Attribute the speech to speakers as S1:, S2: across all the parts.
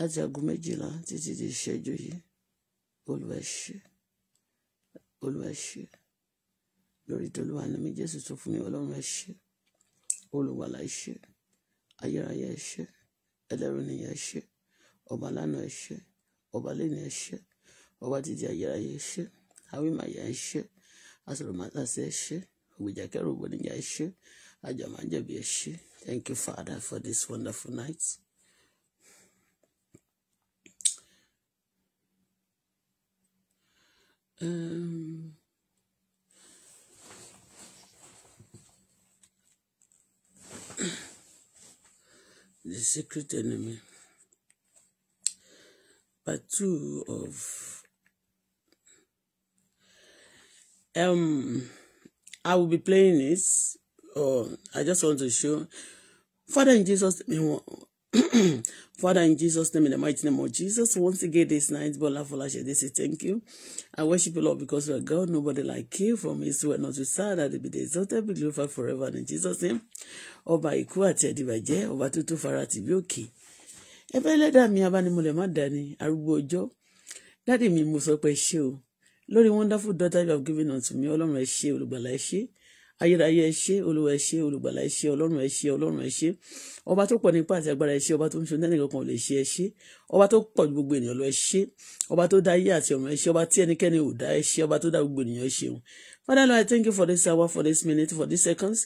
S1: láti aago méjìlá títí di ìṣẹ́jú yìí Olúwa ṣé Olúwa ṣé lórí tolúwa ní mi Jésù tó fún mi Ọlọ́run ẹ ṣé olùwàlà ẹ ṣé ayérayé ẹ ṣé ẹlẹ́rù ni ẹ ṣé ọba lánàá ẹ ṣé ọba lẹ́ni ẹ ṣé ọba títí ayérayé ẹ ṣé awímàyà ẹ ṣé asọ̀rọ̀mátàsí ẹ ṣé ògbèjàkẹ́rù ògbóníjà ẹ ṣé ajàmájẹ̀bi Thank you Father for this wonderful night. Um, the secret enemy. Part two of um I will be playing this or I just want to show Father in Jesus Father, in Jesus' name, in the mighty name of Jesus, once again this night, Bola Folashe, they say thank you. I worship you, Lord, because you are God, nobody like you. From his word, not to sad, that be the exalted, be glorified forever. in Jesus' name, Oba ikú àti ẹ̀dìbàjẹ́, ọba tútù fara ti bí òkè. Ẹbẹ́ lẹ́dà mi, abánimọ̀lẹ̀ má dání, arúgbó ọjọ́. Daddy, mi, mo sọ pé ṣé wonderful daughter you have given unto me, ọlọ́run ẹ ṣé, olùgbàlà ẹ ṣé ayérayé ẹ ṣé olúwa ẹ ṣé olùgbàlà ẹ ṣé ọlọ́run ẹ ṣé ọlọ́run ẹ ṣé ọba tó pọ̀ nípa àti agbára ẹ ṣé ọba tó ń ṣe nẹ́nìkankan ò lè ṣe ẹ ṣé ọba tó pọ̀ ju gbogbo ènìyàn lọ ẹ ṣé ọba tó dá ayé àti ọ̀run ẹ ṣé ọba tí ẹnikẹ́ni ò dá ẹ ṣé ọba tó dá gbogbo ènìyàn ṣeun Father Lord I thank you for this hour for this minute for these seconds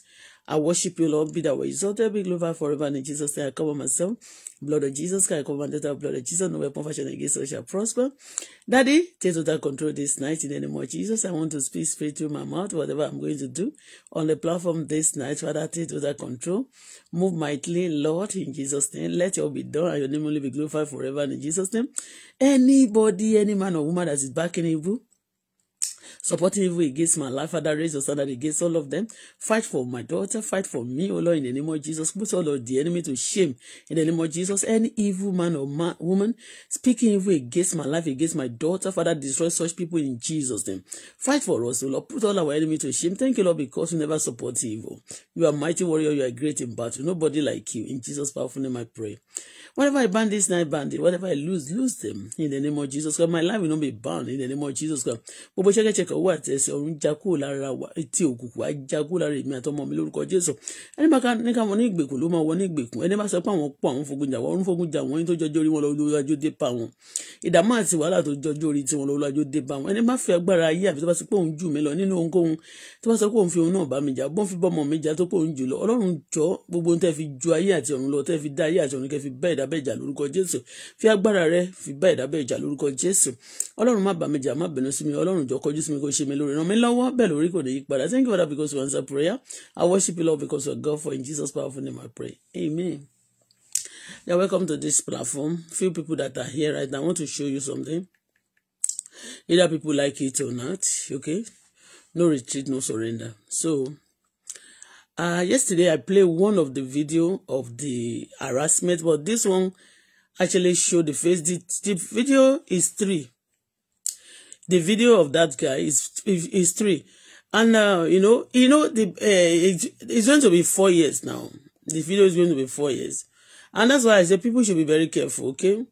S1: I worship you, Lord. Be that way. Exalted, be glorified forever. And in Jesus' name, I cover myself. Blood of Jesus, Can I cover that blood of Jesus. No weapon fashioned against us shall prosper. Daddy, take total control this night in the more Jesus. I want to speak straight through my mouth, whatever I'm going to do on the platform this night. Father, take total control. Move mightily, Lord, in Jesus' name. Let your will be done, and your name will be glorified forever. And in Jesus' name, anybody, any man or woman that is back in evil, supporting evil against my life. Father, raise your standard against all of them. Fight for my daughter. Fight for me, O Lord, in the name of Jesus. Put all of the enemy to shame in the name of Jesus. Any evil man or man, woman speaking evil against my life, against my daughter, Father, destroy such people in Jesus' name. Fight for us, O Lord. Put all our enemy to shame. Thank you, Lord, because you never support evil. You are mighty warrior. You are great in battle. Nobody like you. In Jesus' powerful name, I pray. Whatever I ban this night, ban it. Whatever I lose, lose them in the name of Jesus. God, my life will not be bound in the name of Jesus. God ẹlẹ́ṣẹ̀ kan wà tẹ̀sẹ̀ ọ̀run já kúrò lára wa etí òkùnkùn wa já kúrò lára èmi àtọmọ mi lórúkọ jésù ẹni bá ní ká wọn ní ìgbèkùn ló máa wọ ní ìgbèkùn ẹni bá sọ pé àwọn pọ àwọn fogun jà wọn ọ̀run fogun jà wọn yín tó jọjọ orí wọn lọ olúwàjò dé pa wọn ìdààmú àti wàhálà tó jọjọ orí tiwọn lọ olúwàjò dé pa wọn ẹni bá fẹ́ agbára ayé àbí tó bá sọ pé òun jù mí lọ nínú sí mi kó ṣe mi lórí ràn mí lọ́wọ́ bẹ́ẹ̀ lórí kò ní thank you father because you answer prayer I worship you Lord because you are God for in Jesus powerful name I pray amen. Yeah, welcome to this platform few people that are here right now I want to show you something either people like it or not okay no retreat no surrender so uh yesterday i played one of the video of the harassment but this one actually showed the face the, the video is three the video of that guy is is three and uh, you know you know the uh, eh, it, it's going to be four years now the video is going to be four years and that's why I say people should be very careful okay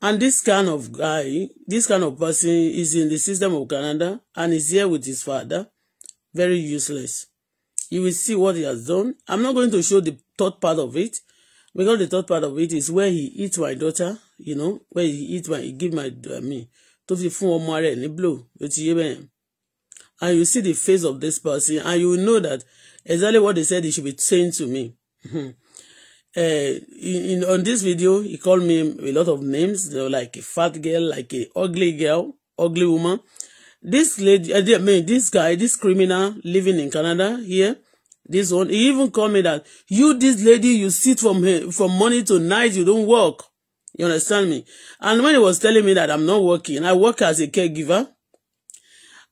S1: and this kind of guy this kind of person is in the system of Canada and is here with his father very useless you will see what he has done I'm not going to show the third part of it because the third part of it is where he eats my daughter you know where he eat my he give my I uh, mean tó fi fún ọmọ rẹ̀ ní blow ó ti yé bẹ́ẹ̀ and you see the face of this person and you know that exactly what they said he should be saying to me uh, in, in on this video he called me a lot of names they were like a fat girl like a ugly girl ugly woman this lady eh, I mean this guy this criminal living in Canada here this one he even called me that you this lady you sit from from morning to night you don't work You understand me? And when he was telling me that I'm not working, I work as a caregiver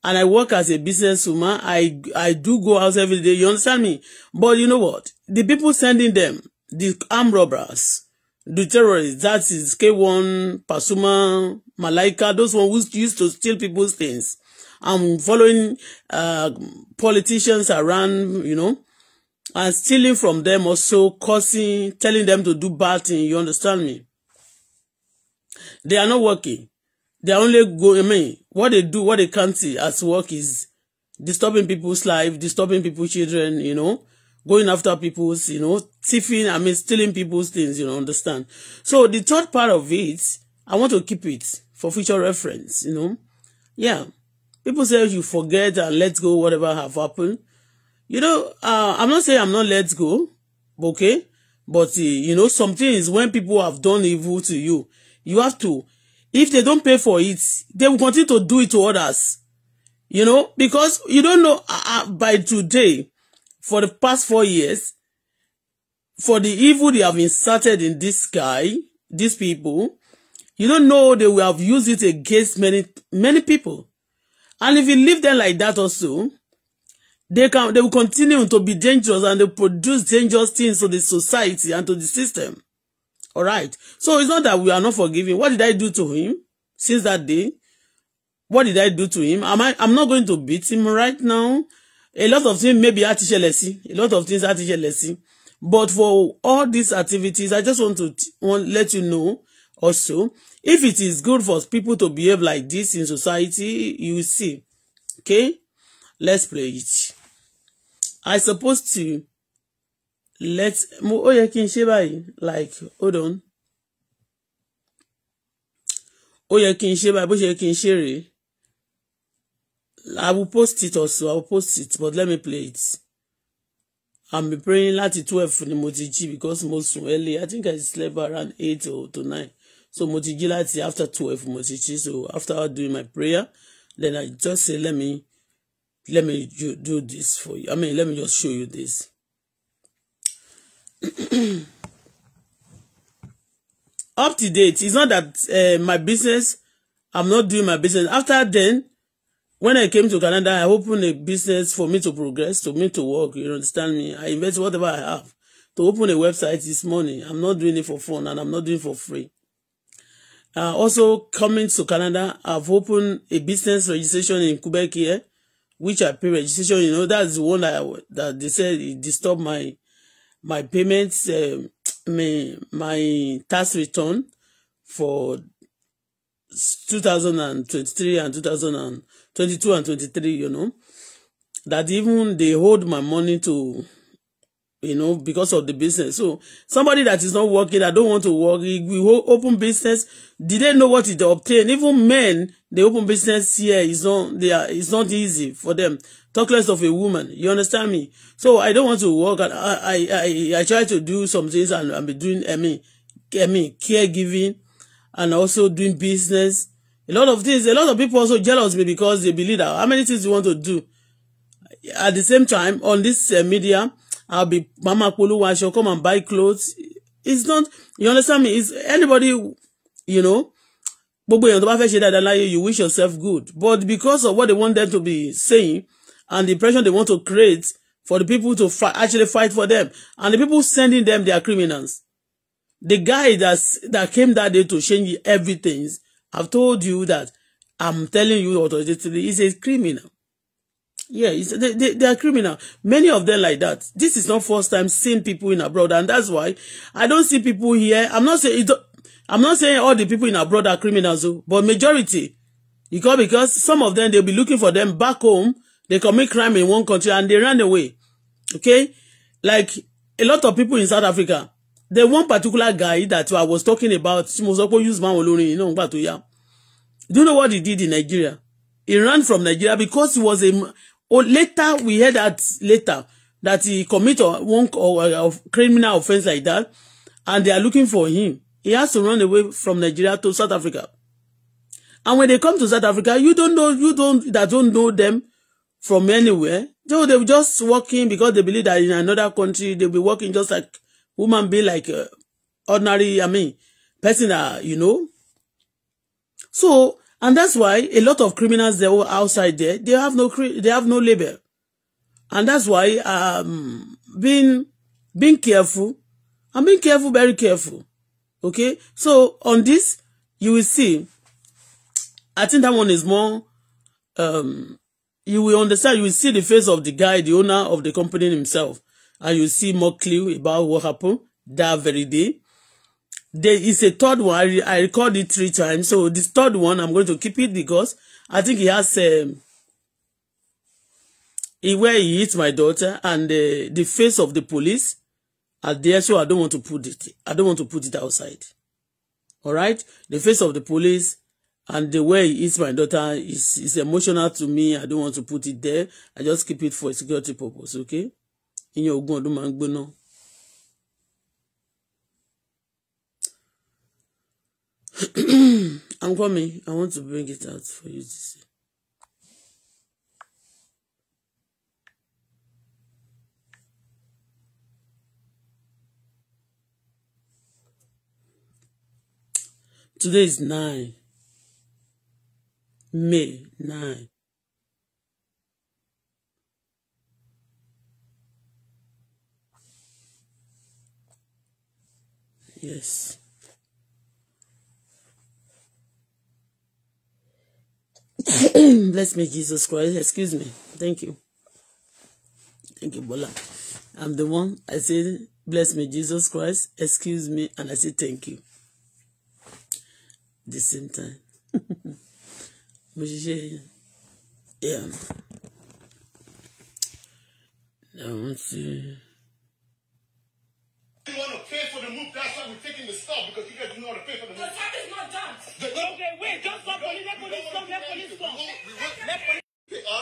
S1: and I work as a businesswoman. I I do go out every day. You understand me? But you know what? The people sending them, the armed robbers, the terrorists, that is K1, Pasuma, Malaika, those ones who used to steal people's things. I'm following uh, politicians around, you know, and stealing from them also, causing, telling them to do bad things. You understand me? They are not working. They are only go. I mean, what they do, what they can't see as work is disturbing people's life, disturbing people's children, you know, going after people's, you know, thieving, I mean, stealing people's things, you know, understand. So the third part of it, I want to keep it for future reference, you know. Yeah. People say you forget and let go whatever have happened. You know, uh, I'm not saying I'm not let go, okay? But, uh, you know, some things when people have done evil to you, You have to. If they don't pay for it, they will continue to do it to others. You know, because you don't know uh, uh, by today, for the past four years, for the evil they have inserted in this guy, these people, you don't know they will have used it against many many people. And if you leave them like that also, they can they will continue to be dangerous and they produce dangerous things to the society and to the system. All right. So it's not that we are not forgiving. What did I do to him since that day? What did I do to him? Am I? I'm not going to beat him right now. A lot of things maybe atishelesi. A lot of things atishelesi. But for all these activities, I just want to want, let you know also if it is good for people to behave like this in society. You see, okay? Let's pray. it. I supposed to let mo ó yẹ kí n ṣe báyìí like hold on ó yẹ kí n ṣe báyìí bó ṣe yẹ kí n ṣe rèé I will post it also I will post it but let me play it I'm be praying láti twelve ni mo ti jí because mo sùn early I think I slept around eight or to nine so mo ti jí láti after twelve mo ti jí so after doing my prayer then I just say let me let me do this for you I mean let me just show you this. up to date it's not that uh, my business i'm not doing my business after then when i came to Canada i opened a business for me to progress to me to work you understand me i invest whatever i have to open a website this morning i'm not doing it for fun and i'm not doing it for free uh, also coming to Canada i've opened a business registration in Quebec here which i pay registration you know that's the one that I, that they said it disturbed my my payments, um, I my tax return for 2023 and 2022 and 23, you know, that even they hold my money to, you know, because of the business. So somebody that is not working, I don't want to work, we open business, did they know what it obtained? Even men, they open business here, it's not, they are, it's not easy for them talk less of a woman you understand me so i don't want to work and i i i, I try to do some things and be doing i mean i mean caregiving and also doing business a lot of things a lot of people also jealous me because they believe that how many things you want to do at the same time on this uh, media i'll be mama poluwa she'll come and buy clothes it's not you understand me it's anybody you know gbogbo èèyàn tó bá fẹ́ ṣe dáadáa láyé you wish yourself good but because of what they want them to be saying and the impression they want to create for the people to fi actually fight for them. And the people sending them, they are criminals. The guy that's, that came that day to change everything, I've told you that I'm telling you authoritatively, he's a criminal. Yeah, they, they, they are criminal. Many of them like that. This is not first time seeing people in abroad, and that's why I don't see people here. I'm not saying I'm not saying all the people in abroad are criminals, oh, but majority, because because some of them they'll be looking for them back home They commit crime in one country and they run away. Okay? Like a lot of people in South Africa, the one particular guy that I was talking about, Simosopo Yusman Olori, you know, Batuya. Do you know what he did in Nigeria? He ran from Nigeria because he was a. Or later we heard that later that he committed one or, or, criminal offense like that, and they are looking for him. He has to run away from Nigeria to South Africa. And when they come to South Africa, you don't know, you don't that don't know them from anywhere. So they were just working because they believe that in another country they'll be working just like woman be like uh, ordinary, I mean, person, uh, you know. So, and that's why a lot of criminals they were outside there, they have no they have no label. And that's why um being being careful, I'm being careful, very careful. Okay? So on this, you will see, I think that one is more um you will understand, you will see the face of the guy, the owner of the company himself, and you see more clue about what happened that very day. There is a third one. I, I record it three times. So this third one, I'm going to keep it because I think he has um, he, where he hit my daughter and uh, the face of the police are there. So I don't want to put it. I don't want to put it outside. All right. The face of the police and the way he is my daughter is is emotional to me i don't want to put it there i just keep it for security purpose okay ìyẹn ogún ọdún máa ń gbóná. i'm coming i want to bring it out for you to see. today is nine May 9. Yes. Bless me, Jesus Christ. Excuse me. Thank you. Thank you, Bola. I'm the one. I said, bless me, Jesus Christ. Excuse me. And I said, thank you. The same time. mo ṣiṣẹ́ àwọn tí.
S2: You want to pay for the move, that's why we're taking the stuff because you guys don't know how to pay for the move. The stuff is not done. okay, wait, don't stop police, let police come, let police come. Let police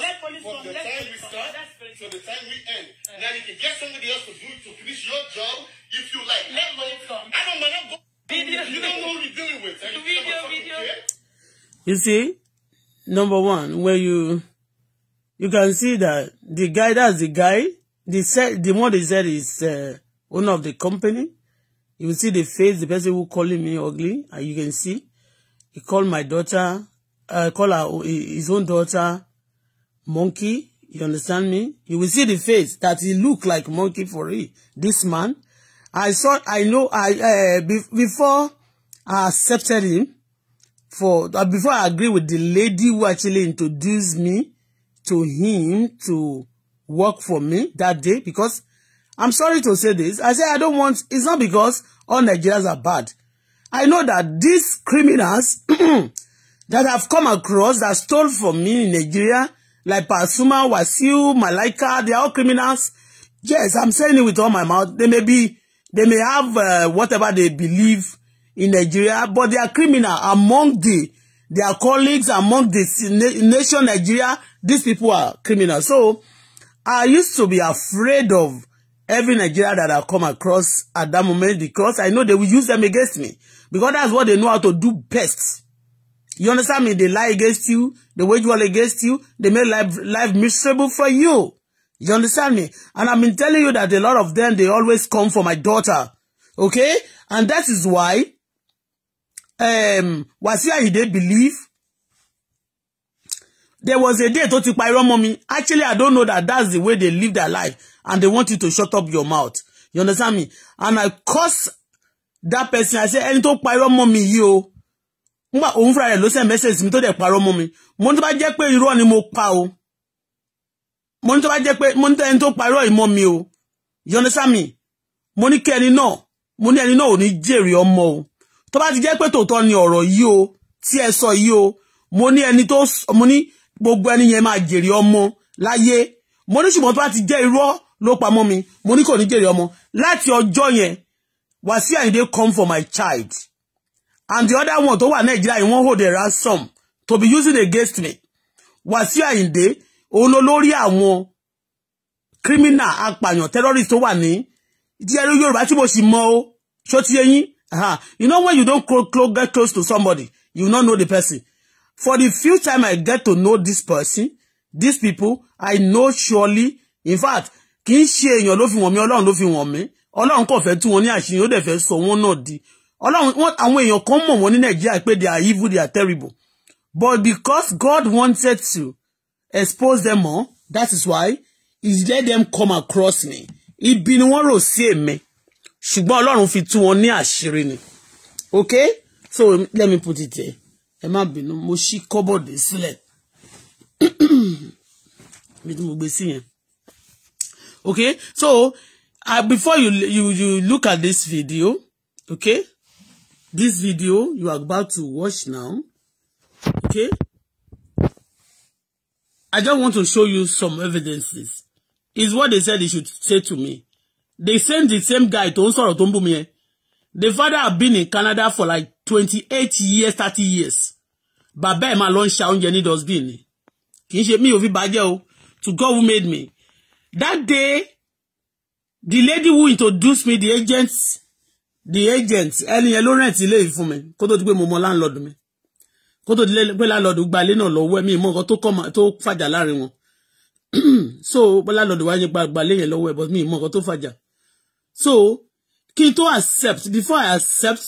S2: let police come. From the time we start to the time we end. Now you get somebody else to do to finish your job if you like. Let police come. I don't mind. Video. You don't know what you're dealing with.
S1: You see? number one, where you you can see that the guy that's the guy, the said the one they said is uh, owner of the company. You will see the face, the person who calling me ugly, and you can see he called my daughter, uh, call her uh, his own daughter, monkey. You understand me? You will see the face that he look like monkey for real. This man, I saw, I know, I uh, be, before I accepted him for uh, before I agree with the lady who actually introduced me to him to work for me that day because I'm sorry to say this. I say I don't want, it's not because all Nigerians are bad. I know that these criminals that I've come across that stole from me in Nigeria, like Pasuma, Wasiu, Malaika, they are all criminals. Yes, I'm saying it with all my mouth. They may be, they may have uh, whatever they believe in Nigeria, but they are criminal among the their colleagues among the nation Nigeria. These people are criminal. So I used to be afraid of every Nigeria that I come across at that moment because I know they will use them against me because that's what they know how to do best. You understand me? They lie against you. They wage war against you. They make life, life miserable for you. You understand me? And I've been telling you that a lot of them, they always come for my daughter. Okay? And that is why um, Wàsíù Àyìndé believe there was a day tó ti pa irọ́ mọ́ mi actually I don't know that that's the way they live their life and they want you to shut up your mouth you understand me and I curse that person I say ẹni tó pa irọ́ mọ́ mi yìí o nígbà òun fúnra rẹ̀ ló send message mi tó dẹ̀ parọ́ mọ́ mi mo ní tó bá jẹ́ pé irọ́ ni mo pa o mo ní tó bá jẹ́ pé mo ní tó ẹni tó pa irọ́ ìmọ̀ mi o you understand me mo ní kí ẹni náà mo ní ẹni náà ò ní jèrè ọmọ o tó bá ti jẹ́ pé tòótọ́ ni ọ̀rọ̀ yìí o tí ẹ sọ yìí o mo ní ẹni tó mo ní gbogbo ẹni yẹn máa jèrè ọmọ láyé mo ní ṣùgbọ́n tó bá ti jẹ́ irọ́ ló pamọ́ mi mo ní kò ní jèrè ọmọ láti ọjọ́ yẹn Wasiu Ayinde come for my child and the other one tó wà Nàìjíríà yìí wọ́n hold a ransom to be using against me Wasiu Ayinde òun ló lórí àwọn criminal apààyàn terrorist tó wà ní ìdíyẹrú Yorùbá tí mo sì mọ o ṣó ti yẹ yín Uh-huh. You know when you don't cl cl get close to somebody, you not know the person. For the few time I get to know this person, these people, I know surely. In fact, kì í ṣe èèyàn ló fi wọ̀n mí Ọlọ́run ló fi wọ̀n mí Ọlọ́run kò fẹ́ tú wọn ní àṣírí ó dẹ̀ fẹ́ sọ wọn náà di Ọlọ́run àwọn èèyàn kan mọ̀ wọ́n ní Nàìjíríà pé they are evil they are terrible but because God wanted to expose them all that is why he let them come across me ibi been one rò sí me ṣùgbọ́n ọlọ́run fi tú wọn ní àṣírí ni okay so let me put it there. ẹ má bínú mo ṣí kọ́bọ̀dé sílẹ̀ bí mo gbé sí yẹn okay so uh, before you, you you look at this video okay this video you are about to watch now okay I just want to show you some evidences. Is what they said they should say to me they send the same guy to ń sọ̀rọ̀ tó ń bú the father have been in Canada for like twenty eight years thirty years bàbá ẹ̀ máa lọ ń ṣa oúnjẹ ní dustbin ni kì í ṣe mí to God who made me that day the lady who introduced me the agents, the agents, ẹni yẹn ló rent ilé yìí fún mi kó tó di pé mo mọ láńlọ́ọ̀dù mi kó tó di pé láńlọ́ọ̀dù gba ilé náà lọ́wọ́ mi mọ nǹkan tó kọ́ tó fàjà láàrin wọn so láńlọ́ọ̀dù wáyé gba ilé yẹn lọ́wọ́ but mi mọ nǹkan to Faja so kí n accept before I accept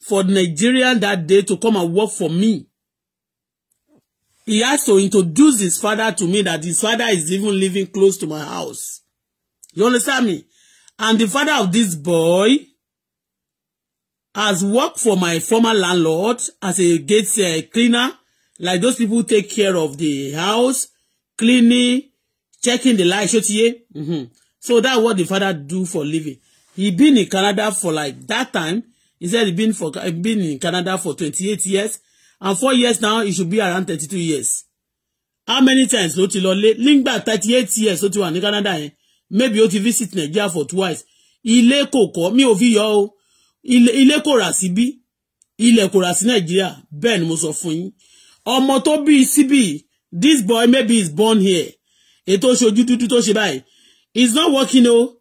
S1: for Nigeria that day to come and work for me he has to introduce his father to me that his father is even living close to my house you understand me and the father of this boy has worked for my former landlord as a gate uh, cleaner like those people take care of the house cleaning checking the light Mm-hmm. So that what the father do for living. He been in Canada for like that time. He said he been for been in Canada for 28 years. And four years now, he should be around 32 years. How many times ló ti lọ lé? Nígbà 38 years ló ti wà Canada yẹn. Maybe ó visit Nigeria for twice. Ilé koko kọ́, mi ò fi yọ o. Ilé kò rà síbí. Ilẹ̀ kò rà sí Nàìjíríà. Bẹ́ẹ̀ ni mo sọ fún yín. this boy maybe is born here. Ètò ṣojú dúdú tó ṣe báyìí. It's not working, no. Oh.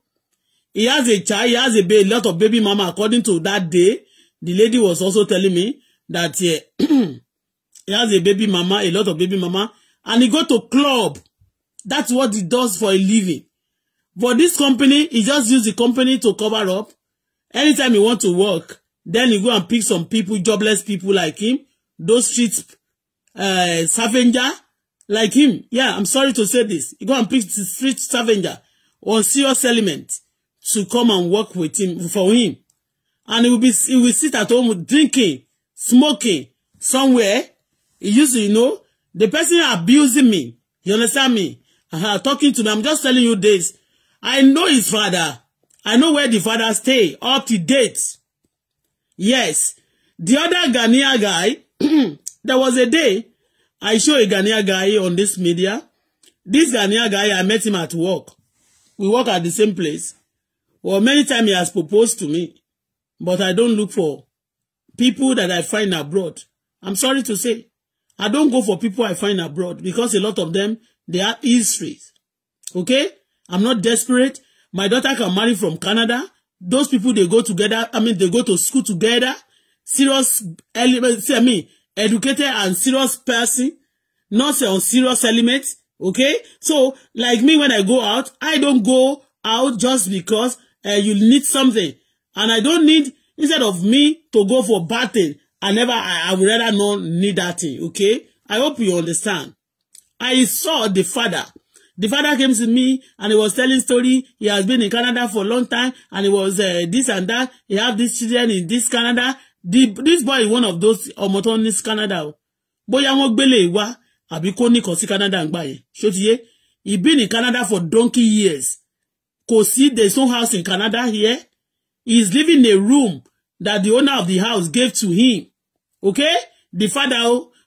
S1: He has a child, he has a, baby, lot of baby mama. According to that day, the lady was also telling me that yeah, eh, he has a baby mama, a lot of baby mama, and he go to club. That's what he does for a living. But this company, he just use the company to cover up. Anytime he want to work, then he go and pick some people, jobless people like him, those street uh, scavenger like him. Yeah, I'm sorry to say this. He go and pick the street scavenger or serious element to come and work with him for him and he will be he will sit at home drinking smoking somewhere he used to you know the person abusing me you understand me uh, talking to me i'm just telling you this i know his father i know where the father stay up to date yes the other Ghanaian guy there was a day i show a Ghanaian guy on this media this Ghanaian guy i met him at work We work at the same place. Well, many times he has proposed to me, but I don't look for people that I find abroad. I'm sorry to say, I don't go for people I find abroad because a lot of them, they are histories. Okay? I'm not desperate. My daughter can marry from Canada. Those people, they go together. I mean, they go to school together. Serious elements, I mean, educated and serious person. Not on serious elements okay so like me when i go out i don't go out just because uh, you need something and i don't need instead of me to go for bad thing i never i, I would rather not need that thing okay i hope you understand i saw the father the father came to me and he was telling story he has been in canada for long time and he was uh, this and that he have these children in this canada the, this boy is one of those ọmọ tó canada Boyamogbele bóyá wọn e wa àbí kó nìkan sí Canada ń gbà yẹn ṣó ti yé he been in Canada for donkey years kò sí there is no house in Canada here he is living in a room that the owner of the house gave to him okay the father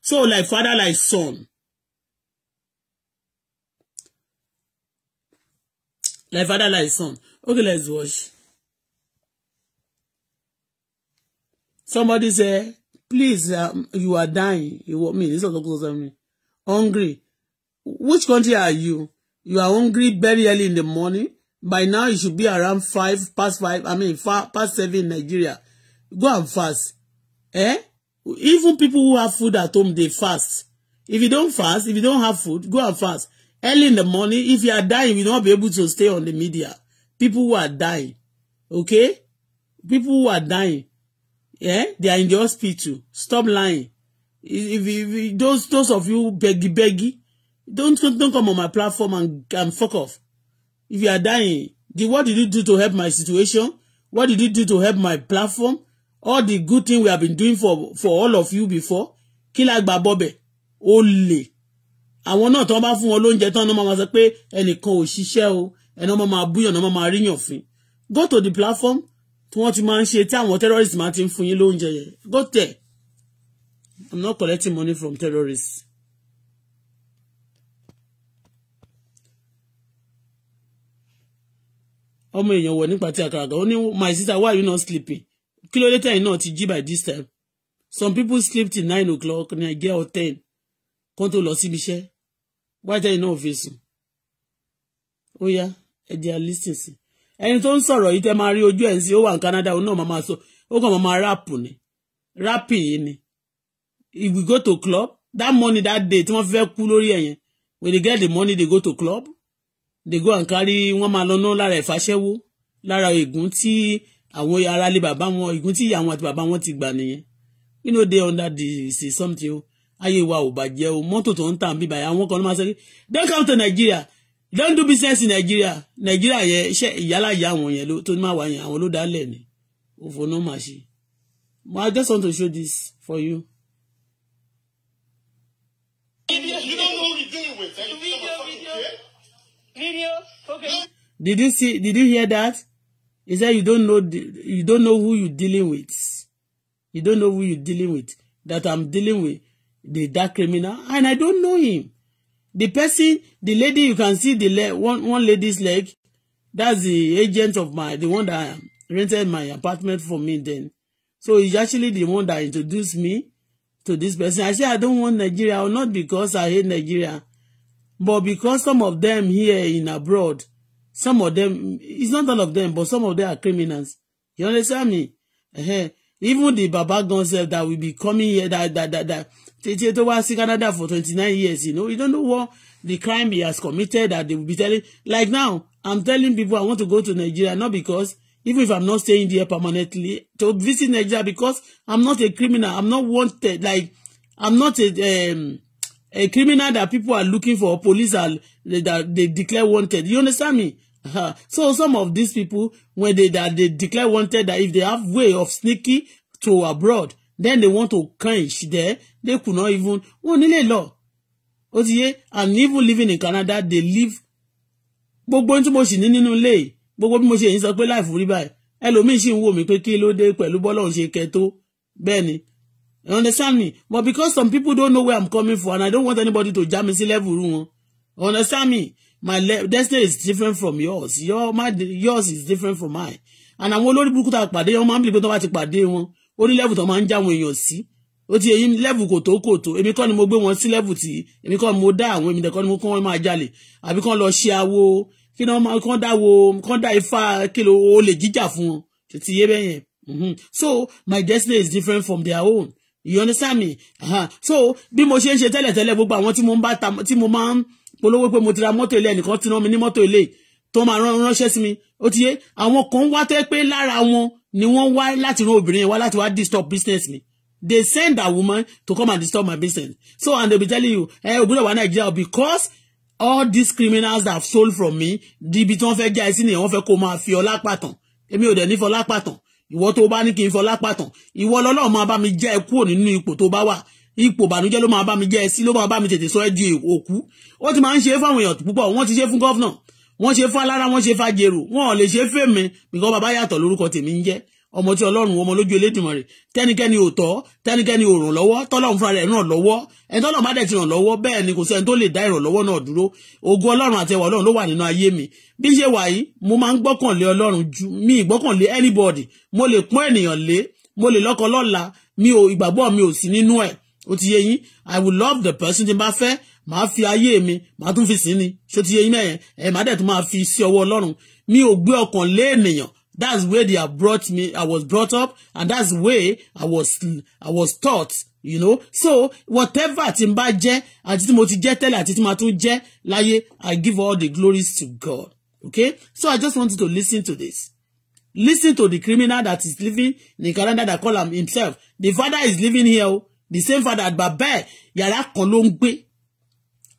S1: so like father like son like father like son okay let's watch somebody say please um, you are dying you want me this is what doctor tell me hungry. Which country are you? You are hungry very early in the morning. By now, you should be around five, past five, I mean, far, past seven in Nigeria. Go and fast. Eh? Even people who have food at home, they fast. If you don't fast, if you don't have food, go and fast. Early in the morning, if you are dying, you will be able to stay on the media. People who are dying, okay? People who are dying, yeah, they are in the hospital. Stop lying. If, if, if those those of you beggy beggy, don't don't come on my platform and, and fuck off. If you are dying, the what did you do to help my situation? What did you do to help my platform? All the good thing we have been doing for for all of you before. Kí la gbà bọ́bẹ̀? Olè. Àwọn náà tán bá fún wọn lóúnjẹ tán náà máa sọ pé ẹnìkan ò ṣiṣẹ́ o, ẹnà máa máa búyàn náà máa ríyàn fún. Go to the platform tí wọ́n ti máa ń ṣe tí àwọn terrorists máa ti ń fún yín lóúnjẹ yẹn. Go there. I'm not collecting money from terrorists. ọmọ èèyàn wọ̀ nípa ti àkàràgà ó ní my sister why are you not sleeping kí ló dé tẹ̀yìn náà ti jí by this time some people sleep till nine o'clock Nigeria or ten kán tó lọ síbi iṣẹ́ why tẹ̀yìn náà fi sùn ó yá ẹ jẹ́ listen sí ẹni tó ń sọ̀rọ̀ yìí tẹ́ máa rí ojú ẹ̀ sí ó wà ní Canada òun náà máa sọ ó kàn máa rap ni ráàpì yìí ni if we go to club that money that day tí wọ́n fẹ́ kú lórí ẹ̀ yẹn when they get the money they go to club they go and carry wọ́n máa lọ ná lára ìfàṣẹ́wó lára ègún tí àwọn aráalé bàbá wọn ègún tí àwọn àti bàbá wọn ti gbà nìyẹn you know they under the say something o oh, ayé wa ò bàjẹ́ o mọ́tò tó ń tàn bíbáyà àwọn kan ló máa ṣe don't come to Nigeria don't do business in Nigeria Nigeria yẹn iṣẹ́ ìyálàyà àwọn yẹn tó máa wà yẹn àwọn ló dálẹ̀ ni òfò náà máa ṣe I just want to show this for you.
S2: Video. Okay.
S1: Did you see? Did you hear that? He said you don't know. You don't know who you're dealing with. You don't know who you're dealing with. That I'm dealing with the dark criminal, and I don't know him. The person, the lady, you can see the leg, one one lady's leg. That's the agent of my, the one that rented my apartment for me then. So he's actually the one that introduced me to this person. I said I don't want Nigeria, or not because I hate Nigeria. But because some of them here in abroad, some of them, it's not all of them, but some of them are criminals. You understand me? Uh-huh. Even the Baba Gonself that will be coming here, that, that, that, that, Tieto was in Canada for twenty-nine years, you know, you don't know what the crime he has committed that they will be telling. Like now, I'm telling people I want to go to Nigeria, not because, even if I'm not staying there permanently, to visit Nigeria because I'm not a criminal, I'm not wanted, like, I'm not a, um, a criminal that people are looking for, police are that they declare wanted. You understand me? Uh, so some of these people, when they that they declare wanted, that if they have way of sneaky to abroad, then they want to cringe there. They could not even wọn law. lọ. Ó and even living in Canada, they live. Gbogbo tí mo sì ní nínú ilé, gbogbo bí mo ṣe yín sọ pé láìfò rí báyìí. Ẹlòmíín sì ń wò mí pé kí ló dé pẹ̀lú bọ́lọ́run ṣe kẹ ni You understand me? But because some people don't know where I'm coming from, and I don't want anybody to jam me level room. You understand me? My destiny is different from yours. Your my yours is different from mine. And I'm only burúkú to a pàdé wọn máa ń bìlẹ̀ pé tó bá ti level to man jam when you see. sí. Ó level kò tó kò tó. Èmi kọ́ ni mo gbé wọn sí level tí èmi kọ́ ni mo dá àwọn èmi dẹ̀ kọ́ ni mo kọ́ wọn máa jalè. Àbí kán lọ ṣe awo kí ni wọ́n máa kán dá wo kán dá ifá kìlò olè jíjà fún wọn. ti yé bẹ́yẹn? Mm-hmm. So my destiny is different from their own you understand me uh-huh. so bí mo ṣe ń ṣe tẹ́lẹ̀tẹ́lẹ̀ gbogbo àwọn tí mo bá ta tí mo máa ń polówó pé mo ti ra mọ́tò ilé ẹnìkan ti ná mi ní mọ́tò ilé tó máa rán ránṣẹ́ sí mi ó ti yé àwọn kan wá tó pé lára wọn ni wọ́n wá láti ran obìnrin yẹn wá láti wá disturb business mi they send that woman to come and disturb my business so and they be telling you ẹ ògbódò wà nàìjíríà because all these criminals that have sold from me di ibi tí wọ́n fẹ́ jẹ́ ẹ sí nìyẹn wọ́n fẹ́ kó máa fi ọlá pàtàn èmi ò dẹ̀ nífọ̀ọ́ lápàtàn ìwọ tó bá ní kí n fọlá pàtàn ìwọ lọ́lọ́run máa bá mi jẹ́ ẹ kúrò nínú ipò tó bá wà ipò ìbànújẹ́ ló máa bá mi jẹ́ ẹ sí ló máa bá mi tètè sọ ẹ di òkú ó ti máa ń ṣe é fáwọn èèyàn púpọ̀ wọ́n ti ṣe fún gọ́fúnà wọ́n ṣe fún alára wọ́n ṣe fàjèrò wọ́n ò lè ṣe fèmí nǹkan bàbá yàtọ̀ lórúkọ tèmi ń jẹ́ ọmọ tí ọlọ́run ọmọ lójú Elédùmarè tẹ́nikẹ́ni ò tọ́ tẹ́nikẹ́ni ò ràn lọ́wọ́ tọ́lọ́run fúnra rẹ̀ ràn lọ́wọ́ ẹni tọ́lọ́run bá dẹ̀ ti ràn lọ́wọ́ bẹ́ẹ̀ ni kò sẹ́ni tó lè dá ìrànlọ́wọ́ náà dúró ògo ọlọ́run àti ẹwà ọlọ́run ló wà nínú ayé mi bí ṣe wà yìí mo máa ń gbọ́kànlé ọlọ́run ju mi ìgbọ́kànlé anybody mo lè pọ́n ènìyàn lé mo lè lọ́kọ lọ́la mi ò ìgbàgbọ́ mi ò sí nínú ẹ̀ ó ti yé yín i will love the person tí n bá fẹ́ màá fi ayé mi màá tún fi sí ni ṣó ti yé yín mẹ́yẹn ẹ̀ màá dẹ̀ tún máa fi sí ọwọ́ ọlọ́run mi ò gbé ọkàn lé ènìyàn That's where they have brought me. I was brought up, and that's where I was I was taught. You know, so whatever tí n bá jẹ́ àti tí mo ti jẹ́ tẹ́lẹ̀ àti tí ma tún jẹ́ láyé, I give all the glories to God. Okay, so I just wanted to listen to this. Listen to the criminal that is living in Canada that call him himself. The father is living here. Oh. The same father bàbá ẹ̀ yàrá kan ló ń gbé.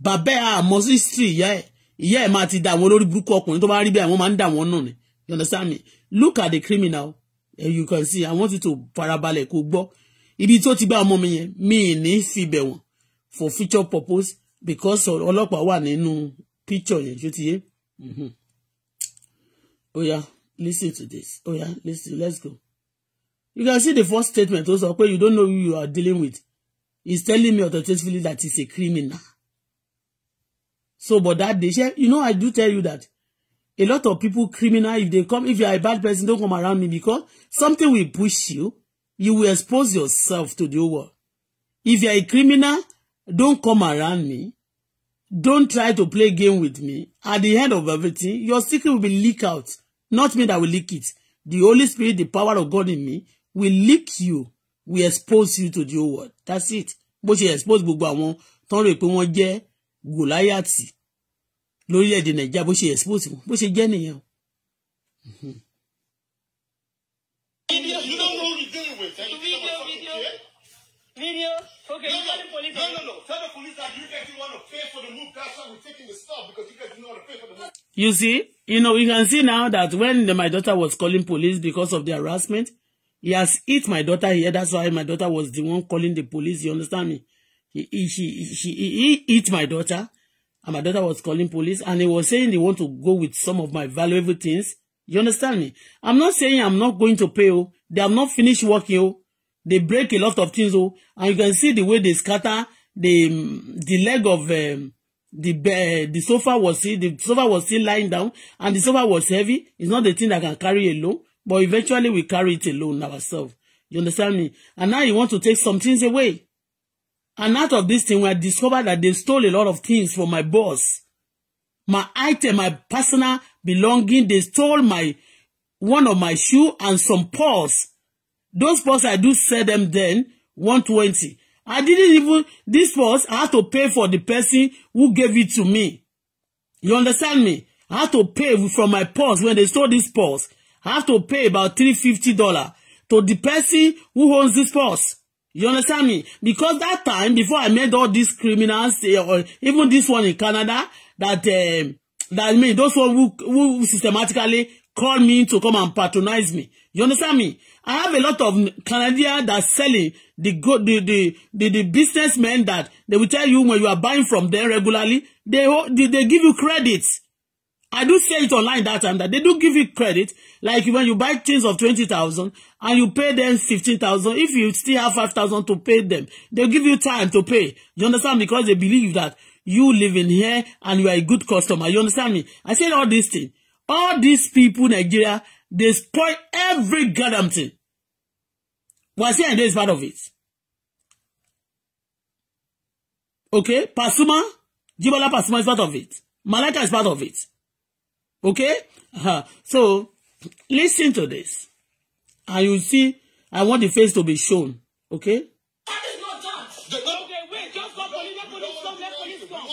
S1: Bàbá ẹ̀ àmọ́ sí street ìyá ẹ̀. Ìyá ẹ̀ máa ti dà wọ́n lórí burúkú ọkùnrin tó bá rí bẹ́ẹ̀ wọ́n máa ń dà wọ́n nù ni. You understand me? look at the criminal and you can see i want you to farabalẹ̀ kó gbọ́ ibi tó ti bá ọmọ mi yẹn mi ní fibẹ̀ wọ̀n for future purpose because ọlọ́pàá wà nínú picture yẹn tó ti yé oya mm-hmm. listen to this oya listen let's go you can see the first statement tó sọ pé you don't know who you are dealing with he's telling me authoritatively that he's a criminal so but that day shey you know i do tell you that a lot of people criminal if they come if you are a bad person don't come around me because something will push you you will expose yourself to the whole world if you are a criminal don't come around me don't try to play game with me at the end of everything your secret will be leak out not me that will leak it the Holy Spirit the power of God in me will leak you We expose you to the whole world that's it bó ṣe expose gbogbo àwọn tó ń pé wọ́n jẹ́ Gòláyàtì lórílẹ̀‐èdè nàìjíríà bó ṣe expose wọn bó ṣe jẹ́ nìyẹn you see, you know, you can see now that when the, my daughter was calling police because of the harassment, he has hit my daughter here. That's why my daughter was the one calling the police. You understand me? He, he, he he, he hit my daughter and my daughter was calling police and he was saying they want to go with some of my valuable things. You understand me? I'm not saying I'm not going to pay. Oh. They have not finished working. Oh. They break a lot of things. Oh. And you can see the way they scatter the the leg of um, the uh, the sofa was still the sofa was still lying down and the sofa was heavy. It's not the thing that can carry alone, but eventually we carry it alone ourselves. You understand me? And now you want to take some things away. And out of this thing, when I discovered that they stole a lot of things from my boss, my item, my personal belonging, they stole my one of my shoe and some paws. Those paws I do sell them then 120. I didn't even this purse I had to pay for the person who gave it to me. You understand me? I had to pay from my purse when they stole this purse. I have to pay about $350 to the person who owns this purse. You understand me? Because that time, before I met all these criminals, eh, or even this one in Canada, that um, that I mean those one who, who systematically call me to come and patronize me. You understand me? I have a lot of Canadians that selling the good the, the the the businessmen that they will tell you when you are buying from them regularly, they they, they give you credits. I do say it online that time that they do give you credit. Like when you buy things of 20,000 and you pay them 15,000, if you still have 5,000 to pay them, they'll give you time to pay. You understand? Because they believe that you live in here and you are a good customer. You understand me? I said all these things. All these people, Nigeria, they spoil every goddamn thing. Wasi well, and this part of it. Okay? Pasuma, Jibola Pasuma is part of it. Malaka is part of it. Okay? Uh-huh. So listen to this. And you see, I want the face to be shown. Okay?
S2: That is not that. okay, wait, just go police, let police come,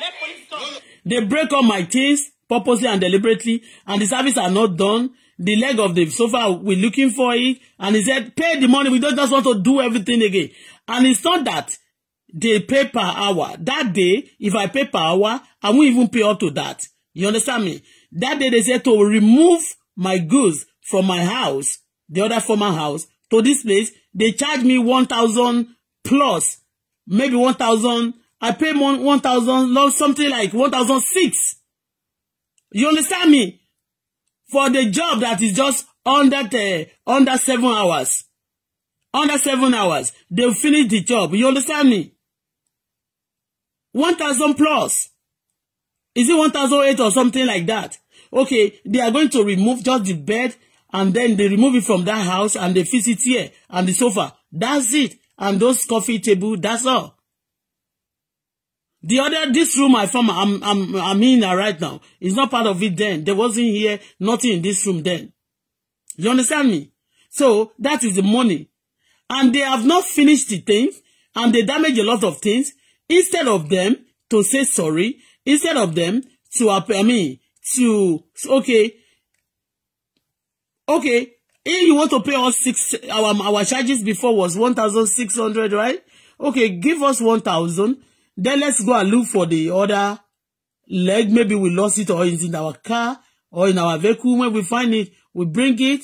S1: let police come. They break up my things purposely and deliberately, and the service are not done. The leg of the sofa, we're looking for it. And he said, pay the money. We don't just want to do everything again. And it's not that they pay per hour. That day, if I pay per hour, I won't even pay up to that. You understand me? That day they said to remove my goods from my house, the other former house, to this place. They charge me one thousand plus, maybe one thousand. I pay one one 1,000, something like one thousand six. You understand me? For the job that is just under the, under seven hours. Under seven hours. they finish the job. You understand me? One thousand plus. Is it one thousand eight or something like that? Okay, they are going to remove just the bed and then they remove it from that house and they fix it here and the sofa. That's it. And those coffee table, that's all. The other, this room I found, I'm, I'm, I'm in right now. It's not part of it then. There wasn't here, nothing in this room then. You understand me? So, that is the money. And they have not finished the things, and they damage a lot of things. Instead of them to say sorry, instead of them to I mean to okay okay if you want to pay us six our our charges before was one thousand six hundred right okay give us one thousand then let's go and look for the other leg maybe we lost it or it's in our car or in our vehicle when we find it we bring it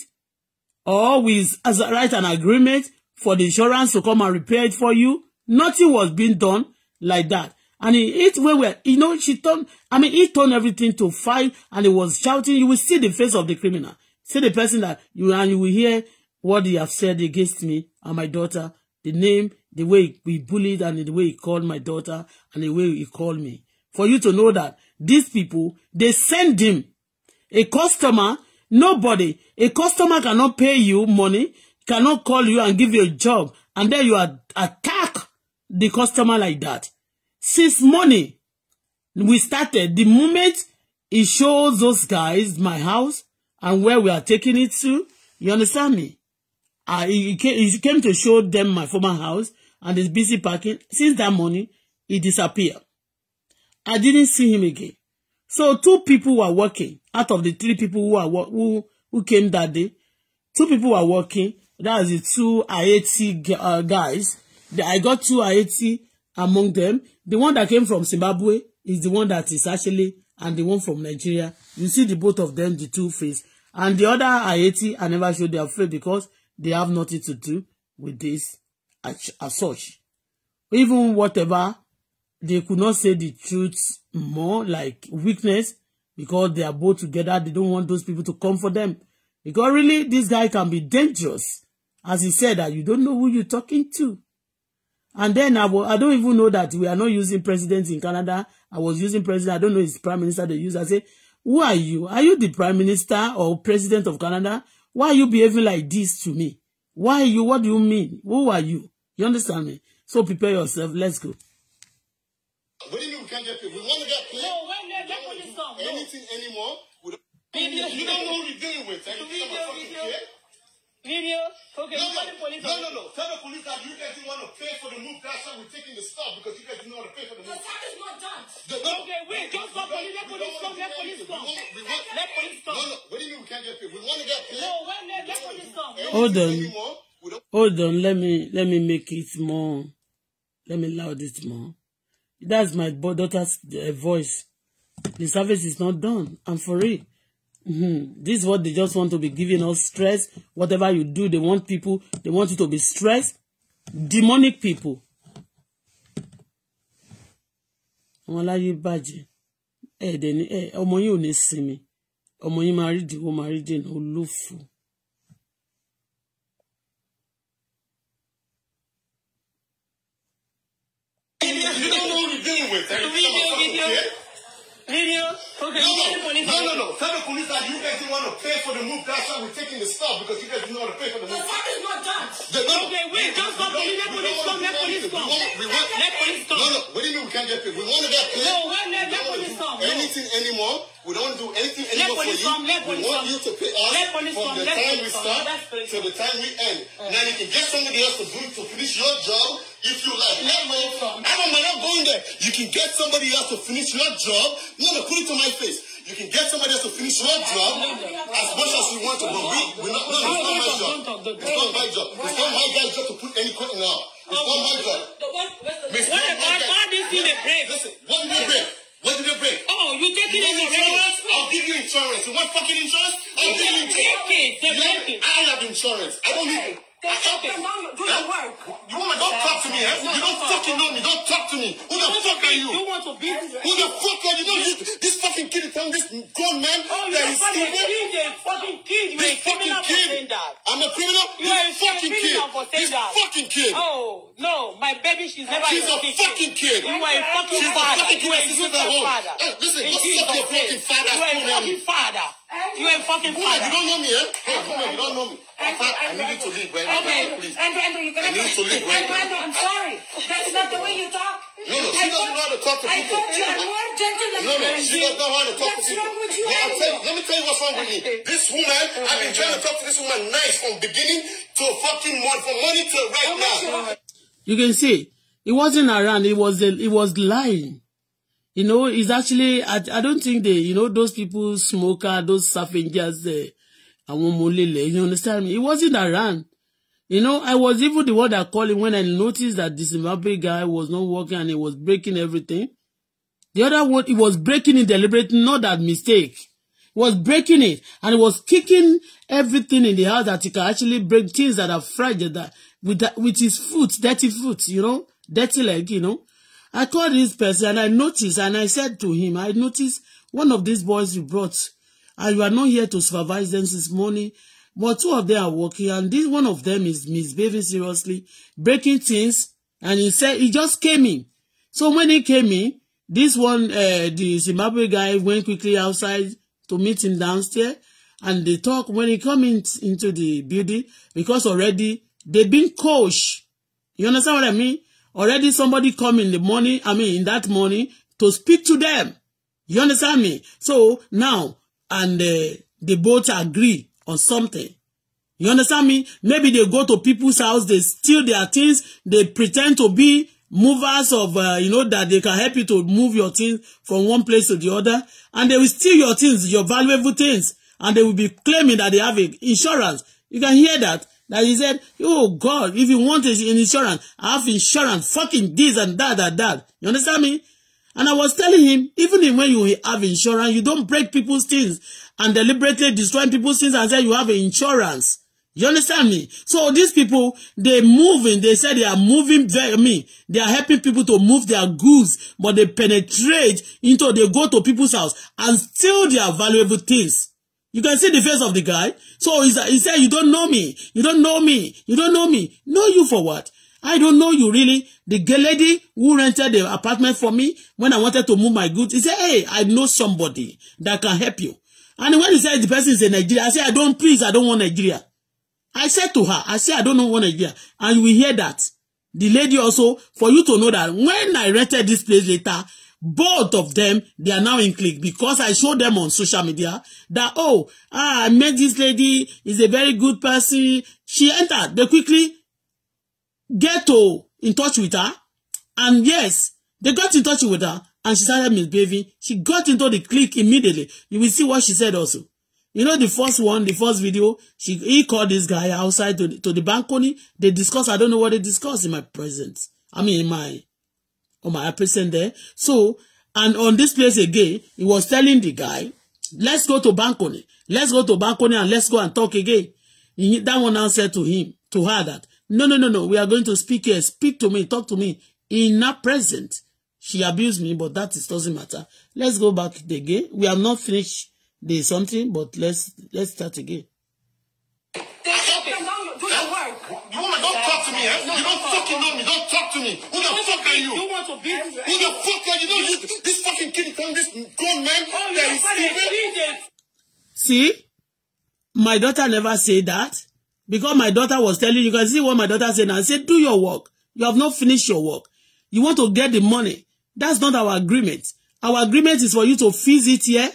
S1: or we as, write an agreement for the insurance to come and repair it for you nothing was being done like that and he hit where well. You know, she turned, I mean, he turned everything to fight and he was shouting. You will see the face of the criminal. See the person that you, and you will hear what he have said against me and my daughter. The name, the way he bullied and the way he called my daughter and the way he called me. For you to know that these people, they send him. A customer, nobody, a customer cannot pay you money, cannot call you and give you a job. And then you attack the customer like that since morning we started the moment he shows those guys my house and where we are taking it to you understand me I he came, he came to show them my former house and his busy parking. since that morning he disappeared I didn't see him again so two people were working out of the three people who are who who came that day two people were working that's the two IAT uh, guys I got two IAT among them the one that came from Zimbabwe is the one that is actually and the one from Nigeria you see the both of them the two face and the other are Haiti I never show their face because they have nothing to do with this as, as such even whatever they could not say the truth more like weakness because they are both together they don't want those people to come for them because really this guy can be dangerous as he said that you don't know who you're talking to And then I, I don't even know that we are not using president in Canada. I was using president. I don't know his prime minister they use. I say, who are you? Are you the prime minister or president of Canada? Why are you behaving like this to me? Why are you? What do you mean? Who are you? You understand me? So prepare yourself. Let's go.
S2: What do you mean we can't get paid? We want to get paid. No, we're not getting anything anymore. We don't, you don't know who you're dealing with. Video, video. Video. Okay. No, no, police no, no, no. Tell the police that you guys didn't want to pay for the move. That's why we're taking the stuff because you guys didn't want to pay for the move. The stuff is not done. The, no, okay, wait. Just let police. Let police come. Let police come. Let police come. No, no. What do you mean we can't get paid? We want to get paid. No, when let, let police come. Hold
S1: on. Hold on. Let me let me make it more. Let me loud it more. That's my daughter's uh, voice. The service is not done. I'm for it. Mm-hmm. This is what they just want to be giving us stress. Whatever you do, they want people, they want you to be stressed. Demonic people. Àwọn aláyé bàjẹ́. Ẹ ní ẹ ọmọ yín ò ní sinmi. Ọmọ yín máa rí ìdíwọ́ máa rí dènà olófò.
S2: Video, video, video. Okay, no, no, no, no, no. Tell the police that you guys didn't want to pay for the move. That's why we're taking the stuff because you guys didn't want to pay for the move. The fuck is not done. The, no, okay, wait. Just stop. Let police come. Let police come. We want. Let police come. No, no. What do you mean we can't get paid? We want to get paid. No, let let, let police come. Anything anymore? We don't do anything anymore for you. Let we want you to pay us from the time we start to the time we end. Oh. Now you can get somebody else to do to finish your job if you like. Make money from. I don't mind not going there. You can get somebody else to finish your job. No, no, put it to my face. You can get somebody else to finish your job as much as you want to, but we, we're not, no, it's not my job. It's not my job. It's not my guy's job to put any cotton out. It's not my job. It's not my job. What did they break? Listen, what did they break? What did they bring? Oh, you taking it insurance? I'll give you insurance. You want fucking insurance? I'll give you insurance. Take it. Take it. I have insurance. I don't need it. Then okay. You woman, don't talk to me. Eh? You don't fucking know me. Don't talk to me. Who the fuck are you? You want to be Who the fuck are you? this, this fucking kid is on this grown man. Oh, that is fucking kid. You're a fucking kid. You're a criminal for saying I'm a criminal? You're a fucking kid. This fucking kid. Oh, no. My baby, she's never She's a fucking kid. You are a fucking father. She's a fucking kid. She's not at home. Hey, listen, go suck your fucking father. You are a fucking father. You are a fucking father. You don't know me, eh? Hey, come on, you don't know me. Endo, I, I need you to leave right now. Endo, Endo, Endo, you cannot. I need you to leave right now. Endo, I'm sorry. That's not the way you talk. No, no, she I doesn't know how to talk to people. I thought you are more gentle than No, no, she doesn't know how to talk to people. What's wrong with you, yeah, tell, Let me tell you what's wrong with me. This woman, oh I've been trying to talk to this woman nice from beginning to fucking money from money to right oh, now.
S1: You can see, it wasn't around. It was it was lying. You know, it's actually, I, I don't think they, you know, those people, smoker, those scavengers, uh, eh, àwọn ọmọ olélẹ̀ you understand me It wasn't around you know I was even the one that called him when I noticed that the Zimbabwe guy was not working and he was breaking everything the other one he was breaking it deliberately not that mistake he was breaking it and he was kicking everything in the house that he can actually break things that are fragile that with that, with his foot dirty foot you know dirty leg you know I called this person and I noticed and I said to him I noticed one of these boys you brought and you are not here to supervise them since morning. But two of them are working, and this one of them is misbehaving seriously, breaking things, and he said he just came in. So when he came in, this one, uh, the Zimbabwe guy went quickly outside to meet him downstairs, and they talk. When he come in, into the building, because already they've been coached. You understand what I mean? Already somebody come in the morning, I mean in that morning, to speak to them. You understand me? So now and uh, they both agree on something. You understand me? Maybe they go to people's house, they steal their things, they pretend to be movers of, uh, you know, that they can help you to move your things from one place to the other. And they will steal your things, your valuable things. And they will be claiming that they have a insurance. You can hear that. That he said, oh God, if you want an insurance, I have insurance, fucking this and that and that. You understand me? And I was telling him, even when you have insurance, you don't break people's things and deliberately destroy people's things and say you have insurance. You understand me? So these people, they moving. They said they are moving. I mean, they are helping people to move their goods, but they penetrate into. They go to people's house and steal their valuable things. You can see the face of the guy. So he said, "You don't know me. You don't know me. You don't know me. Know you for what? I don't know you really. The gay lady who rented the apartment for me when I wanted to move my goods, he said, hey, I know somebody that can help you. And when he said the person is in Nigeria, I said, I don't, please, I don't want Nigeria. I said to her, I said, I don't want Nigeria. And we hear that. The lady also, for you to know that when I rented this place later, both of them, they are now in click because I showed them on social media that, oh, ah, I met this lady, is a very good person. She entered. They quickly get to in touch with her and yes they got in touch with her and she started misbehaving she got into the clique immediately you will see what she said also you know the first one the first video she he called this guy outside to the, to the balcony they discussed I don't know what they discussed in my presence I mean in my on my present there so and on this place again he was telling the guy let's go to balcony let's go to balcony and let's go and talk again he, that one now said to him to her that No, no, no, no. We are going to speak here. Speak to me. Talk to me. In her present, she abused me, but that is, doesn't matter. Let's go back again. We have not finished the something, but let's let's start again.
S2: No, eh? you don't fucking know me. Don't talk to me. Who the fuck are you? You want to be Who the fuck are you? Don't you this fucking kid from this grown man oh, that is
S1: stupid. See, my daughter never said that. Because my daughter was telling you guys, see what my daughter said now. I said, do your work. You have not finished your work. You want to get the money. That's not our agreement. Our agreement is for you to fix it here,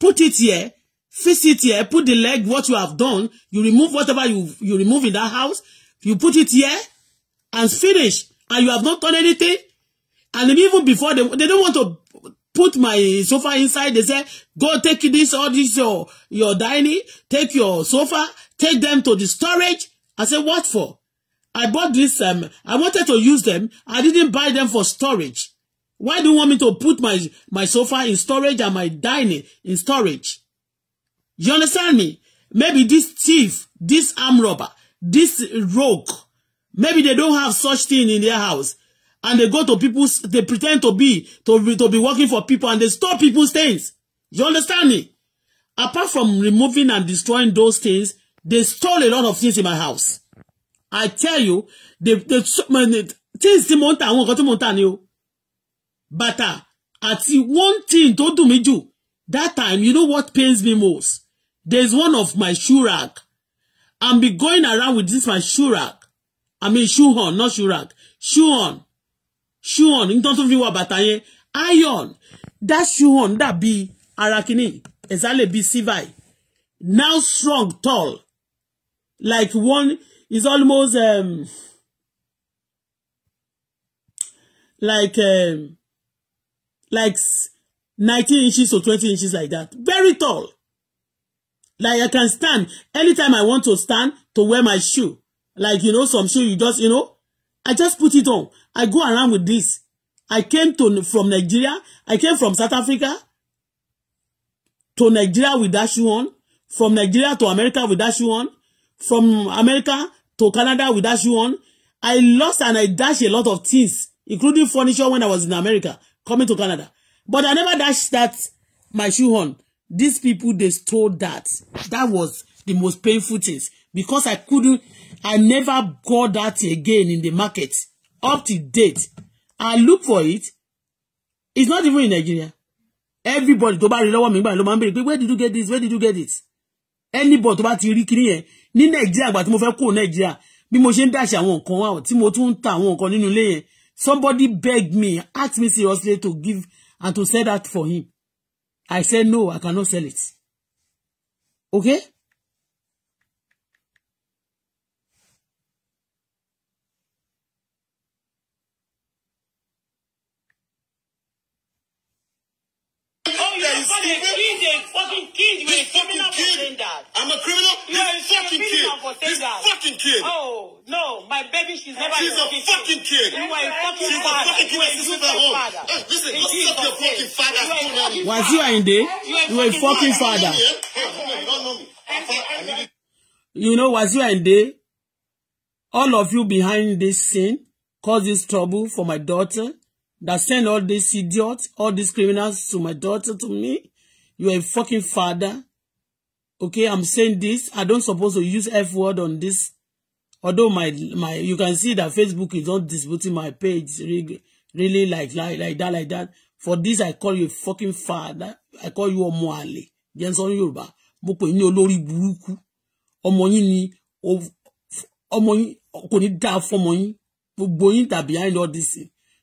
S1: put it here, fix it here, put the leg, what you have done. You remove whatever you, you remove in that house. You put it here and finish. And you have not done anything. And even before, they, they don't want to put my sofa inside. They say, go take this, all this, your, your dining, take your sofa, take them to the storage. I said, what for? I bought this, um, I wanted to use them. I didn't buy them for storage. Why do you want me to put my, my sofa in storage and my dining in storage? You understand me? Maybe this thief, this arm robber, this rogue, maybe they don't have such thing in their house. And they go to people, they pretend to be, to be, to be working for people and they store people's things. You understand me? Apart from removing and destroying those things, They stole a lot of things in my house. I tell you, they, they, things tí mo ń tà àwọn nǹkan tí mo ń tà ni o. Bàtà àti one thing tó do me jù that time you know what pains me most? There's one of my shoe rack. I'm be going around with this my shoe rack. I mean shoe horn, not shoe rack. Shoe on, Shoe horn. Nítorí tó fi wá bàtà yẹn. Iron. That shoe horn dàbí ara kìíní. Exactly be silver. Now strong, tall like one is almost um like um like 19 inches or 20 inches like that very tall like I can stand anytime I want to stand to wear my shoe like you know some shoe you just you know I just put it on I go around with this I came to from Nigeria I came from South Africa to Nigeria with that shoe on from Nigeria to America with that shoe on from America to Canada with that shoe on. I lost and I dash a lot of things, including furniture when I was in America, coming to Canada. But I never dash that, my shoe on. These people, they stole that. That was the most painful things because I couldn't, I never got that again in the market up to date. I look for it. It's not even in Nigeria. Everybody tó bá rí lọ́wọ́ mi gbà ló máa ń béèrè pé where did you get this? Where did you get it? Anybody tó bá ti rí kiri yẹn ní nàìjíríà àgbà tí mo fẹ́ kó nàìjíríà bí mo ṣe ń dàṣẹ àwọn nǹkan wa tí mo tún ń ta àwọn nǹkan nínú ilé yẹn somebody begged me asked me seriously to give and to sell that for him I said no I cannot sell it okay.
S2: There is even fucking kid. You, you a fucking kid. I'm a criminal? You, you are a fucking kid. For saying that. fucking kid. Oh, no. My baby, she's never She's a, fucking kid. kid. You are a fucking she's father. She's a fucking kid. She's a fucking father. Uh, listen, what's up, your fucking father? phone on me. Was you
S1: in there? You are a fucking father.
S2: Eh?
S1: You know, was you in there? All of you behind this scene cause this trouble for my daughter that send all these idiots, all these criminals to my daughter, to me. You are a fucking father. Okay, I'm saying this. I don't suppose to use F word on this. Although my my you can see that Facebook is not disputing my page really, really like like like that like that. For this I call you a fucking father. I call you ọmọ àlè. Jenson Yoruba. Mo pè ní olórí burúkú. Ọmọ yín ni ọmọ yín kò ní dáa fọ́mọ yín. behind all this.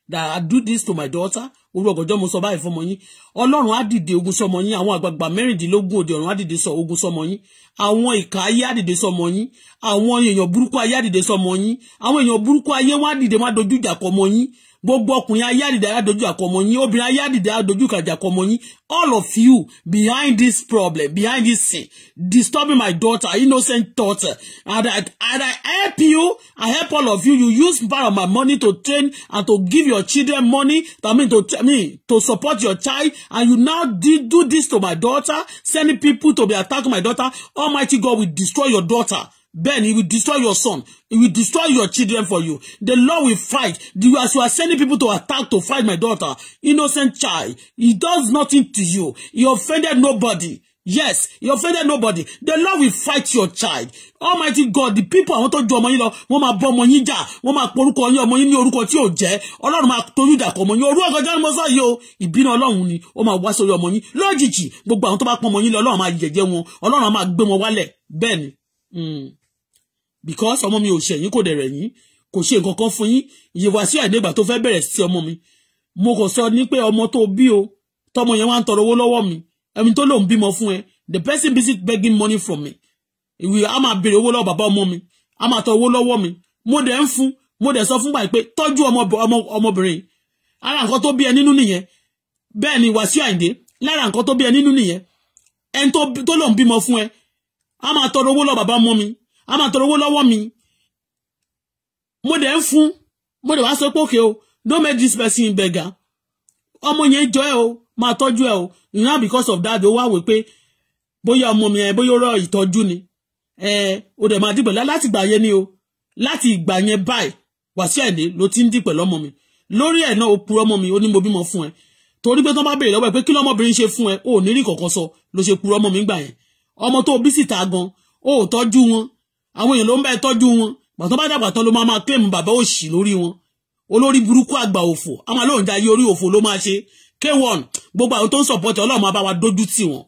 S1: That I do this to my daughter orú ọ̀gànjọ́ mo sọ báyìí fọmọ yín ọlọ́run á dìde ogun sọmọ yín àwọn àgbààgbà mẹ́rìndínlógún òde ọ̀run á dìde sọ ogun sọmọ yín àwọn ìkà ayé á dìde sọmọ yín àwọn èèyàn burúkú ayé á dìde sọmọ yín àwọn èèyàn burúkú ayé wọn á dìde wọn á dojú ìjà kọ yín gbogbo ọkùnrin ayádìdá adojú àkọmọ yín obìnrin ayádìdá adojú kàjà àkọmọ yín all of you behind this problem behind this sin disturbing my daughter innocent daughter and I, and I help you I help all of you you use part of my money to train and to give your children money that mean to I mean to support your child and you now do, do this to my daughter sending people to be attack my daughter Almighty God will destroy your daughter Ben, he will destroy your son. He will destroy your children for you. The Lord will fight. The, as you are sending people to attack to fight my daughter, innocent child, he does nothing to you. He offended nobody. Yes, he offended nobody. The Lord will fight your child. Almighty God, the people àwọn tó ju ọmọ yín lọ, wọ́n máa bọ́ ọmọ yín jà, wọ́n máa porúkọ yín ọmọ yín ní orúkọ tí ò jẹ́, ọlọ́run máa tojú dàkọ̀ ọmọ yín, orú ọ̀gọ́jà ni mo sọ yìí o, ìbínú ọlọ́run ni, ó máa wá sórí ọmọ yín, lójijì, gbogbo àwọn tó bá pọ́n ọmọ yín lọ, ọlọ́run máa because ọmọ mi ò ṣẹ̀yìn kò dẹ̀rẹ̀ yín kò ṣe nǹkan kan fún yín iye Wàsíù Àìdégbà tó fẹ́ bẹ̀rẹ̀ sí ọmọ mi mo kò sọ ní pé ọmọ tó bí o tọmọ yẹn wá ń tọrọ owó lọ́wọ́ mi ẹni tó lòun bímọ fún ẹ the person busy begging money from me ìwé a máa béèrè owó lọ́wọ́ bàbá ọmọ mi a máa tọ owó lọ́wọ́ mi mo dẹ̀ ń fún mo dẹ̀ sọ fún gbà pé tọ́jú ọmọbìnrin ara nǹkan tó bí ẹ nínú nìyẹn bẹ́ẹ̀ ni Wàsíù Àìdé lára nǹkan tó bí ẹ nínú nìyẹn ẹni tó lòun bímọ fún ẹ a máa tọrọ owó lọ́wọ́ bàbá ọmọ mi a máa tọrọ owó lọ́wọ́ mi mo dẹ̀ ń fún mo dẹ̀ wá so pé o don't make this person beggar ọmọ yẹn jọ ẹ o máa tọ́jú ẹ o you because of that ó wá wò pé bóyá ọmọ mi yẹn bóyá ó rọ ìtọ́jú ni Eh, o dẹ̀ máa dìgbẹ̀ láti ìgbà yẹn ni o láti ìgbà yẹn báyìí Wàsíù Àyìndé ló ti ń dìpẹ̀ lọ́mọ mi lórí ẹ̀ náà ó purọ́ ọmọ mi ó ní mo bímọ fún ẹ torí pé tó bá béèrè lọ́wọ́ ẹ pé kí lọ́mọbìnrin ṣe fún ẹ ò ní rí kọ̀ọ̀kan sọ ló ṣe purọ́ mi gbà yẹn ọmọ tó bí síta gan ó tọ́jú wọn àwọn èèyàn ló ń bá ẹ tọ́jú wọn gbàtọ́ bá dàgbà tán ló máa máa claim bàbá òṣì lórí wọn olórí burúkú àgbà òfò àwọn alóhùn jayé orí òfò ló máa ṣe k1 gbogbo àwọn tó ń sọ̀pọ̀tì ọlọ́run máa bá wa dójú tì wọ́n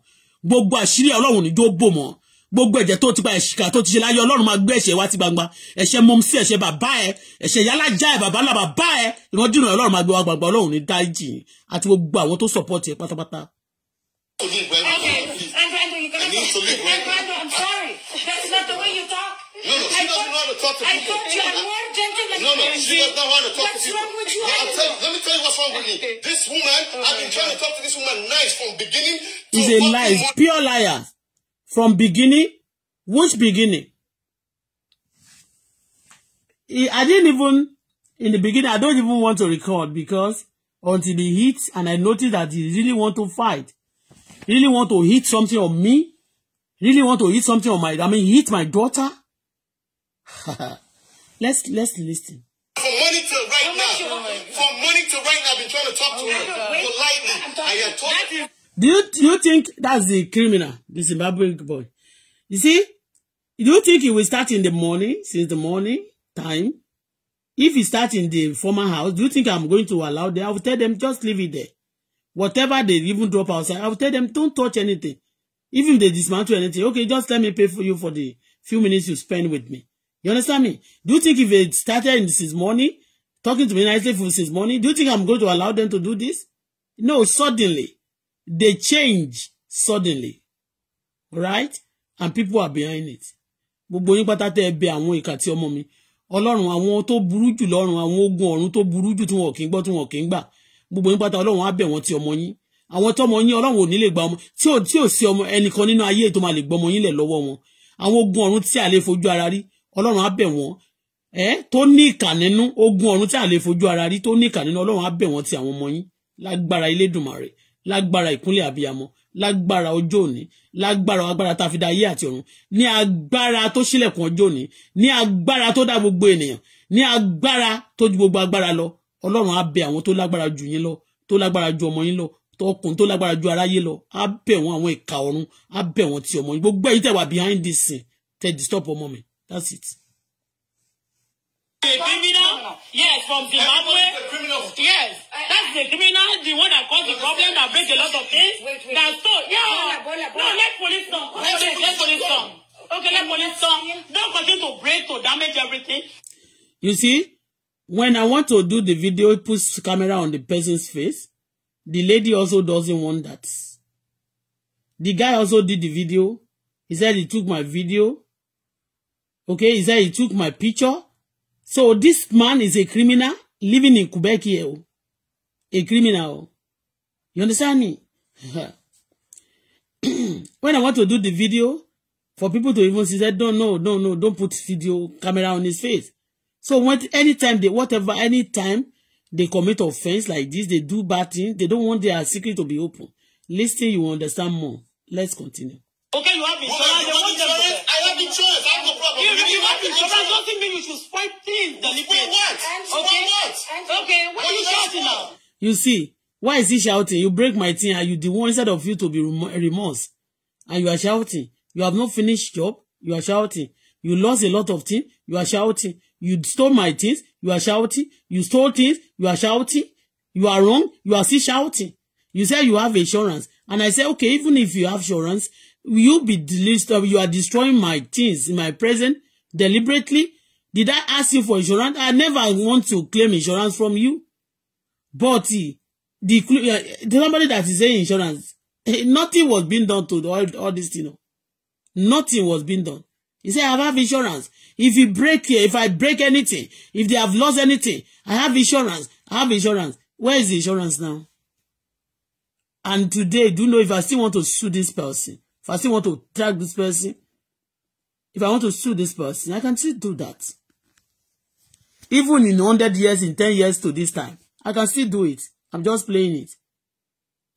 S1: gbogbo àṣírí ọlọ́run níjó bò mọ́ gbogbo ẹ̀jẹ̀ tó ti pa ẹ̀ṣìkà tó ti ṣe láyé ọlọ́run máa gbé ẹ̀ṣẹ̀ wá ti gbangba ẹ̀ṣẹ̀ mọ́mísí ẹ̀ṣẹ̀ bàbá ẹ̀ ẹ̀ṣẹ̀ yálàjá ẹ̀ bàbá làbà bá ẹ̀ ìrandínà ọlọ́run máa gbé wa ọlọ́run ní dáìjì àti gbogbo àwọn tó sọ̀pọ̀tì ẹ̀ pátápátá.
S2: Okay, I'm trying to. I'm trying to. I'm sorry. That's not No, no, she I doesn't know how to talk to people. I thought you are more gentle No, no, she does not know how to talk what's to people. What's wrong with you? Yeah, I'll tell let me tell you what's wrong with me. This woman, oh I've been trying to uh, talk to this woman nice from beginning.
S1: Is a lies, pure liar. From beginning? Which beginning? I didn't even, in the beginning, I don't even want to record because until he hits and I noticed that he really want to fight, really want to hit something on me, really want to hit something on my, I mean, hit my daughter. let's let's listen.
S2: For money to right now, for money to right now, I've been trying to talk to her politely. I am talking.
S1: Do you do you think that's the criminal, the Zimbabwean boy? You see, do you think he will start in the morning, since the morning time? If he starts in the former house, do you think I'm going to allow them? I will tell them just leave it there. Whatever they even drop outside, I will tell them don't touch anything. Even if they dismantle anything, okay, just let me pay for you for the few minutes you spend with me. You understand me? Do you think if it started in this morning, talking to me nicely for since morning, do you think I'm going to allow them to do this? No, suddenly. They change suddenly. Right? And people are behind it. Gbogbo yín pátá tẹ́ ẹ bẹ àwọn ìkà mi. Ọlọ́run àwọn tó burú jù lọ́run àwọn ogun ọ̀run tó burú jù tí wọn kì í gbọ́ tí wọn kì Gbogbo yín pátá Ọlọ́run á bẹ̀ wọ́n ti ọmọ yín. Àwọn tọ́mọ yín Ọlọ́run ò ní lè gba ọmọ tí ò sí ọmọ ẹnìkan nínú ayé tó máa lè gbọmọ yín lẹ̀ lọ́wọ́ wọn. Àwọn ogun ọ̀run tí a lè fojú ara rí ọlọ́run á bẹ̀ wọ́n ẹ tó ní ìkà nínú ogun ọ̀run tí a lè fojú ara rí tó ní ìkà nínú ọlọ́run á bẹ̀ wọ́n ti àwọn ọmọ yín lágbára ilédùnmarè lágbára ìkúnlẹ̀ àbíyamọ lágbára ọjọ́ òní lágbára agbára tá a fi dá ayé àti ọ̀run ní agbára tó ṣílẹ̀kùn ọjọ́ òní ní agbára tó dá gbogbo ènìyàn ní agbára tó ju gbogbo agbára lọ ọlọ́run á bẹ̀ àwọn tó lágbára ju yín lọ tó lágbára ju ọmọ yín lọ tọkùn tó lágbára ju aráyé lọ á bẹ̀ wọ́n àwọn ìka ọ̀run á bẹ̀ wọ́n ti ọmọ yín gbogbo ẹ̀yin tẹ́ wà behind this scene Tẹ̀ disturb ọmọ mi That's it.
S2: A criminal, yes, from Zimbabwe. Yes, that's
S1: the criminal, the one that caused the problem that breaks a lot of things.
S2: That stole, yeah. No, let police come. Please, let police come.
S1: Okay, let police come. Don't continue to break to damage everything. You see, when I want to do the video, it puts camera on the person's face. The lady also doesn't want that. The guy also did the video. He said he took my video. Okay, he said he took my picture. So this man is a criminal living in Quebec here. A criminal. You understand me? When I want to do the video, for people to even see that, don't no, no, no, don't put video camera on his face. So when anytime they whatever, anytime they commit offense like this, they do bad things, they don't want their secret to be open. Listen, you understand more. Let's continue.
S2: Okay, you have insurance. Okay, you have insurance. I have insurance nothing to do with you should spoil things deliberately. What? Okay. What?
S1: Okay. What are you shouting now? You see. Why is he shouting? You break my thing Are you the one instead of you to be remorse. And you are shouting. You have not finished job. You are shouting. You lost a lot of things. You are shouting. You stole my things. You are shouting. You stole things. You are shouting. You are wrong. You are still shouting. You say you have insurance. And I say, okay, even if you have insurance, you be deleted. You are destroying my things in my present deliberately? Did I ask you for insurance? I never want to claim insurance from you. But eh, the, eh, the somebody that is saying insurance, eh, nothing was being done to all, all this, you oh. know. Nothing was being done. He said, I have insurance. If you break here, if I break anything, if they have lost anything, I have insurance. I have insurance. Where is the insurance now? And today, do you know if I still want to sue this person, if I still want to track this person, If I want to sue this person, I can still do that. Even in 100 years, in 10 years to this time, I can still do it. I'm just playing it.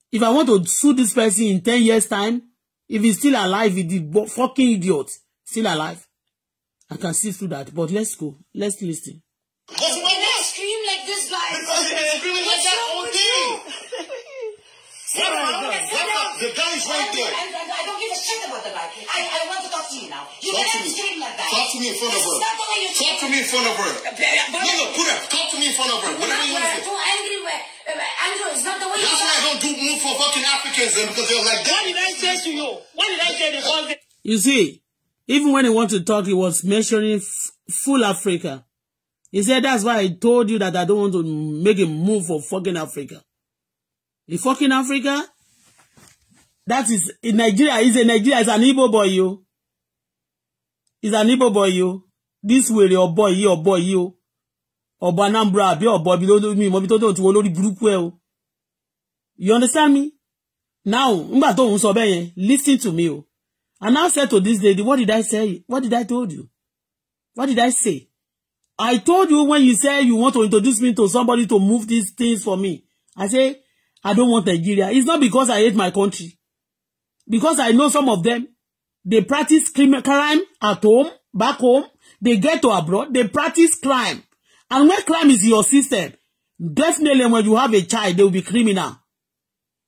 S1: If I want to sue this person in 10 years' time, if he's still alive, he's the fucking idiot, still alive. I can still do that. But let's go. Let's listen.
S2: Because when I scream like this, guys. Because he's screaming like that all day. what happened? What happened? The guy is right there like, I, I want to talk to you now. You talk cannot scream like that. Talk to me in front of her. That's not the way you talk to me in front of her. Uh, uh, no, put up. Talk to me in front of her. Whatever you want to do. angry where, uh, Andrew, it's not the way That's you why I don't do move for fucking Africans then because they're like, what did I say to you? What did I say to you?
S1: You see, even when he wanted to talk, he was mentioning full Africa. He said, that's why I told you that I don't want to make a move for fucking Africa. The fucking Africa, That is in Nigeria. Is a Nigeria. Is an Igbo boy, you. Is an Igbo boy, you. This way, your boy, your boy, you. Ọ̀bọ Anambra àbí ọ̀bọ ibi tó mi ìmọ̀ ibi tó dùn tí wọ́n You understand me? Now, ngbà tó ń listen to me oh? And now said to this lady, what did I say? What did I told you? What did I say? I told you when you said you want to introduce me to somebody to move these things for me. I say, I don't want Nigeria. It's not because I hate my country because I know some of them, they practice crime at home, back home. They get to abroad, they practice crime. And when crime is your system, definitely when you have a child, they will be criminal.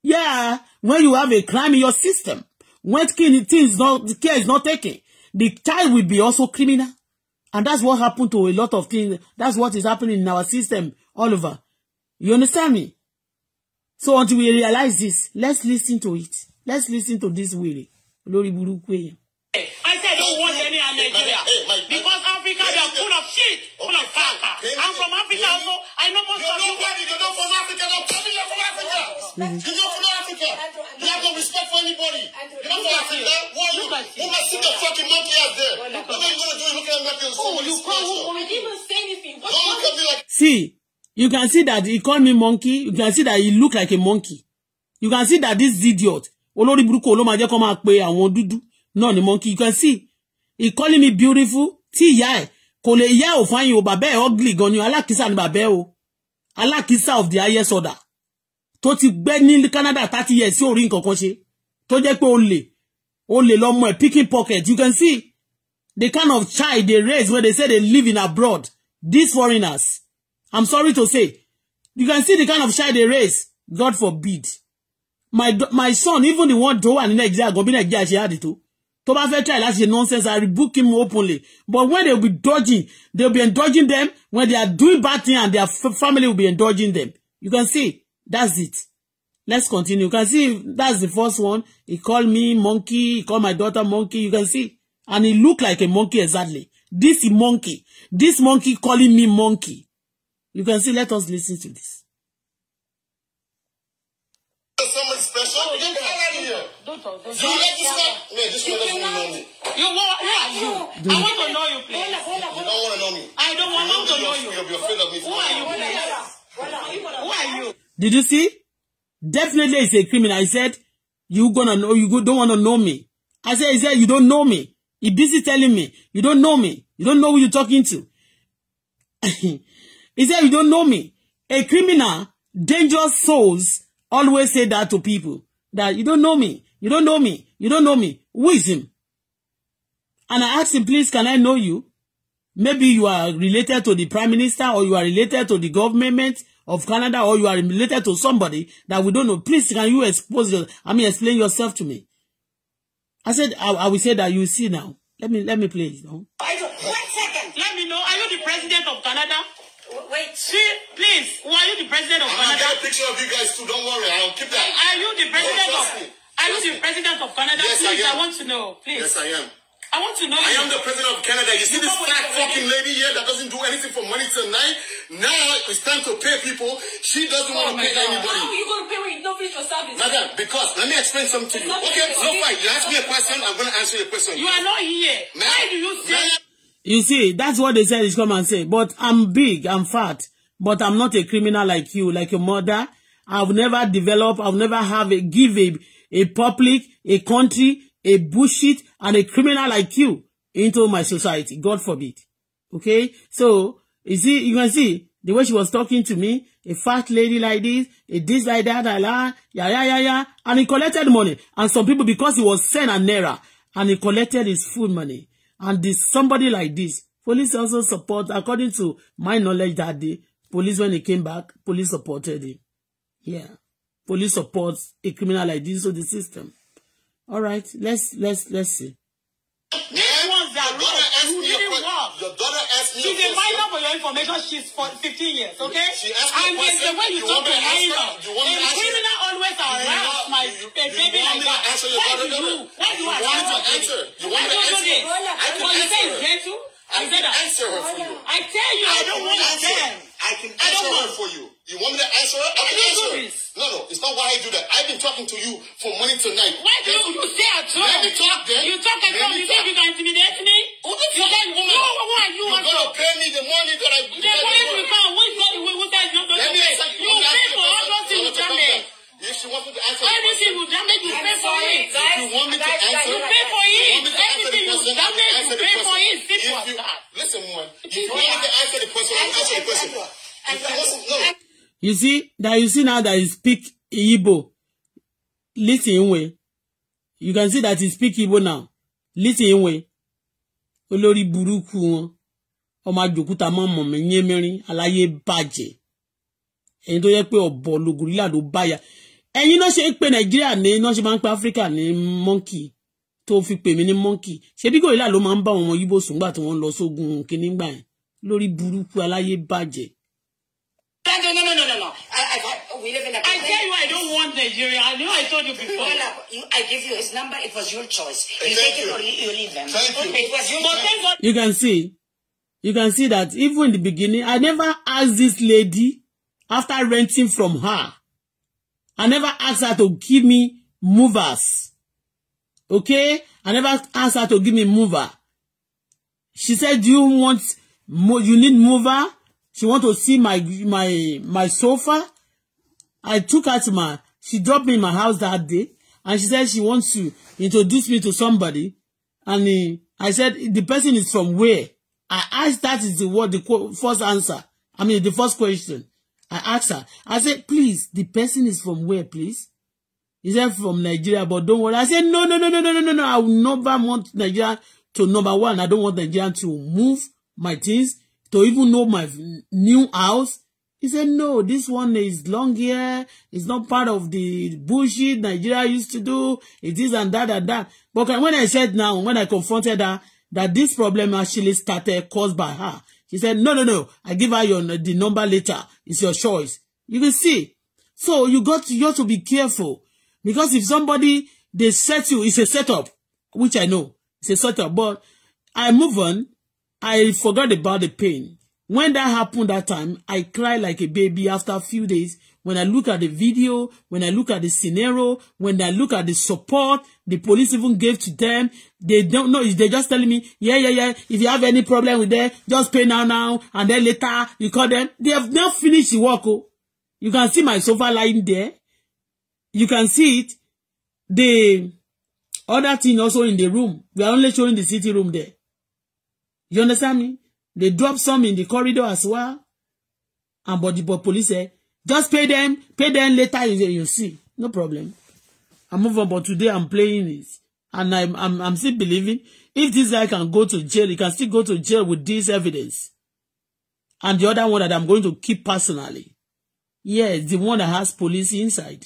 S1: Yeah, when you have a crime in your system, when things not, care is not taken, the child will be also criminal. And that's what happened to a lot of things. That's what is happening in our system all over. You understand me? So until we realize this, let's listen to it let's listen to this Willie. lórí Buruku. èèyàn.
S2: I said don't want any in Nigeria because Africa they are full of shit full of caca I'm from Africa also I know most of you. Mm-hmm. You know from Africa no problem you from Africa you know from Africa you have no respect for anybody you know from Africa are you who must see the fucking monkey out there what are you gonna do looking at monkey and say what is special. I didn't say anything. Don't look at
S1: me like. See. You can see that he called me monkey. You can see that he look like a monkey. You can see that this idiot, olórí burúkú ló máa jẹ́ kó máa pe àwọn dúdú náà ni monkey you can see he calling me beautiful tí ìyá ẹ̀ kò lè ìyá ò fáyín o bàbá ẹ̀ ugly gan ni alákìísà ni bàbá ẹ̀ o alákìísà of the highest order tó ti gbé ní Canada thirty years sí orí nǹkan kan ṣe tó jẹ́ pé olè olè lọ́mọ ẹ̀ picking pocket you can see the kind of child they raise when they say they live in abroad these foreigners i'm sorry to say you can see the kind of child they raise god forbid my my son even the one tó wà ní Nàìjíríà gan bí Nàìjíríà ṣe hard tó tó bá fẹ́ try láti ṣe nonsense I rebuke him openly but when they will be dodging they will be indulging them when they are doing bad thing and their family will be indulging them you can see that's it let's continue you can see that's the first one he called me monkey he called my daughter monkey you can see and he looked like a monkey exactly this monkey this monkey calling me monkey you can see let us listen to this. You registered? No, just you let know me.
S2: You Who are you? I want to know you, please. Hold on, hold You don't want to know me. I don't want to know you. You're afraid of me. Who are you, please? Who are you?
S1: Did you see? Definitely is a criminal. I said, you gonna know, you don't want to know me. I said, he said, you don't know me. He busy telling me, you don't know me. You don't know who you're talking to. he said, you don't know me. A criminal, dangerous souls always say that to people, that you don't know me. You don't know me. You don't know me. Who is him? And I asked him, please, can I know you? Maybe you are related to the prime minister or you are related to the government of Canada or you are related to somebody that we don't know. Please, can you expose your, I mean, explain yourself to me? I said, I, I will say that you see now. Let me, let me please." it. No? one
S2: second. Let me know. Are you the president of Canada? Wait. See, please, who are you the president of I Canada? I got a picture of you guys too. Don't worry. I'll keep that. Are you the president of... Me. Are yes. you the president of Canada? Yes, Please, I, am. I want to know. Please. Yes, I am. I want to know. I you. am the president of Canada. You see this fat fucking lady here that doesn't do anything for money tonight? Now it's time to pay people. She doesn't oh want to pay God. anybody. How are you going to pay when you don't finish your service? Madam, because let me explain something to you. Okay, no, fine. You ask me a question, I'm going to answer your question. You are not here. Man, Why do you
S1: say? you see, that's what they said is come and say. But I'm big, I'm fat, but I'm not a criminal like you, like your mother. I've never developed, I've never have a give a a public, a country, a bullshit, and a criminal like you into my society. God forbid. Okay? So, you see, you can see the way she was talking to me, a fat lady like this, a this like that, like la, yeah, yeah, yeah, yeah. And he collected money. And some people, because he was sent an error, and he collected his food money. And this somebody like this, police also support, according to my knowledge that day, police, when he came back, police supported him. Yeah police supports a criminal like this or the system. All right, let's let's let's see.
S2: Your daughter asked me. She's a minor for your information. She's for 15 years, okay? She asked me and the way you, you talk to minor, a criminal always around
S1: my baby you like that. Answer your Why do you? Why do you? You want me to answer? You want me to I can answer. You say it's I can answer her for you.
S2: I tell you, I don't want to answer. I can answer her for you. You want me to answer? I can answer. No, no, it's not why I do that. I've been talking to you for money tonight. Why do you, you say at all? Let me talk then. You talk at all. You think you can intimidate me? Who this you guys, woman? No, who are you? You're gonna pay me the money that I. The money we found. Who's not? Who says you're not going You pay for all those things, damage. If she wants me to answer Anything you damage, you pay for it. If you want me to answer, you pay for it. Anything you damage, you pay for it. Simple as that. Listen, woman. If you want me to answer the question, I'll answer the question.
S1: You see that you see now that he speak Igbo. Listen Inwe. You can see that he speak Igbo now. Listen Inwe. Olórí burúkú wọn. Ọmọ àjòkúta mọ́ mọ̀ mí yé mẹ́rin aláyé bàjẹ́. Ẹ̀yin tó yẹ pé ọ̀bọ̀ lògùnrílà ló báyà. Ẹ̀yin náà ṣe ń pe Nàìjíríà ní náà ṣe máa ń pe Áfíríkà ní mọ́ńkì tó fi pè mí ní mọ́ńkì. Ṣebí gòrílà ló máa ń bá àwọn ọmọ Yíbò sùn gbà tí wọ́n lọ sógun kìnnìgbà yẹn lórí burúkú aláyé bàjẹ́.
S2: Thank you. No, no, no, no, no. I, I, I we live in a. I tell you, I don't want
S1: Nigeria. I know I told you before. Well,
S2: you, I give you his number. It was your choice. You Thank take you. it or you leave them. Thank okay. you. It was your choice. You
S1: can see. You can see that even in the beginning, I never asked this lady after renting from her. I never asked her to give me movers. Okay? I never asked her to give me mover. She said, do you want, you need mover? She want to see my my my sofa. I took her to my. She dropped me in my house that day, and she said she wants to introduce me to somebody. And he, I said the person is from where? I asked that is the what the first answer. I mean the first question. I asked her. I said please the person is from where please? He said from Nigeria, but don't worry. I said no no no no no no no no. I will never want Nigeria to number one. I don't want Nigeria to move my things to even know my new house. He said, no, this one is long hair. It's not part of the bullshit Nigeria used to do. It is and that and that. But when I said now, when I confronted her, that this problem actually started caused by her, she said, no, no, no. I give her your the number later. It's your choice. You can see. So you got to, you have to be careful. Because if somebody, they set you, it's a setup, which I know. It's a setup. But I move on. I forgot about the pain. When that happened that time, I cried like a baby after a few days. When I look at the video, when I look at the scenario, when I look at the support the police even gave to them, they don't know. They're just telling me, yeah, yeah, yeah, if you have any problem with them, just pay now, now, and then later you call them. They have not finished the work. Oh. You can see my sofa lying there. You can see it. The other thing also in the room. We are only showing the city room there. You understand me? They drop some in the corridor as well. And but the police say, just pay them, pay them later you, you see. No problem. I move on, but today I'm playing it. And I'm, I'm, I'm still believing if this guy can go to jail, he can still go to jail with this evidence. And the other one that I'm going to keep personally. Yes, the one that has police inside.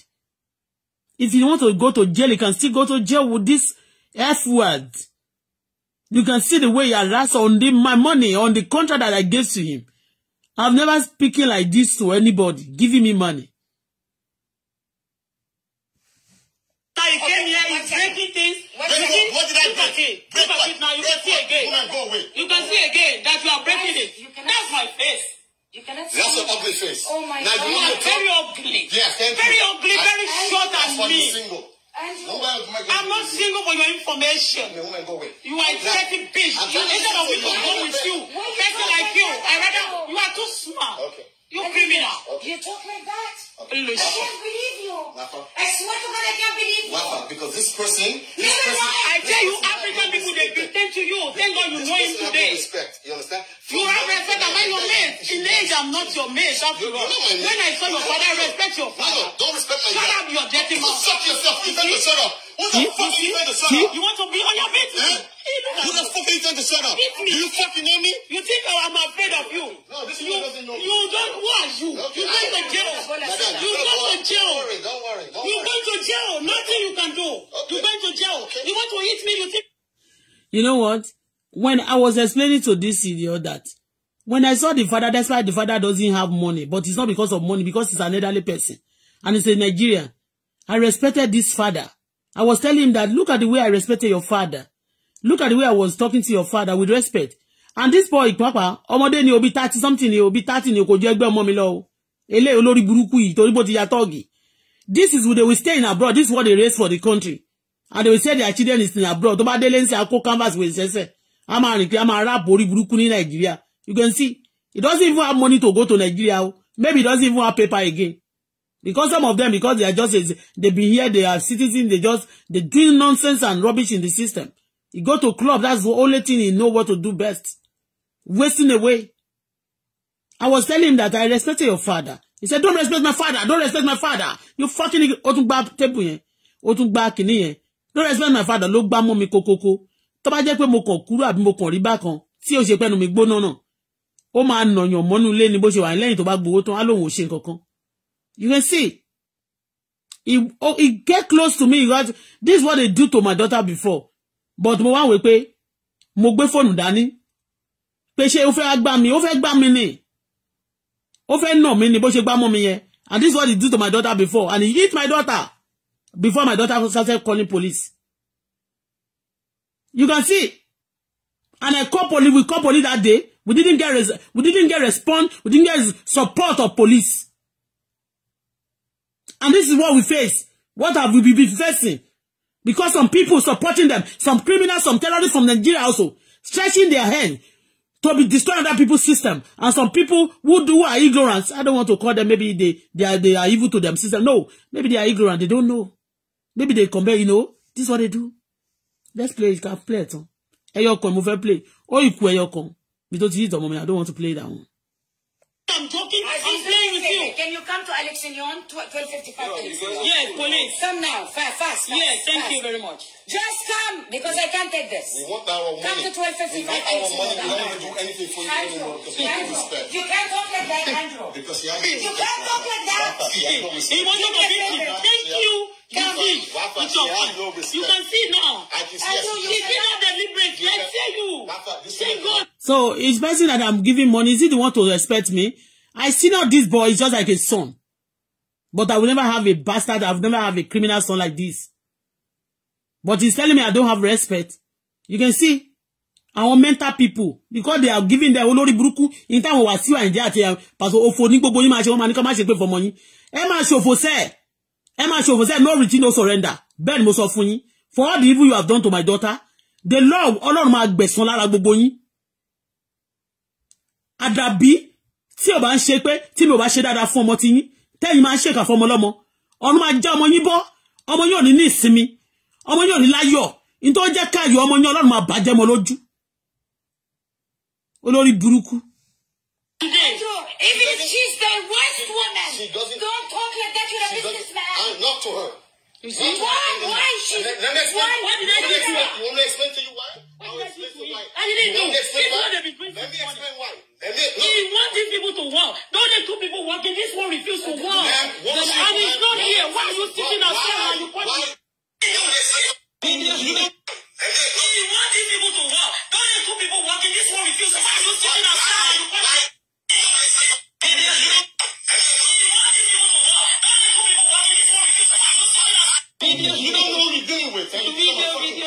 S1: If he wants to go to jail, he can still go to jail with this F word. You can see the way he harassed on the, my money, on the contract that I gave to him. I've never speaking like this to anybody, giving me money.
S2: I came here, he's breaking things. Break breaking, what did I look Break look it now. You can see again. Woman, go away. You can see again that you are breaking it. That's my face. You see That's an ugly face. Oh my now, God. You oh, are very ugly. Yes, thank very you. Very ugly, very I, short I, and mean. single. I'm not single for your information. You are a dirty bitch. You, instead of we to go with you, person like you, I rather you are too smart. You criminal. You talk like that. Okay. I can't believe you. I swear to God, I can't believe you. because this person, this person. your mate after all. When I saw your father, respect your father. No, no, don't respect my Shut up, your dirty mouth. suck yourself. You better shut up. What the fuck are you trying to shut up? You want to be on your bed? Eh? Who the fuck are you trying to shut up? Do you fucking know me? You think I'm afraid of you? No, this you, doesn't know me. You don't watch you. you going to jail. You going to jail. Don't worry, don't worry. you going to jail. Nothing you can do. You going to jail. You want to hit me, you
S1: think... You know what? When I was explaining to this idiot that When I saw the father, that's why the father doesn't have money, but it's not because of money, because he's an elderly person and he's a Nigerian. I respected this father. I was telling him that look at the way I respected your father. Look at the way I was talking to your father with respect. And this boy, Papa, ọmọdé ni obi 30 something ni obi 30 ni kò jẹ́ ẹgbẹ́ ọmọ mi lọ. Ele olórí burúkú yìí torí bó yatogi. This is where they will stay in abroad. This is what they raise for the country. And they will say their children is in abroad. Tó bá délé ń ṣe àkó canvas with ṣẹṣẹ. A máa rìn kiri, a rap orí burúkú ní Nigeria. You can see, he doesn't even have money to go to Nigeria. Maybe he doesn't even have paper again. Because some of them, because they are just, they've been here, they are citizens, they just, they doing nonsense and rubbish in the system. He go to club, that's the only thing he know what to do best. Wasting away. I was telling him that I respected your father. He said, don't respect my father. Don't respect my father. You fucking, ó tún gbá table yẹn. Ó Don't respect my father. Look gbá mọ́ mi kokoko. Tó bá jẹ́ mo kàn kúrò àbí mo kàn rí Si Tí ó ṣe pẹ́nu mi gbóná náà ó máa nàyàn mọ́nú ilé ni bó ṣe wà ní tó bá gbowó tán á lóun ò ṣe nǹkan you can see he, oh, he get close to me he got this is what they do to my daughter before but mo wá wí pé mo gbé fóònù dání pé ṣé ó fẹ́ gbá mi ó fẹ́ gbá mi ni ó fẹ́ nà mí ni bó ṣe gbá mọ́ mi yẹn and this is what he do to my daughter before and he hit my daughter before my daughter started calling police you can see and I call police we call police that day We didn't get res we didn't get response. We didn't get support of police. And this is what we face. What have we been facing? Because some people supporting them, some criminals, some terrorists from Nigeria also stretching their hand to be destroying other people's system. And some people who do are ignorant. I don't want to call them. Maybe they they are they are evil to them system. No, maybe they are ignorant. They don't know. Maybe they compare. You know, this is what they do. Let's play. You can play it. Ẹyọ kan mo fẹ́ play. Ó ìkú your kan. Because he's the yí i don't want to play that one.
S2: Can you come to Alexinion, 1255 no, Alexinion? Yes, police. Come now, fast, fast. yes, thank fast. you very much. Just come, because I can't take this. We want our money. Come to 1255 We want our money. We don't want to do anything for you anymore. You can't talk like that, Andrew. because you, you can't talk like that. He wants to convince you. Thank you. You can see. You can see now. I can see. He did not deliberate. Let's tell you. Thank God.
S1: So it's person that I'm giving money. Is he the one to respect me? I see not this boy is just like a son. But I will never have a bastard. I will never have a criminal son like this. But he's telling me I don't have respect. You can see àwọn mental people because they are giving their olórí burúkú in time we síwà ìjẹ́ àti eh, pàṣẹ òfò ní gbogbo yín máa ṣe wọ́n máa ní kọ́ máa ṣe pé fọmọ yín ẹ máa ṣòfò sẹ́ẹ̀ ẹ máa no retreat no surrender Ben Mosofuni, for all the evil you have done to my daughter the Lord ọlọ́run my best son, gbogbo yín Adabi tí ò bá ń ṣe pé tí mi ò bá ṣe dáadáa fún ọmọ ti yín tẹ́yìn máa ń ṣèkà fún ọmọ lọ́mọ ọ̀run máa já ọmọ yín bọ́ ọmọ yín ò ní ní ìsinmi ọmọ yín ò ní láyọ̀ ní tó jẹ́ káyọ̀ ọmọ yín ọlọ́run máa bàjẹ́ mọ lójú olórí burúkú.
S2: Even if she's the worst woman, don't talk like that to the businessman. I'm ah, not to her. You see? Why? Why she? Let, let me explain. Why? Why did I do that? You want me to explain to you why? I will explain to you why. I didn't know. Let me explain why. Let me explain why. He
S1: wants these people to walk. Don't let two people working. This one refuse to walk. And he's not here. Why are you sitting outside and you put He
S2: wants these people to work. Don't two people working. This one refuse Why are you sitting outside and you put Video, you don't know what you're dealing with. Video, video,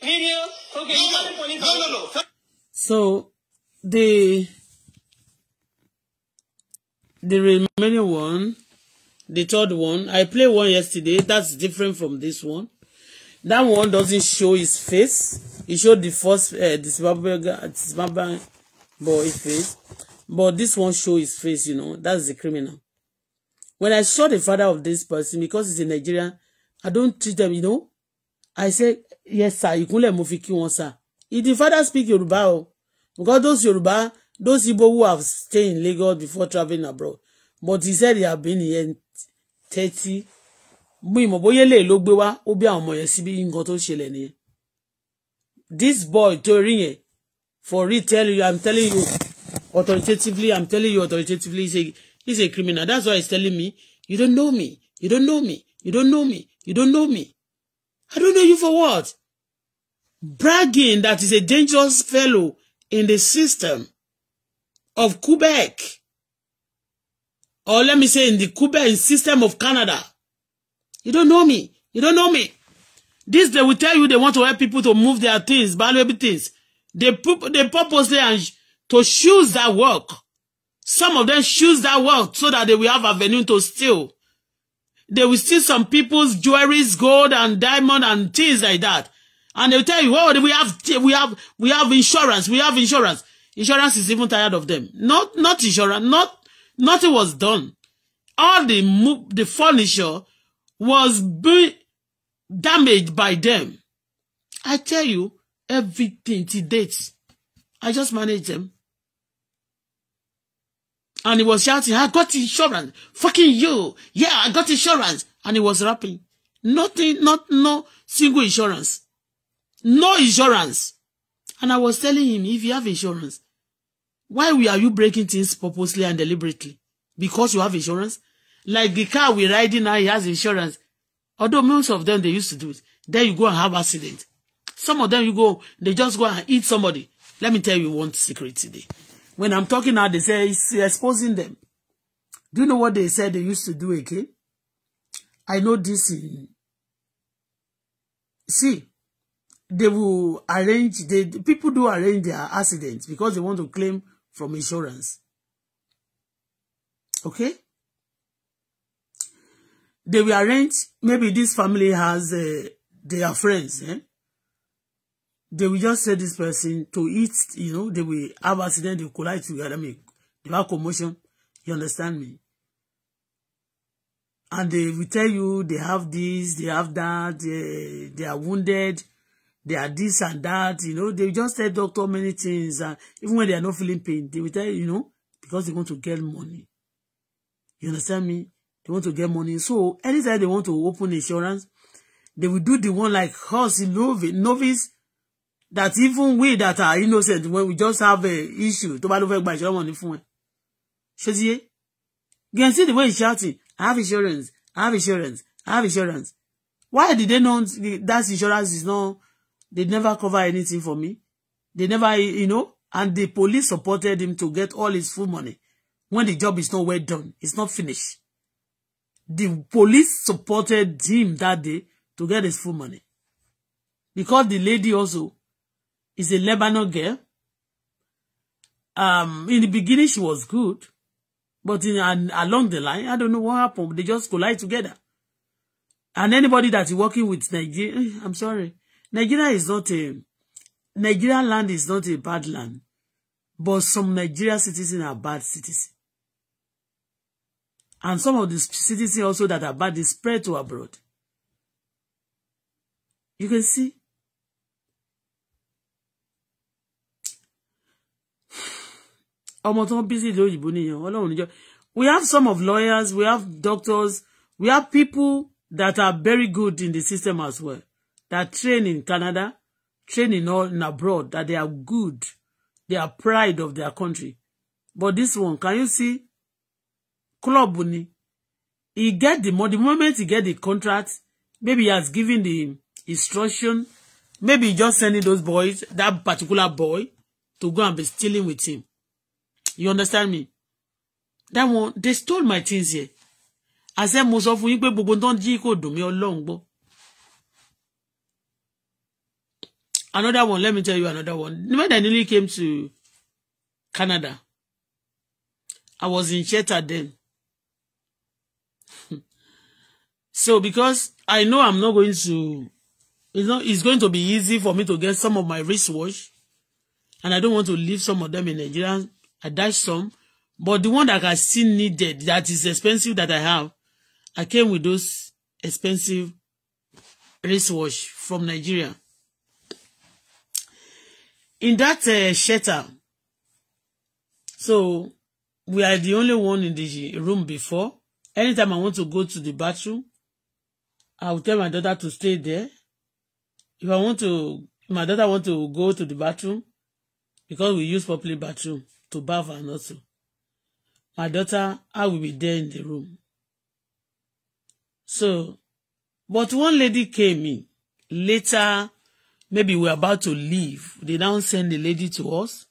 S2: video. Okay, no, no, no.
S1: So the the remaining one, the third one, I play one yesterday. That's different from this one. That one doesn't show his face. He showed the first uh, the Zimbabwe boy face, but this one show his face. You know, that's the criminal. When I saw the father of this person, because he's a Nigerian, I don't treat them. You know, I say yes sir. Ìkúnlẹ̀ mo fi kí one, sir. If the father speak Yoruba o. Because those Yoruba, those people who have stayed in Lagos before traveling abroad, but he said he have been here thirty. Bí ìmọ̀ bóyá lè ló gbé wá, ó bí àwọn ọmọ yẹn síbí This boy torí yẹn for real tell you I'm telling you authoritatively I'm telling you authoritatively he's a, he's a criminal that's why he's telling me you don't know me you don't know me you don't know me you don't know me I don't know you for what? Bragging that is a dangerous fellow in the system of Quebec, or let me say in the Quebec system of Canada. You don't know me. You don't know me. This, they will tell you they want to help people to move their things, valuable things. They, they purposely and to choose that work. Some of them choose that work so that they will have avenue to steal. They will steal some people's jewelries, gold and diamond and things like that and they'll tell you, oh, we have we have we have insurance, we have insurance. Insurance is even tired of them. Not not insurance, not nothing was done. All the the furniture was be damaged by them. I tell you, everything to date. I just managed them. And he was shouting, I got insurance. Fucking you. Yeah, I got insurance. And he was rapping. Nothing, not no single insurance. No insurance. And I was telling him, if you have insurance, why are you breaking things purposely and deliberately? Because you have insurance? Like the car we ride in now, he has insurance. Although most of them, they used to do it. Then you go and have accident. Some of them, you go, they just go and eat somebody. Let me tell you one secret today. When I'm talking now, they say it's exposing them. Do you know what they said they used to do again? I know this in... See, they will arrange they people do arrange their accidents because they want to claim from insurance okay they will arrange maybe this family has uh, their friends eh? they will just say this person to eat you know they will have accident they collide together i mean they have commotion you understand me and they will tell you they have this they have that they, they are wounded they are this and that, you know, they just tell doctor many things, and even when they are not feeling pain, they will tell you, you know, because they want to get money. You understand me? They want to get money. So anytime they want to open insurance, they will do the one like us novice that even we that are innocent when we just have a issue to bá ló fẹ́ gba ìṣọ́rọ̀ money fún you can see the way he's shouting I have insurance I have insurance I have insurance why did they know that insurance is not They never cover anything for me. They never, you know, and the police supported him to get all his full money when the job is not well done. It's not finished. The police supported him that day to get his full money. Because the lady also is a Lebanon girl. Um, in the beginning, she was good. But in and along the line, I don't know what happened. They just collide together. And anybody that is working with Nigeria, I'm sorry, Nigeria is not a Nigeria land is not a bad land, but some Nigeria citizens are bad citizens. And some of the citizens also that are bad, is spread to abroad. You can see. we have some of lawyers we have doctors we have people that are very good in the system as well that train in Canada, train in all in abroad, that they are good, they are pride of their country. But this one, can you see? Club ni. He get the money. The moment he get the contract, maybe he has given the instruction. Maybe he just sending those boys, that particular boy, to go and be stealing with him. You understand me? That one, they stole my things here. I said, most of you, yín pé gbogbo tó ń jí kò dùn mí Ọlọ́run Another one, let me tell you another one. When I nearly came to Canada, I was in shelter then. so because I know I'm not going to, it's not, it's going to be easy for me to get some of my wristwatch, and I don't want to leave some of them in Nigeria. I dash some, but the one that I still needed, that is expensive that I have, I came with those expensive wristwatch from Nigeria in that uh, shelter so we are the only one in the room before anytime i want to go to the bathroom i will tell my daughter to stay there if i want to my daughter want to go to the bathroom because we use public bathroom to bath and also my daughter i will be there in the room so but one lady came in later maybe we're about to leave they now send a lady to us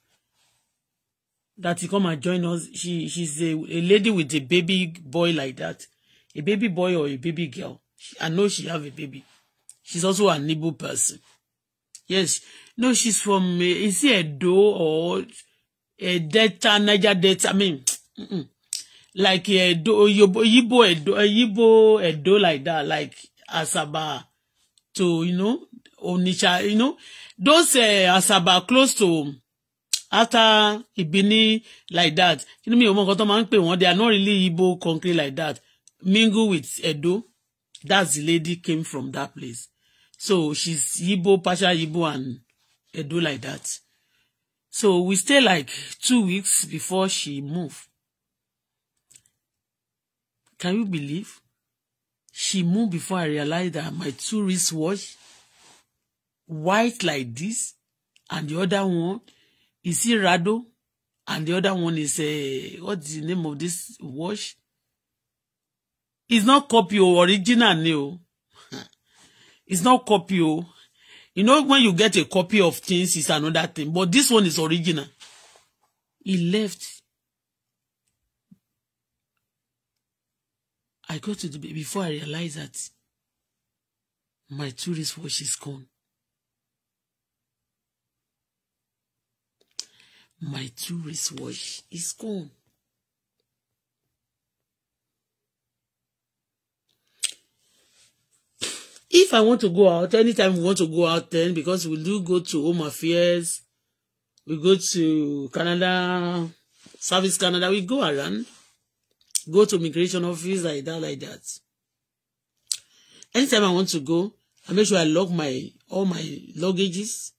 S1: that he come and join us she she's a, a lady with a baby boy like that a baby boy or a baby girl she, i know she have a baby she's also a Igbo person yes no she's from uh, is it Doe or a Delta Niger Delta I mean mm-mm. like a Doe. Yibo Edo Yibo Edo like that like Asaba to you know Onitsha, you know, those uh, eh, Asaba close to after Ibini like that. You know, mi ò mọ nǹkan tó máa ń pè they are not really Igbo country like that. Mingle with Edo. That's the lady came from that place. So she's Igbo, partial Igbo and Edo like that. So we stay like two weeks before she move. Can you believe? She move before I realized that my two wristwatch white like this and the other one is irado and the other one is uh, eh, what's the name of this wash it's not copy or original ni it's not copy o you know when you get a copy of things it's another thing but this one is original he left I go to the before I realize that my tourist watch is gone my true wristwatch is gone. If I want to go out, anytime we want to go out then, because we do go to Home Affairs, we go to Canada, Service Canada, we go around, go to migration office like that, like that. Anytime I want to go, I make sure I lock my all my luggages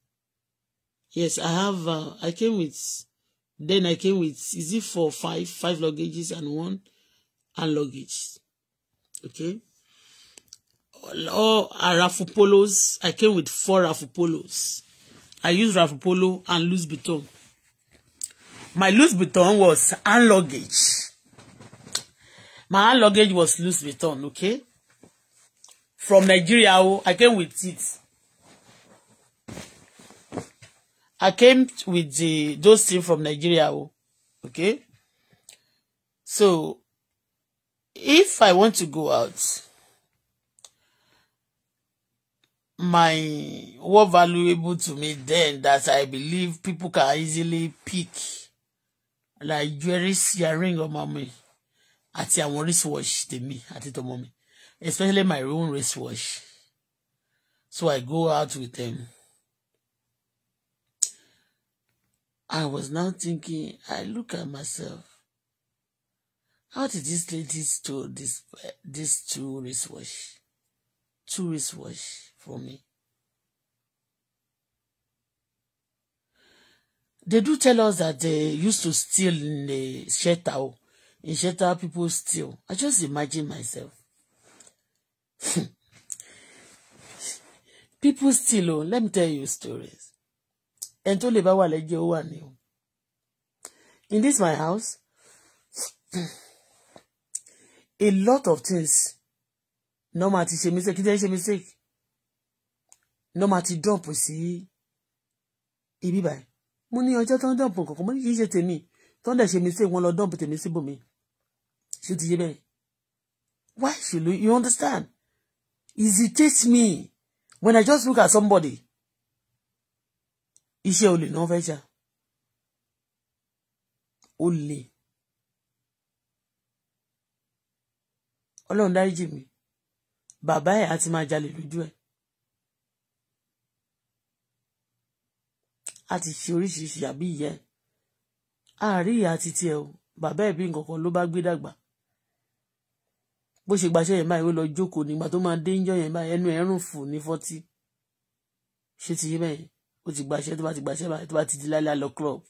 S1: Yes, I have. Uh, I came with. Then I came with. Is it four, five five luggages and one and luggage? Okay. All are Rafu polos. I came with four Rafu polos. I use Rafu polo and loose Vuitton. My loose Vuitton was hand luggage. My hand luggage was loose Vuitton. Okay. From Nigeria, oh, I came with it. I came with the those things from Nigeria. Oh, okay. So if I want to go out, my what valuable to me then that I believe people can easily pick like jewelry earring or mommy, at your wristwatch to tèmi àti tọmọ mommy, especially my own wristwatch so I go out with them. I was now thinking, I look at myself. How did this lady store this this two wristwatch, two wristwatch for me? They do tell us that they used to steal in the shelter. Oh, in shelter, people steal. I just imagine myself. people steal. Oh, let me tell you stories ẹni tó lè bá wà lẹ́jẹ̀ ó wà ní o in this my house a lot of things normal ti ṣe mistake kìtẹ́ ṣe mistake no normal ti dump sí ibi báyìí mo ní ọjọ́ tó ń dump kọ̀ọ̀kan mo ní kì í ṣe tèmi tó ń dẹ̀ ṣe mistake wọn lọ dump tèmi síbòmí ṣé ti yé bẹ́ẹ̀ why should you understand Is it hesitate me when I just look at somebody iṣẹ́ olè náà fẹ́ ṣá olè ọlọ́run dáríjì mi bàbá ẹ̀ àti máa jalè lójú ẹ̀ a ti ṣe oríṣiríṣi àbí ìyá ẹ̀ àárí ìyá àti tiẹ̀ o bàbá ẹ̀ bí nǹkankan ló bá gbé dàgbà bó ṣe gbaṣẹ́ yẹn báyìí ó lọ jókòó nígbà tó máa dé ń jọ yẹn báyìí ẹnu ẹ̀rùn fù ní fọ́tí ṣé ti yé bẹ́yẹn ó ti gbaṣẹ́ tó bá ti gbaṣẹ́ tó bá ti di lálẹ́ lọ club.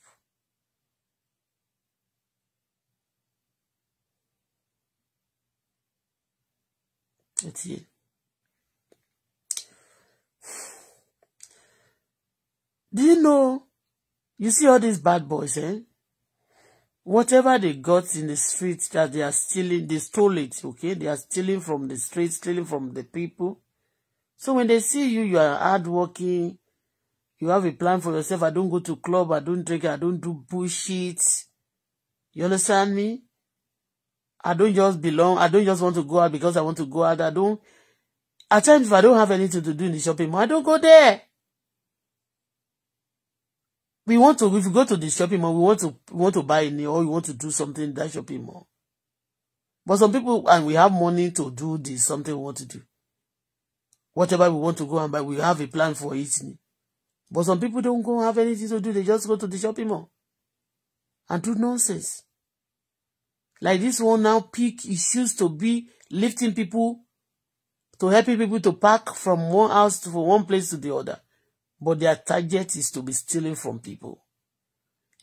S1: Do you know? You see all these bad boys, eh? Whatever they got in the streets that they are stealing, they stole it, okay? They are stealing from the streets, stealing from the people. So when they see you, you are hardworking, You have a plan for yourself. I don't go to club. I don't drink. I don't do bullshit. You understand me? I don't just belong. I don't just want to go out because I want to go out. I don't. At times, if I don't have anything to do in the shopping mall, I don't go there. We want to, if you go to the shopping mall, we want to, we want to buy in or we want to do something in that shopping mall. But some people, and we have money to do this, something we want to do. Whatever we want to go and buy, we have a plan for it. But some people don't go have anything to do. They just go to the shopping mall and do nonsense. Like this one now pick issues to be lifting people, to helping people to pack from one house to from one place to the other. But their target is to be stealing from people.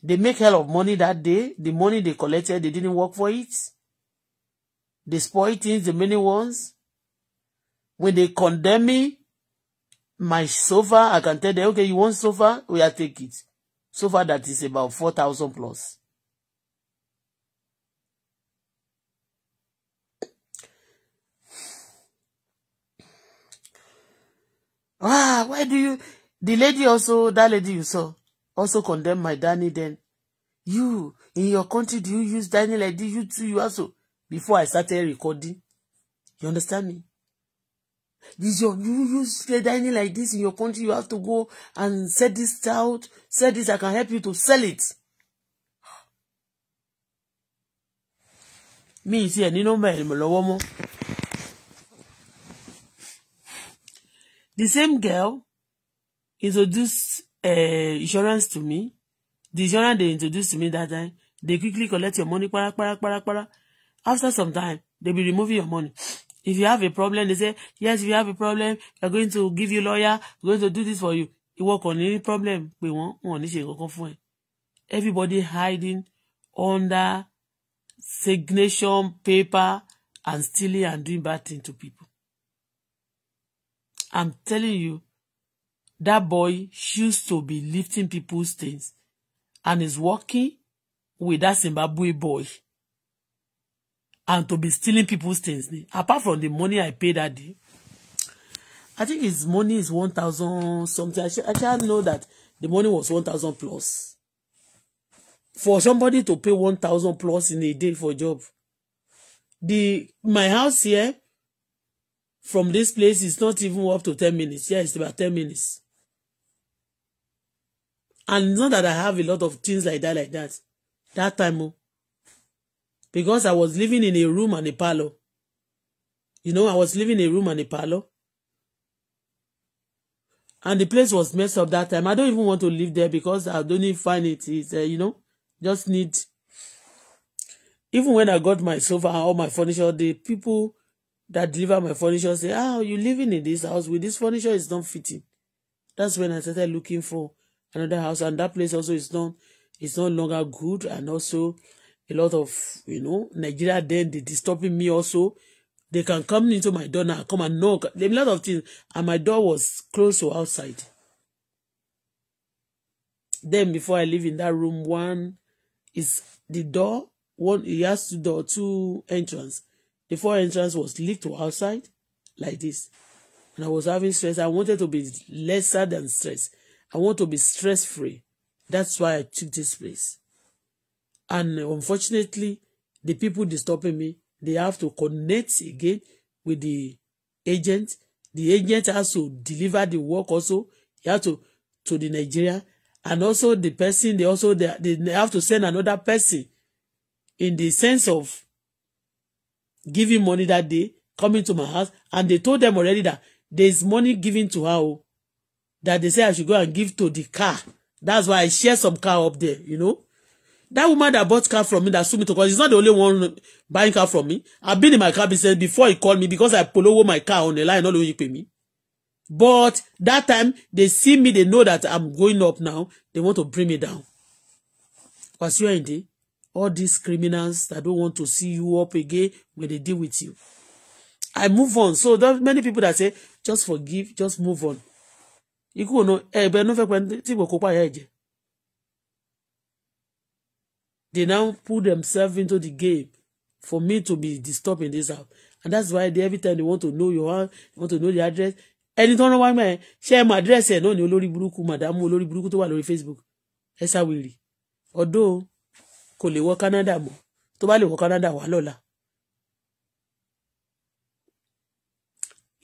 S1: They make hell of money that day. The money they collected, they didn't work for it. They spoil things, the many ones. When they condemn me, my sofa i can tell them okay you want sofa we oh, are take it sofa that is about four thousand plus ah why do you the lady also that lady you saw also condemn my danny then you in your country do you use danny like this you too you also before i started recording you understand me This your you use dining like this in your country. You have to go and sell this out. Sell this. I can help you to sell it. Me, ì tiẹ̀ ní nọ́mbà ẹ̀rìmọ̀ lọ́wọ́ The same girl introduced uh, insurance to me. The insurance they introduced to me that time, they quickly collect your money para para para para. After some time, they be removing your money. If you have a problem, they say, yes, if you have a problem, they're going to give you lawyer, we going to do this for you. work on any problem we wọ́n wọ́n ní ṣe kankan fún Everybody hiding under signation paper and stealing and doing bad things to people. I'm telling you, that boy used to be lifting people's things and is working with that Zimbabwe boy and to be stealing people's things apart from the money I paid that day I think his money is one thousand something I should actually know that the money was one thousand plus for somebody to pay one thousand plus in a day for a job the my house here from this place is not even up to ten minutes yeah it's about ten minutes and it's not that I have a lot of things like that like that that time oh because I was living in a room and a parlor. You know, I was living in a room and a parlor. And the place was messed up that time. I don't even want to live there because I don't even find it. It's, uh, you know, just need. Even when I got my sofa and all my furniture, the people that deliver my furniture say, "Ah, you living in this house with this furniture is not fitting." That's when I started looking for another house, and that place also is not, it's no longer good, and also a lot of you know Nigeria then they disturbing me also they can come into my door now come and knock a lot of things and my door was closed to outside then before I leave in that room one is the door one it has two door two entrance the four entrance was leaked to outside like this and I was having stress I wanted to be lesser than stress I want to be stress free that's why I took this place and uh, unfortunately the people disturbing me they have to connect again with the agent the agent has to deliver the work also he has to to the Nigeria and also the person they also they, they have to send another person in the sense of giving money that day coming to my house and they told them already that there is money given to her oh, that they say I should go and give to the car that's why I share some car up there you know That woman that bought car from me that sued me to court, she's not the only one buying car from me. I've been in my car business before he called me because I polowo my car on the line, not you pay me. But that time, they see me, they know that I'm going up now. They want to bring me down. Wasiu Ayinde, all these criminals that don't want to see you up again when they deal with you. I move on. So there are many people that say, just forgive, just move on. Ikú ọ̀nà ẹ̀bẹ̀ ló fẹ́ pẹ́ tí kò kópa ẹ̀jẹ̀ they now put themselves into the game for me to be disturbing this house and that's why they, every time they want to know your house they want to know the address ẹni tó ń wá mẹ́ ṣe mọ àdírẹ́sì ẹ̀ náà ni olórí burúkú màdámù olórí burúkú tó wà lórí Facebook ẹ sáwìrì ọdọ́ kò lè wọ Canada mọ́ tó bá lè wọ Canada wà lọ́la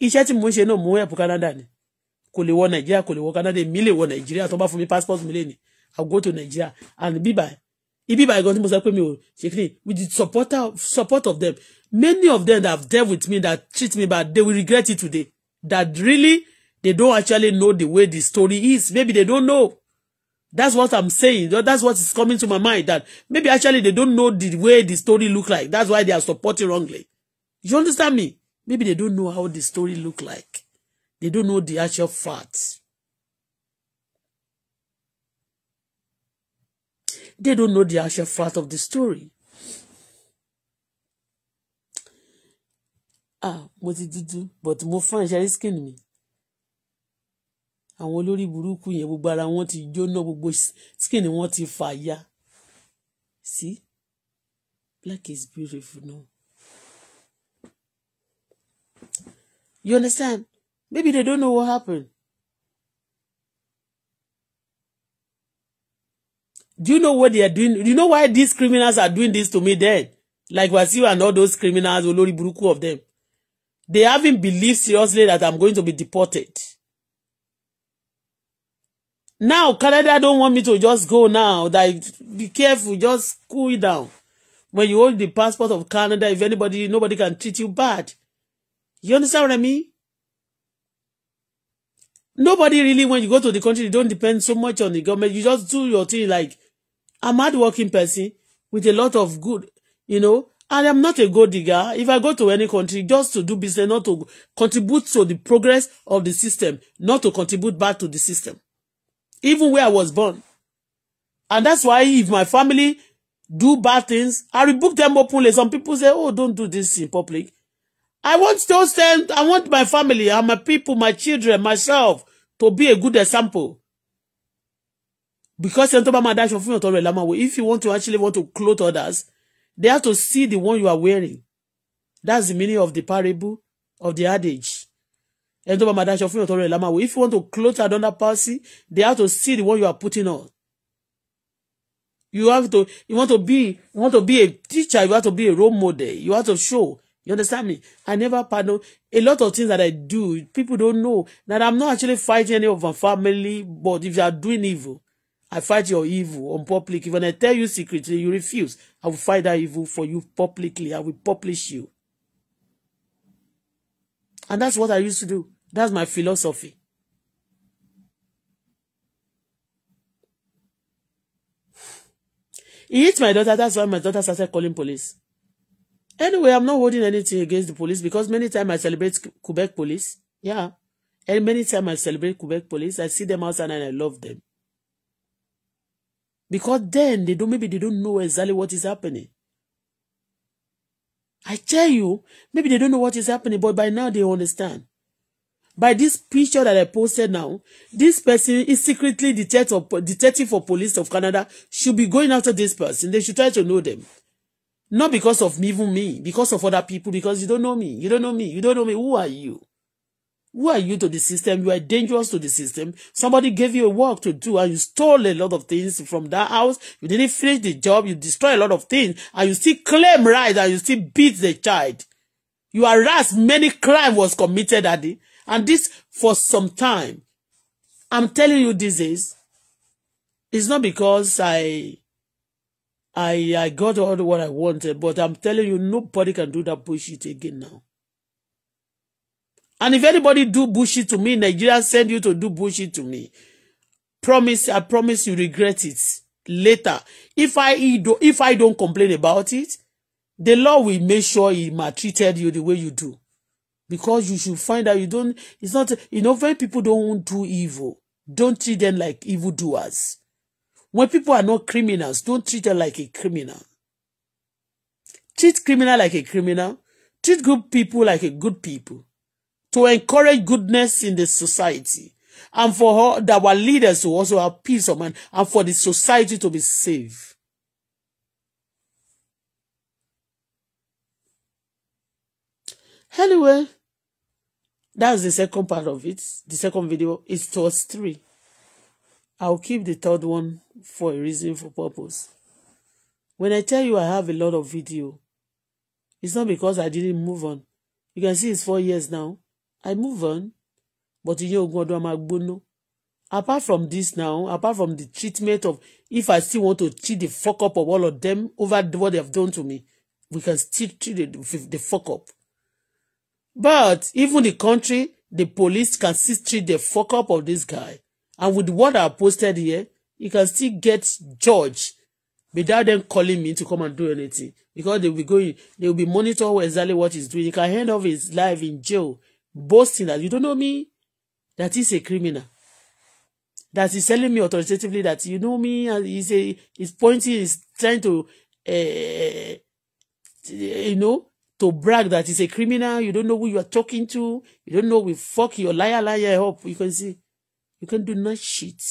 S1: iṣẹ́ tí mo ń ṣe náà mo help Canada ni kò lè wọ Nàìjíríà kò lè wọ Canada èmi lè wọ Nàìjíríà tó bá fún mi passport mi lè ní I go to Nigeria and bíbáyìí ibi báyìí gan tí mo sọ pé with the support of them many of them that have dealt with me that treat me bad they will regret it today that really they don't actually know the way the story is maybe they don't know that's what i'm saying that's what is coming to my mind that maybe actually they don't know the way the story look like that's why they are supporting wrongly you understand me maybe they don't know how the story look like they don't know the actual facts They don't know the actual fact of the story. Ah, mo ti dúdú, but mo fún àṣẹ skin mi. Àwọn olórí burúkú yẹn gbogbo ara wọn ti jóná gbogbo skin wọn ti fà ya. See? Black is beautiful now. You understand? Maybe they don't know what happened. Do you know what they are doing? Do you know why these criminals are doing this to me then? Like Wasiu and all those criminals, Olori Buruku of them. They haven't believed seriously that I'm going to be deported. Now, Canada don't want me to just go now. Like, be careful, just cool it down. When you hold the passport of Canada, if anybody, nobody can treat you bad. You understand what I mean? Nobody really, when you go to the country, you don't depend so much on the government. You just do your thing like I'm a hardworking person with a lot of good, you know, and I'm not a gold digger. If I go to any country just to do business, not to contribute to the progress of the system, not to contribute back to the system, even where I was born. And that's why if my family do bad things, I rebuke them openly. Some people say, oh, don't do this in public. I want those things. I want my family and my people, my children, myself to be a good example because ẹni tó bá máa dáṣọ fún ìyàn if you want to actually want to clothe others they have to see the one you are wearing that's the meaning of the parable of the adage ẹni tó bá máa dáṣọ fún ìyàn if you want to clothe another person they have to see the one you are putting on you have to you want to be you want to be a teacher you have to be a role model you have to show you understand me i never pardon a lot of things that i do people don't know that i'm not actually fighting any of my family but if you are doing evil I fight your evil on public. When I tell you secretly, you refuse. I will fight that evil for you publicly. I will publish you. And that's what I used to do. That's my philosophy. He hit my daughter. That's why my daughter started calling police. Anyway, I'm not holding anything against the police because many times I celebrate Quebec police. Yeah. And many times I celebrate Quebec police. I see them outside and I love them. Because then they don't maybe they don't know exactly what is happening. I tell you, maybe they don't know what is happening, but by now they understand. By this picture that I posted now, this person is secretly detective, for police of Canada should be going after this person. They should try to know them. Not because of me, even me, because of other people, because you don't know me, you don't know me, you don't know me. Who are you? Who are you to the system? You are dangerous to the system. Somebody gave you a work to do and you stole a lot of things from that house. You didn't finish the job. You destroy a lot of things and you still claim right and you still beat the child. You are harassed. Many crime was committed at it. And this for some time. I'm telling you this is. It's not because I, I, I got all what I wanted, but I'm telling you nobody can do that bullshit again now. And if anybody do bullshit to me, Nigeria send you to do bullshit to me. Promise, I promise you regret it later. If I if I don't complain about it, the law will make sure he maltreated you the way you do. Because you should find out you don't, it's not, you know, when people don't do evil, don't treat them like evildoers. When people are not criminals, don't treat them like a criminal. Treat criminal like a criminal. Treat good people like a good people to encourage goodness in the society and for all that our leaders to also have peace of mind and for the society to be saved. Anyway, that's the second part of it. The second video is towards three. I'll keep the third one for a reason, for purpose. When I tell you I have a lot of video, it's not because I didn't move on. You can see it's four years now. I move on. But ìyẹn ogun ọdún a máa gbóná. Apart from this now, apart from the treatment of if I still want to treat the fuck up of all of them over what they have done to me, we can still treat the, the fuck up. But even the country, the police can still treat the fuck up of this guy. And with what I posted here, he can still get judged without them calling me to come and do anything because they will be going. they will be monitoring exactly what he's doing. He can hand off his life in jail boasting that you don't know me, that he's a criminal. That he's telling me authoritatively that you know me and he's, a, he's pointing, he's trying to, uh, you know, to brag that he's a criminal. You don't know who you are talking to. You don't know we fuck your liar, liar up. You can see, you can do not shit.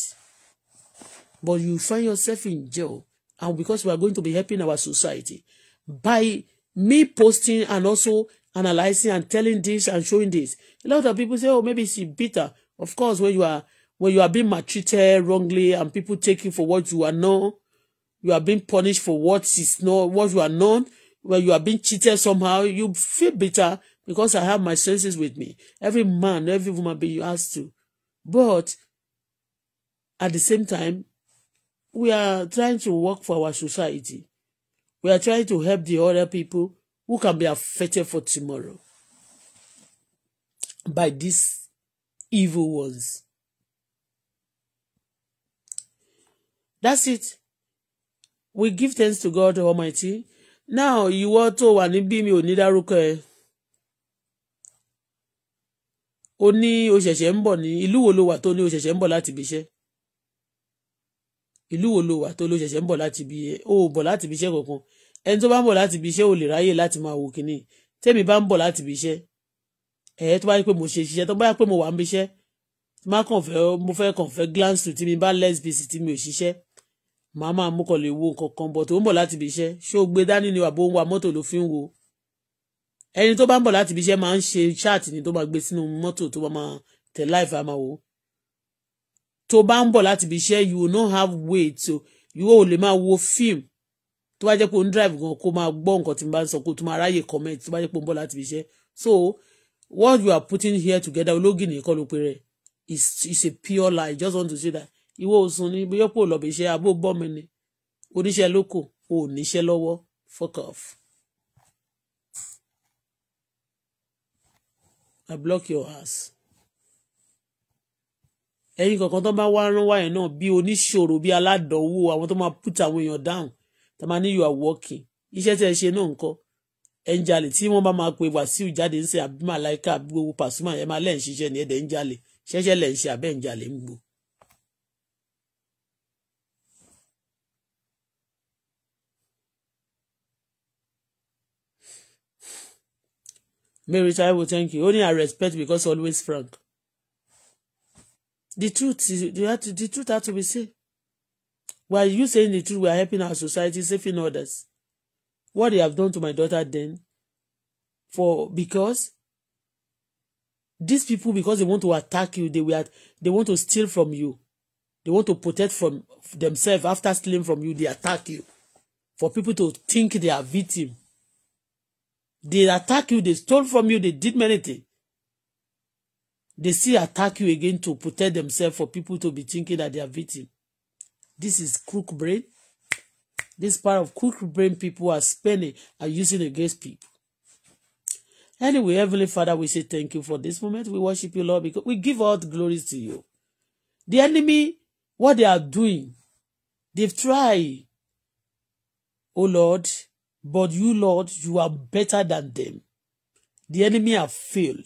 S1: But you find yourself in jail. And because we are going to be helping our society by me posting and also analyzing and telling this and showing this. A lot of people say, oh, maybe she's bitter. Of course, when you are when you are being maltreated wrongly and people taking for what you are known, you are being punished for what is not what you are known. when you are being cheated somehow, you feel bitter because I have my senses with me. Every man, every woman being you asked to. But at the same time, we are trying to work for our society. We are trying to help the other people who can be affected for tomorrow by these evil ones. That's it. We give thanks to God Almighty. Now, you tó to níbí be me ní dárúkọ ẹ. O ní o ṣẹ̀ṣẹ̀ ń bọ̀ ní ìlú wo ló wà tó ní o ṣẹ̀ṣẹ̀ ń bọ̀ láti ẹni tó bá ń bọ̀ láti ibi iṣẹ́ ò lè ráyè láti máa wò kíní tẹ́mi bá ń bọ̀ láti ibi iṣẹ́ ẹ̀ tó bá yẹ pé mo ṣe ṣiṣẹ́ tó bá yẹ pé mo wà ń bí iṣẹ́ má kàn fẹ́ mo fẹ́ kàn fẹ́ glance to tí mi bá less busy tí mi ò ṣiṣẹ́ màá máa mú kàn lè wo nǹkan kan bọ̀ tó ń bọ̀ láti ibi iṣẹ́ ṣé o gbé dání ni àbò ń wa mọ́tò ló fi ń wo ẹni tó bá ń bọ̀ láti ibi iṣẹ́ máa ń ṣe chat ni tó máa gbé sínú mọ́tò tó bá máa tẹ̀ live àmà wò tó bá ń bọ̀ láti ibi iṣẹ́ you no have way to ìwọ ò lè máa wo fíìmù tó bá jẹ́ pé o ń drive gan kó máa gbọ́ nǹkan tí n bá ń sọ kó tó máa ráyè comment tó bá jẹ́ pé o ń bọ̀ láti fi ṣe so what you are putting here together ológìnì kọ́ ló pe rẹ̀ is is a pure lie just want to say that ìwọ òsun ni bí yọpọ lọbẹ iṣẹ́ abó bọmi ni oníṣẹ́ lóko o ò níṣẹ́ lọ́wọ́ fuck off. I block your ass. ẹ̀yin kankan tó bá wá rán wáyé náà bí oníṣòro bí aládánwò àwọn tó máa put àwọn èèyàn down tá máa ní you are working iṣẹ́ tí ẹ ṣe náà nǹkan ẹ ń jalè tí wọ́n bá máa pe Wàsíù jáde ń ṣe àbí Màláíkà àbí gbogbo Pàṣùmà ẹ máa lẹ́ ń ṣiṣẹ́ ni ẹ̀dẹ̀ ń jalè ṣẹ́ṣẹ́ lẹ̀ ń ṣe àbẹ́ ń jalè ń gbò. Mary Taiwo thank you only I respect because always frank the truth is the truth had to be said By you saying the truth, we are helping our society, saving others. What they have done to my daughter then, for because these people, because they want to attack you, they were they want to steal from you. They want to protect from themselves after stealing from you, they attack you. For people to think they are victim. They attack you, they stole from you, they did many things. They still attack you again to protect themselves for people to be thinking that they are victim. This is crook brain. This part of crook brain people are spending are using against people. Anyway, Heavenly Father, we say thank you for this moment. We worship you, Lord, because we give all the glories to you. The enemy, what they are doing, they've tried. Oh Lord, but you, Lord, you are better than them. The enemy have failed.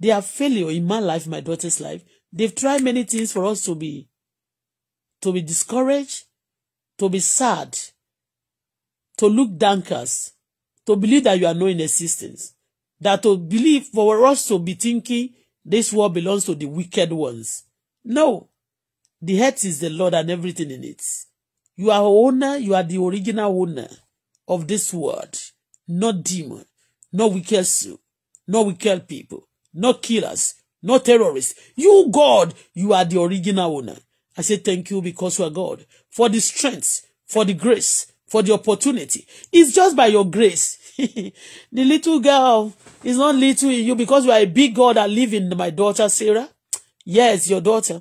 S1: They are failure in my life, my daughter's life. They've tried many things for us to be to be discouraged, to be sad, to look downcast, to believe that you are not in existence, that to believe for us to be thinking this world belongs to the wicked ones. No, the earth is the Lord and everything in it. You are owner, you are the original owner of this world, not demon, not wicked soul, not wicked people, not killers, not terrorists. You, God, you are the original owner. I say thank you because you are God for the strength, for the grace, for the opportunity. It's just by your grace. the little girl is not little in you because you are a big God that live in my daughter Sarah. Yes, your daughter.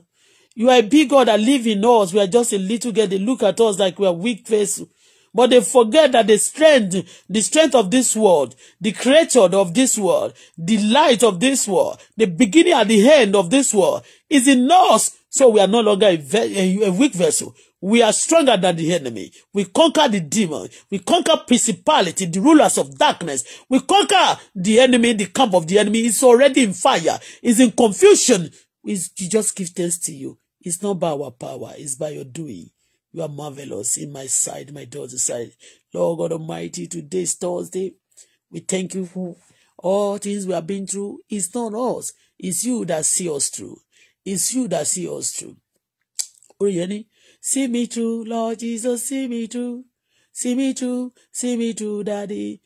S1: You are a big God that live in us. We are just a little girl. They look at us like we are weak vessels. But they forget that the strength, the strength of this world, the creator of this world, the light of this world, the beginning and the end of this world is in us So we are no longer a, ve- a weak vessel. We are stronger than the enemy. We conquer the demon. We conquer principality, the rulers of darkness. We conquer the enemy, the camp of the enemy. is already in fire. It's in confusion. It's, you just give thanks to you. It's not by our power. It's by your doing. You are marvelous in my side, my daughter's side. Lord God Almighty, today is Thursday. We thank you for all things we have been through. It's not us. It's you that see us through. It's you that see us through. Oyeni, see me through, Lord Jesus, see me through. See me through, see me through, Daddy.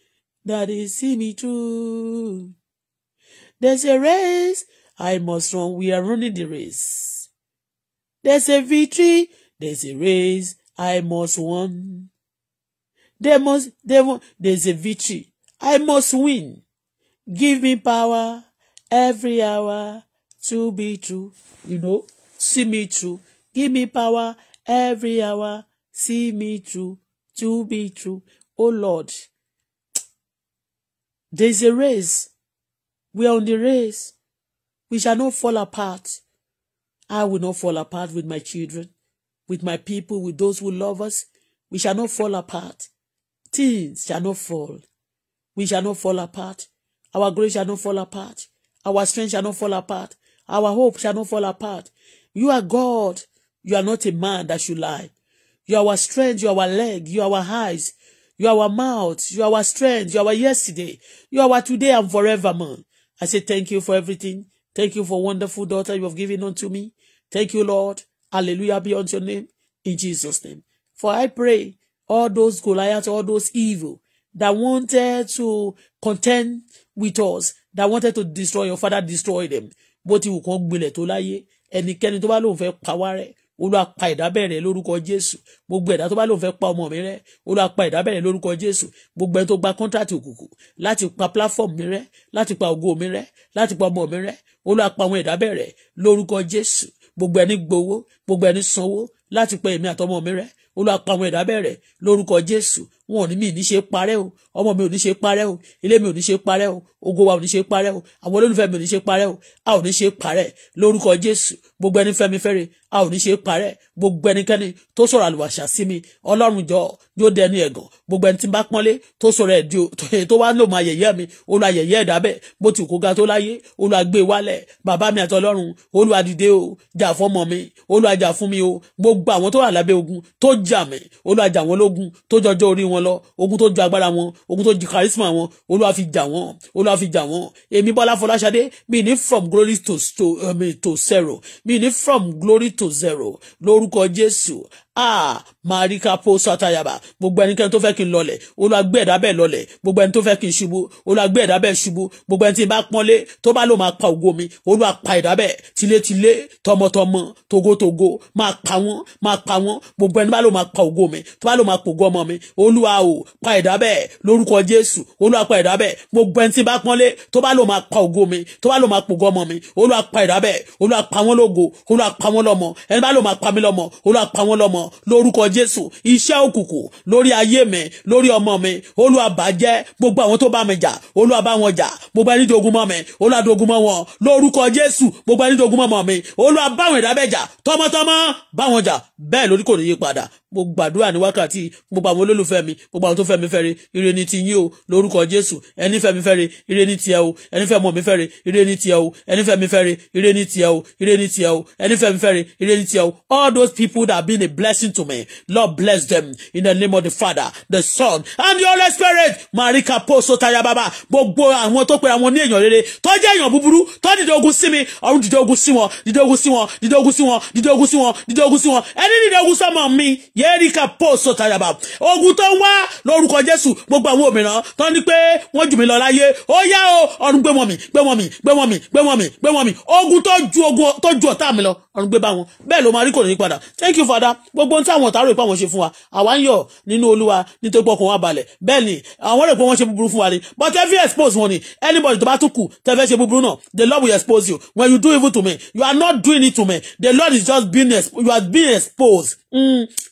S1: Daddy, see me through. There's a race I must run. We are running the race. There's a victory. There's a race I must win. There must, there, there's a victory. I must win. Give me power every hour to be true, you know, see me through, give me power every hour, see me through, to be true. Oh Lord, there's a race. We are on the race. We shall not fall apart. I will not fall apart with my children, with my people, with those who love us. We shall not fall apart. Things shall not fall. We shall not fall apart. Our grace shall not fall apart. Our strength shall not fall apart. Our hope shall not fall apart. You are God. You are not a man that should lie. You are our strength. You are our leg. You are our eyes. You are our mouth. You are our strength. You are our yesterday. You are our today and forever, man. I say thank you for everything. Thank you for wonderful daughter you have given unto me. Thank you, Lord. Hallelujah be unto your name in Jesus' name. For I pray all those Goliaths, all those evil that wanted to contend with us, that wanted to destroy your father, destroy them bó ti wù kán gbilẹ̀ tó láyé ẹnikẹ́ni tó bá lóun fẹ́ pa wá rẹ́ Olúwa pa ìdábẹ́ rẹ̀ lórúkọ Jésù gbogbo ẹ̀dá tó bá lóun fẹ́ pa ọmọ mi rẹ́ Olúwa pa ìdábẹ́ rẹ̀ lórúkọ Jésù gbogbo ẹni tó gba kọ́ńtàtì òkùnkùn láti pa platform mi rẹ́ láti pa ògo mi rẹ́ láti pa ọmọ mi rẹ́ Olúwa pa àwọn ìdábẹ́ lórúkọ Jésù gbogbo ẹni gbowó gbogbo ẹni sanwó láti pa èmi àtọmọ mi rẹ́ Olúwa pa àwọn ìdábẹ́ lórúkọ Jésù wọn ò ní mi ní ṣe parẹ́ o ọmọ mi ò ní ṣe parẹ́ o ilé mi ò ní ṣe parẹ́ o ògo wa ò ní ṣe parẹ́ o àwọn olólùfẹ́ mi ò ní ṣe parẹ́ o a ò ní ṣe parẹ́ lórúkọ Jésù gbogbo ẹni fẹ́mi fẹ́re a ò ní ṣe parẹ́ gbogbo ẹnikẹ́ni tó sọ̀rọ̀ àlùwàṣà sí mi Ọlọ́run jọ yóò dẹnu ẹ̀gàn gbogbo ẹni tí n bá pọ́nlé tó sọ̀rọ̀ ẹ̀dí o tó wá ń lò mọ ayẹyẹ mi olú ayẹyẹ ẹ̀dá bẹ́ẹ̀ bó ti kó ga tó láyé olú àgbé e wálẹ̀ bàbá mi àti Ọlọ́run olú àdìde o jà fọmọ mi olú àjà fún mi o gbogbo àwọn tó wà lábẹ́ ogun tó jà mí olú àjà wọn lógun tó jọjọ orí w wọn lọ ogun tó ju agbára wọn ogun tó ju charisma wọn olúwa fi jà wọn olúwa fi jà wọn èmi bọ́lá fọláṣadé mi ní from glory to to, um, to zero mi ní from glory to zero lórúkọ jésù ah marika po satayaba gbogbo ẹnikẹ́ni tó fẹ́ kí n lọlẹ̀ olùwàgbé ẹ̀dá bẹ́ẹ̀ lọlẹ̀ gbogbo ẹni tó fẹ́ kí n ṣubú olùwàgbé ẹ̀dá bẹ́ẹ̀ ṣubú gbogbo ẹni tí n bá pọ́nlé tó bá lò máa pa ògo mi olúwa pa ẹ̀dá bẹ́ẹ̀ tilétilé tọmọtọmọ togotogo máa pa wọ́n máa pa wọ́n gbogbo ẹni bá lò máa pa ògo mi tó bá lò máa pògo ọmọ mi olúwa o pa ẹ̀dá bẹ́ẹ̀ lórúkọ jésù olúwa pa ẹ̀dá bẹ́ẹ̀ gbogbo ẹni tí n bá pọ́nlé tó bá wọn lórúkọ jésù iṣẹ́ òkùnkùn lórí ayé mi lórí ọmọ mi olúwa bàjẹ́ gbogbo àwọn tó bá mi jà olúwa bá wọn jà gbogbo ẹni dogun mọ́ mi olúwa dogun mọ́ wọn lórúkọ jésù gbogbo ẹni dogun mọ́ mi olúwa bá tọmọtọmọ bá jà bẹ́ẹ̀ lórí kò ní yí padà mo gbàdúrà ní wákàtí gbogbo àwọn olólùfẹ́ mi gbogbo àwọn tó fẹ́ mi fẹ́ re ire ni ti yín o lórúkọ Jésù ẹni fẹ́ mi fẹ́ re ire ni tiẹ̀ o ẹni fẹ́ mọ̀ mi fẹ́ re ire ni tiẹ̀ o ẹni fẹ́ mi fẹ́ re ire ni tiẹ̀ o ire ni tiẹ̀ o ẹni fẹ́ mi fẹ́ re ire ni tiẹ̀ o all those people that have been a blessing to me Lord bless them in the name of the Father the Son and the Holy Spirit marika poso taya baba gbogbo àwọn tó pe àwọn ní èèyàn rere tó jẹ́ èèyàn búburú tó dìde ogun sí mi ọ̀run dìde ogun sí wọn dìde ogun sí wọn dìde ogun sí wọn dìde ogun sí wọn dìde ogun sí wọn ẹni dìde ogun sọmọ mi y yẹ́ríkà pọ́ọ̀sì ọ̀tàyàbà ogun tó ń wá lórúkọ jésù gbogbo àwọn òmìnira tó ní pé wọ́n jù mí lọ láyé ó yá o ọ̀run gbé wọn mì gbé wọn mì gbé wọn mì gbé wọn mì gbé wọn mì ogun tó ju ogun tó ju ọ̀tá mi lọ ọ̀run gbé bá wọn bẹ́ẹ̀ ló máa rí kò ní padà thank you father gbogbo ohun tí ọ̀tá rò pé àwọn ṣe fún wa àwa ń yọ̀ nínú olúwa nítorí pọkàn wa balẹ̀ bẹ́ẹ̀ ni àwọn rò pé wọ́n ṣe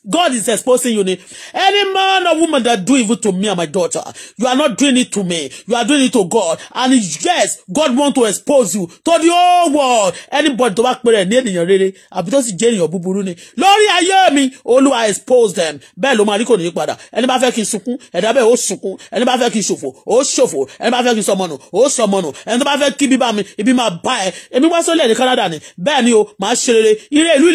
S1: God is exposing you. Any man or woman that do evil to me and my daughter, you are not doing it to me. You are doing it to God. And yes, God wants to expose you to the whole world. Anybody to tó bá near ní ènìyàn rere àbí tó sì jẹ́ ènìyàn búburú ni. Lórí ayé mi, I expose them. Bello, my máa rí kò ní padà. Ẹni bá fẹ́ kí n sunkún, ẹ̀dá bẹ́ẹ̀ ó sunkún. Ẹni bá fẹ́ kí n ṣòfò, ó ṣòfò. Ẹni bá fẹ́ kí n sọmọnù, ó sọmọnù. Ẹni tó bá fẹ́ kí bíbá mi, ibi máa bá ẹ. Èmi wá sólẹ̀ ní Canada ni. Bẹ́ẹ̀ ni o, màá ṣe rere. Ire ìlú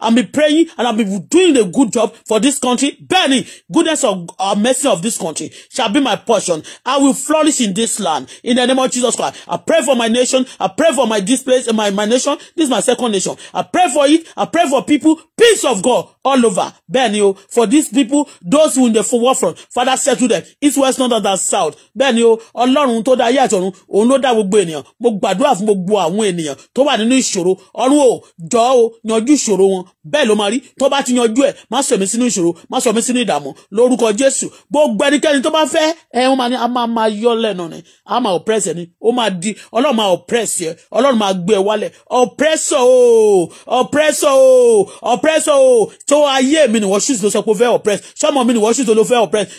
S1: I'm be praying and I'm be be doing a good job for this country. Barely, goodness of or uh, mercy of this country shall be my portion. I will flourish in this land in the name of Jesus Christ. I pray for my nation. I pray for my this place, my, my nation. This is my second nation. I pray for it. I pray for people. Peace of God all over bẹ́ẹ̀ ni for these people those who in the war front father to them east west north and south bẹ́ẹ̀ ni o ọlọ́run tó dá ayé àtọ̀run òun ló dá gbogbo ènìyàn mo gbàdúrà fún gbogbo àwọn ènìyàn tó wà nínú ìṣòro ọ̀run o jọ o yanjú ìṣòro wọn bẹ́ẹ̀ ló máa rí tó bá ti yanjú ẹ̀ má sọ mí sínú ìṣòro má sọ mí sínú ìdààmú lórúkọ jésù gbogbo ẹnikẹ́ni tó bá fẹ́ ẹ wọ́n máa ní a máa máa yọ lẹ́nu ni a oppress ni ó máa di ọlọ́run máa oppress ẹ ọlọ́run máa gbé ẹ oppressor o oppressor o oppressor o So I hear ni wọ́n ṣì tó sọ pé ó fẹ́ oppress ṣọ́mọ mi ni wọ́n ṣì tó ló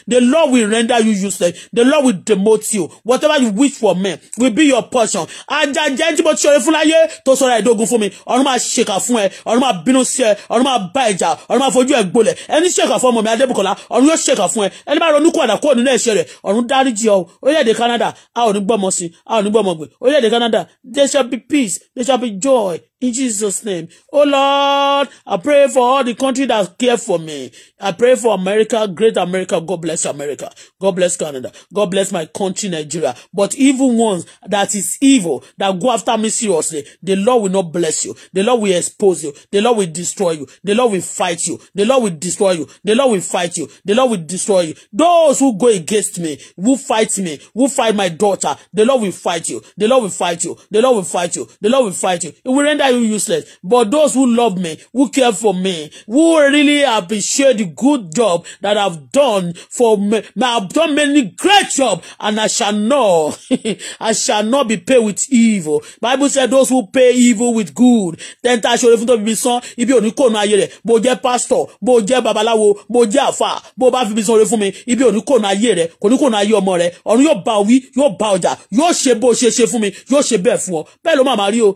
S1: the Lord will render you useless the Lord will demote you whatever you wish for men will be your portion ajajẹ tí mo ti ṣọrẹ fún láyé tó sọra ìdógún fún mi ọ̀run máa ṣèkà fún ẹ ọ̀run máa bínú sí ẹ ọ̀run máa bá ẹjà ọ̀run máa fojú ẹ gbolẹ̀ ẹni ṣèkà fún ọmọ mi Adébùkọ́lá ọ̀run yóò ṣèkà fún ẹ ẹni máa ronú kọ̀dà kó nínú ẹ̀ṣẹ̀ rẹ̀ ọ̀run dáríjì ọ orílẹ̀-èdè Canada a ò ní gbọ́mọ sí a ò ní gbọ́mọ gbé orílẹ̀-èdè Canada there shall be peace there shall be joy In Jesus' name. Oh Lord, I pray for all the country that care for me. I pray for America, great America. God bless America. God bless Canada. God bless my country, Nigeria. But even ones that is evil, that go after me seriously, the Lord will not bless you. The Lord will expose you. The Lord will destroy you. The Lord will fight you. The Lord will destroy you. The Lord will fight you. The Lord will destroy you. Those who go against me, who fight me, who fight my daughter, the Lord will fight you. The Lord will fight you. The Lord will fight you. The Lord will fight you. It will render you useless. But those who love me, who care for me, who really appreciate the good job that I've done for me, I've done many great job, and I shall not, I shall not be paid with evil. Bible said those who pay evil with good. Then I ṣe even tó bíbí san ibi òní kò nu ayé rẹ̀. Bó jẹ́ pastor, bó jẹ́ babalawo, bó jẹ́ àfà, bó bá fi bí san orefun mi, ibi òní kò nu ayé rẹ̀, kò ní kò nu ayé ọmọ rẹ̀. Ọ̀run yóò bá ọ wí, yóò bá ọjà, yóò ṣe bó ṣe ṣe fún mi, yóò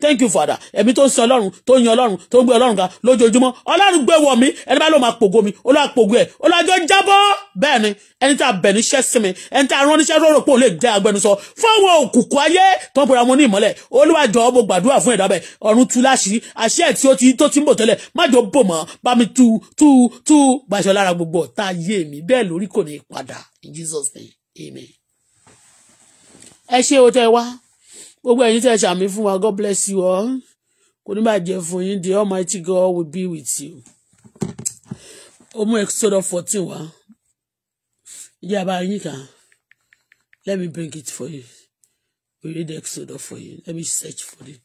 S1: Thank thank you father ẹ̀mí to ń sin ọlọ́run tó ń yan ọlọ́run tó ń ga lójoojúmọ́ ọlọ́run gbé wọ̀ mí ẹni bá ló máa pògo mi ó lọ́ọ́ pògo ẹ̀ ó lọ́ọ́ jọ jábọ́ bẹ́ẹ̀ ni ẹni tá a bẹ̀ níṣẹ́ sí mi ẹni tá a rán níṣẹ́ rọ̀rọ̀ pé òun lè jẹ́ agbẹnusọ fáwọn òkùnkùn ayé tó ń pera wọn ní ìmọ́lẹ̀ olúwàjọ́ mo gbàdúrà fún ẹ̀dá bẹ́ẹ̀ ọ̀run tú láṣìírí àṣẹ ti tó ti ń bò tẹ́lẹ̀ má jọ bò mọ́ bá mi tú tú tú bàṣọ lára gbogbo ọ̀tá ayé mi bẹ́ẹ̀ lórí kò ní padà in Jesus name amen. ẹ ṣé o tẹ wá gbogbo ẹ̀yin tẹ́ ṣàmì fún wa god bless you all kò ní bàjẹ́ fún yín the almighty god will be with you ó mú exodus fourteen wá ìyá bá yín kà let me bring it for you we read exodus for you let me search for it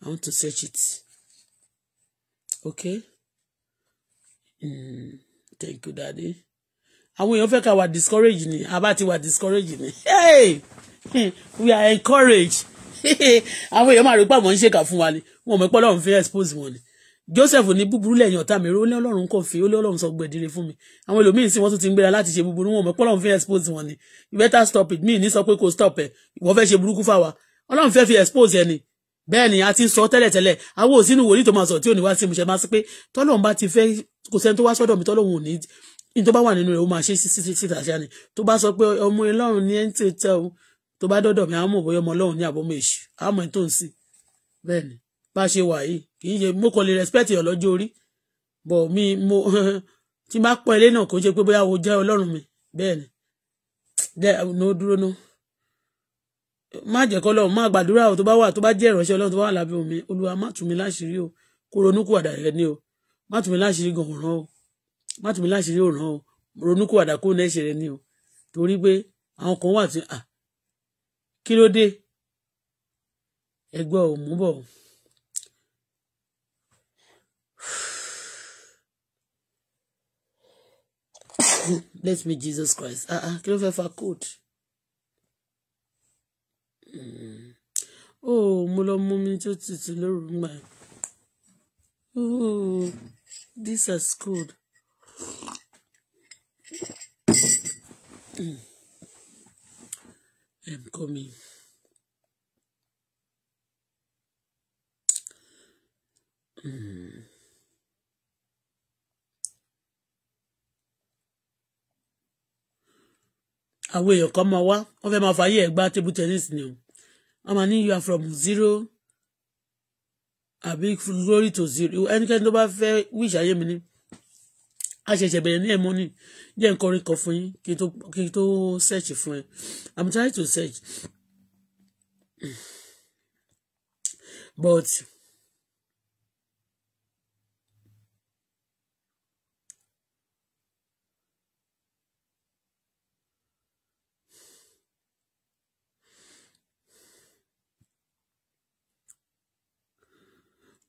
S1: i want to search it okay mm, thank you daddy àwọn èèyàn fẹ́ ká wà discouraged ni àbá ti wà discouraged ni hey we are encouraged àwọn èèyàn máa rò pé àwọn ń ṣèkà fún wa ni wọn mọ̀ pé ọlọ́run fi expose wọn ni Joseph ní búburú lẹ́yìn ọ̀tá mi ó ní ọlọ́run kò fi ó ní ọlọ́run sọ gbẹ̀dìrì fún mi àwọn ẹlòmíín sì wọ́n tún ti ń gbéra láti ṣe búburú wọn mọ̀ pé ọlọ́run fi expose wọn ni you better stop it mi ní sọ pé kò stop ẹ̀ ìwọ fẹ́ ṣe burúkú fáwa ọlọ́run fẹ́ fi expose ẹni bẹ́ẹ̀ ni a ti sọ tẹ́lẹ̀tẹ́lẹ̀ àwọn òsínú wòlíì tó máa sọ tí ò ní wá sí mo ṣe máa sí pé tọ́lọ́run bá ti fẹ́ kò sẹ́ni tó wá sọ́dọ̀ mi tọ́lọ́run ò ní ní tó bá wà nínú rẹ̀ ó máa ṣe síta ṣáà ni tó bá sọ pé ọmọ Ọlọ́run ní ẹ́ ń tètè o tó bá dọ́dọ̀ mi àwọn mọ̀ bóyá ọmọ ọlọ́run ní àbọ̀mọ̀ èṣù àwọn mọ̀ tó ń sìn bẹ́ẹ̀ ni bá ṣe wà yìí kì í ṣe mo kò lè respect èèyàn lọ́jọ́ orí bọ̀ mi mo tí n bá pọ̀ ilé náà kò ṣe pé bóyá o jẹ́ ọlọ́run mi bẹ́ẹ̀ ni dẹ́ no dúró ná má jẹ́ kọ́ lọ́run má gbàdúrà o tó bá wà tó bá jẹ́ ìránṣẹ́ ọlọ́run tó bá wà lábẹ́ omi olúwa má tù mí láṣìírí o kó ronúkúwàdà rẹ ní o má tù mí láṣìírí gan ọ̀ràn o má tù mí láṣìírí ọ̀ràn o ronúkúwàdà kó nẹ́ṣẹ̀ rẹ ní o torí pé àwọn kan wà tí ah kí ló dé ẹgbẹ́ ò mú bọ̀ bless me Jesus Christ ah ah kí ló fẹ́ fa cold ó hmm. oh, mo lọ mú mi tó tutù lóru gbà oh this is cold. Mm. I'm coming.
S2: Mm.
S1: àwọn èèyàn kan máa wá wọ́n fẹ́ máa fààyè ẹ̀ gbá table tennis ni o wọ́n máa ní you are from zero àbí glory to zero ẹnikẹ́ni tó bá fẹ́ wíṣ ayé mi ni a ṣẹ̀ṣẹ̀ bẹ̀rẹ̀ ní ẹ̀mọ́ ni jẹ́ nǹkan orin kan fún yín kí n tó kí n tó search fún ẹ i'm trying to search but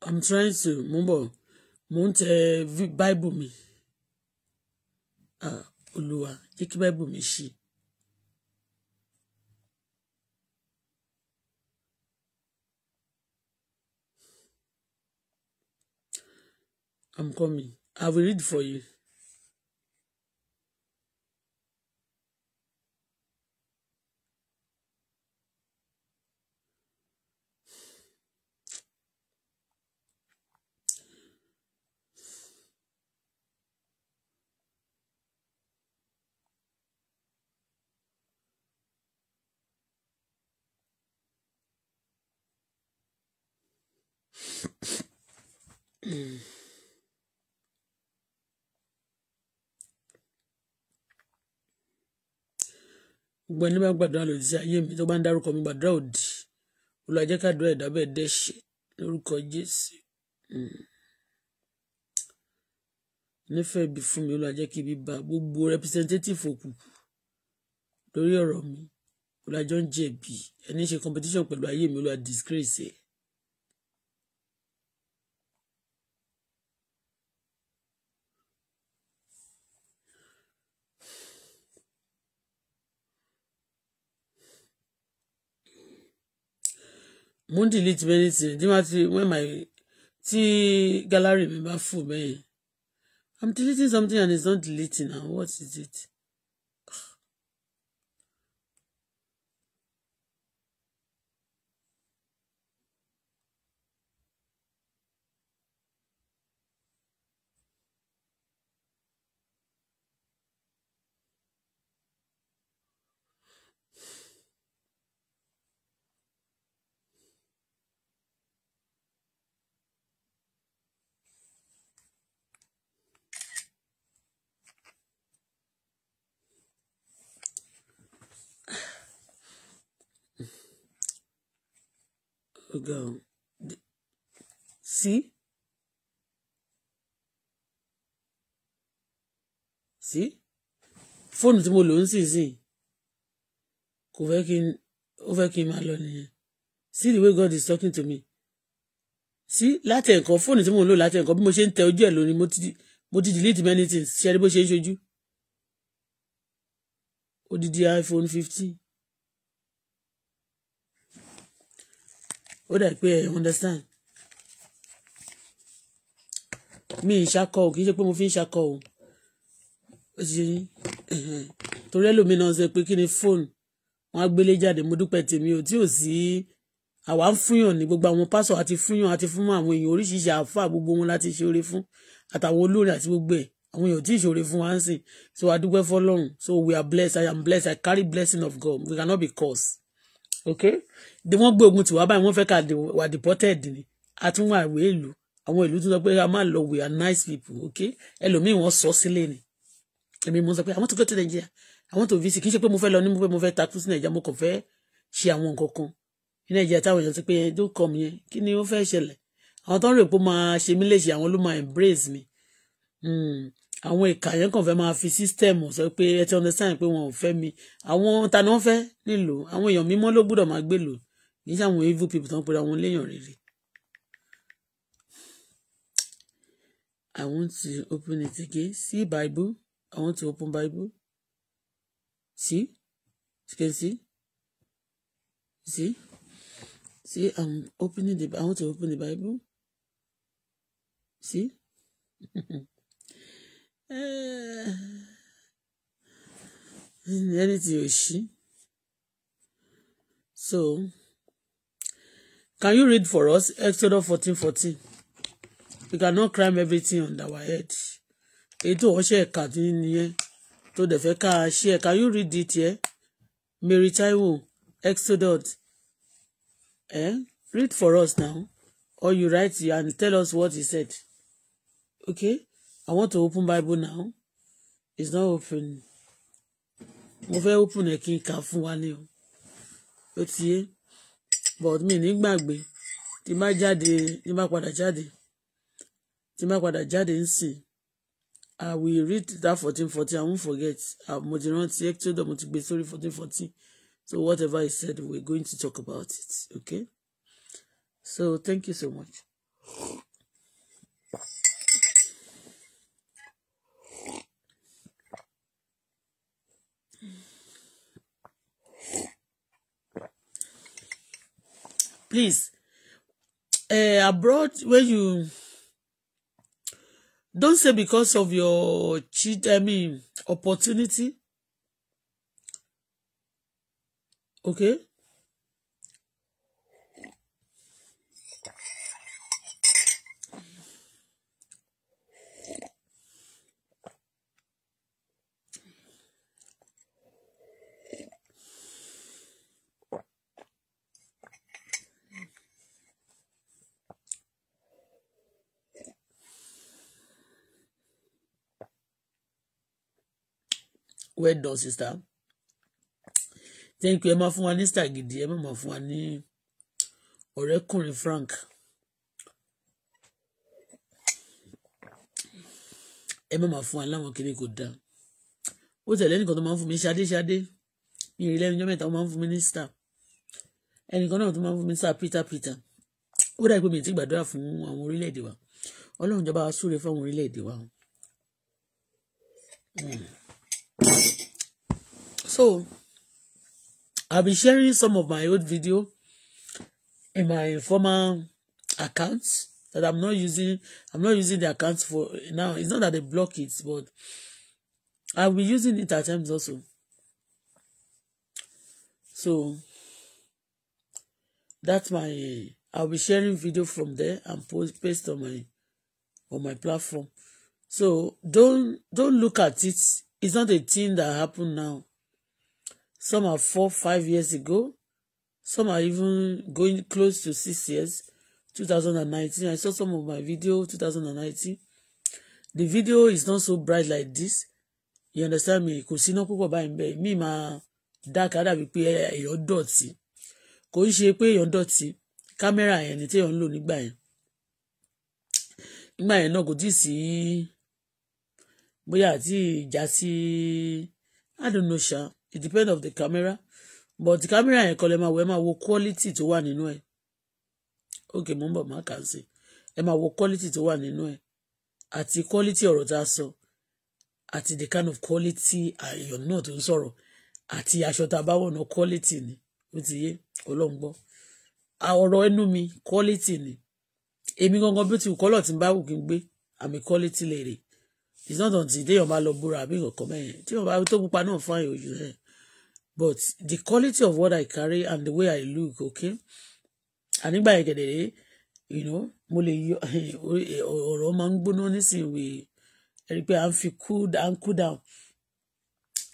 S1: i'm trying to mo ń bọ̀ mo ń tẹ bible mi olúwa jẹ́ kí báìbù mi ṣí. I'm coming. I will read for you. gbogbo ẹni bá ń gbàdúrà lòdì sí ayé mi tó bá ń dárúkọ mi gbàdúrà òdì Olúwa jẹ́ kádúrà ẹ̀dá bẹ́ẹ̀ lórúkọ Jésù hmm. nífẹ̀ẹ́ bí fún mi Olúwa jẹ́ kí ibi bá gbogbo representative òkùnkùn lórí ọ̀rọ̀ mi Olúwa jọ ń jẹ̀bi ẹni ṣe competition pẹ̀lú ayé mi Olúwa disgrace ẹ̀ mo ń delete many things di ma ti when my ti gallery mi bá full bẹ́ẹ̀ yẹn i'm deleting something and it's not deleting now what is it go. See? See? Fóònù tí mo lò ń sìn sìn kò fẹ́ kí n ó fẹ́ kí n máa lọ nìyẹn. See the way God is talking to me. See láti ẹ̀kọ́ fóònù tí mo lò láti ẹ̀kọ́ bí mo ṣe ń tẹ ojú ẹ̀ lónìí mo ti mo ti delete many things ṣe é bó ṣe ń ṣojú. Odidi iPhone fifteen. ó dà pé understand mi ì ṣakọ o kì í ṣe pé mo fi ń ṣakọ o ó ti torí ẹlòmíì náà sọ pé kí ni fóònù wọn á gbélé jáde mo dúpẹ́ tèmi o tí ò sí àwa ń fúnyàn ní gbogbo àwọn pásọ àti fúnyàn àti fún àwọn èèyàn oríṣiríṣi àáfàá gbogbo wọn láti ṣe oore fún àtàwọn olórin àti gbogbo ẹ àwọn èèyàn tí ìṣòro fún wa ń sìn so adúpẹ́ fọ́lọ́run so we are blessed i am blessed i carry blessing of god we cannot be cursed okay de wọ́n gbé ogun tiwa báyìí wọ́n fẹ́ ká wà deported ni a tún wà wé ìlú àwọn ìlú tún sọ pé a máa lọ we are nice people okay ẹlòmíì wọ́n sọ sílé ni èmi mo sọ pé i want to go to Nigeria i want to visit kì í ṣe pé mo fẹ́ lọ ní mo fẹ́ mo fẹ́ takú sí Nigeria mo kàn fẹ́ ṣe àwọn nǹkan kan ní Nigeria táwọn èèyàn ti pé ẹjọ́ kọ mi yẹn kí ni ó fẹ́ ṣẹlẹ̀ àwọn tó ń rè pé ó máa ṣe mí léṣe àwọn ló máa embrace mi hmm àwọn ìka yẹn kàn fẹ́ máa fi sísítẹ́ẹ̀mù sọ pé ẹ ti understand pé wọn ò fẹ́ mi àwọn ta ni wọ́n fẹ́ lè àwọn èèyàn mímọ́ ló gbọ́dọ̀ máa gbé lò kì í àwọn evil people tó ń pera wọn léèyàn rere. I want to open it again see Bible I want to open Bible see you can see see see I'm opening the I want to open the Bible see. anything you see. So, can you read for us Exodus fourteen fourteen? We cannot cram everything on our head. Èyí tó wọ́n ṣe ẹ̀ka tó nìyẹn tó dẹ̀ fẹ́ can you read it here? Mary Taiwo Exodus eh? read for us now or you write here and tell us what he said. Okay? I want to open Bible now. It's not open. Mo fẹ́ open ẹ̀ kí n kà fún wa ní o. Ó ti yé. But mi ní gbàgbé. Tí má jáde, tí má padà jáde. Tí má padà jáde ń sìn. I will read that fourteen fourteen. I won't forget. Ah, mo ti rántí Exodus mo ti gbé sórí fourteen fourteen. So whatever he said, we're going to talk about it. Okay? So thank you so much. please uh, abroad when you don't say because of your cheat i mean opportunity okay well done sister thank you ẹ máa fún wa ní star gidi ẹ má máa fún wa ní ọ̀rẹ́kùnrin Frank ẹ má máa fún wa láwọn kiri kò dáa ó tẹ̀lé ẹnìkan tó máa ń fún mi ṣadé ṣadé mi ìrìlẹ̀ ẹnìjọ́ mẹ́ta ó máa ń fún mi ní star ẹnìkan náà tó máa ń fún mi star Peter Peter ó dàgbé mi ti gbàdúrà fún àwọn orílẹ̀-èdè wa ọlọ́run jọba súre fún àwọn orílẹ̀-èdè wa. Mm. So, I'll be sharing some of my old video in my former accounts that I'm not using. I'm not using the accounts for now. It's not that they block it, but I'll be using it at times also. So that's my. I'll be sharing video from there and post paste on my on my platform. So don't don't look at it It's not a thing that happened now. Some are four, five years ago. Some are even going close to six years, 2019. I saw some of my video, 2019. The video is not so bright like this. You understand me? Kò síná púpọ̀ báyìí ń bẹ̀. Mi máa dáka dàbí pé èèyàn dọ̀tí. Kò ń ṣe pé èèyàn dọ̀tí. Kámẹ́rà yẹn ni téèyàn ń lò nígbà yẹn. Nígbà yẹn náà kò tíì sí bóyá àti ìjà sí i don't know ṣá it depends of the camera but the camera yẹn kan lè máa wo ẹ máa wo quality tó wà nínú ẹ okay mo ń bọ̀ máa kà á sí ẹ máa wo quality tó wà nínú ẹ àti quality ọ̀rọ̀ tá a sọ àti the kind of quality àyàn náà tó ń sọ̀rọ̀ àti aṣọ tá a bá wọ̀ náà quality ni ó ti yé ọlọ́run gbọ́ ọ̀rọ̀ ẹnu mi quality ni èmi gangan bí ó ti wù kọ́lọ̀ tí ń bá wù kí n gbé àmì quality lèrè it's not until téèyàn bá lọ búra àbí nǹkan mẹ́yìn téèyàn bá tó pupa náà fún àyè ojú ẹ̀ but the quality of what I carry and the way I look okay ànígbà yẹn gẹ̀dẹ̀rẹ́ you know mo lè yọ ọ̀rọ̀ máa ń gbóná nísìnyí ẹ̀rí pé à ń fi cool à ń cool down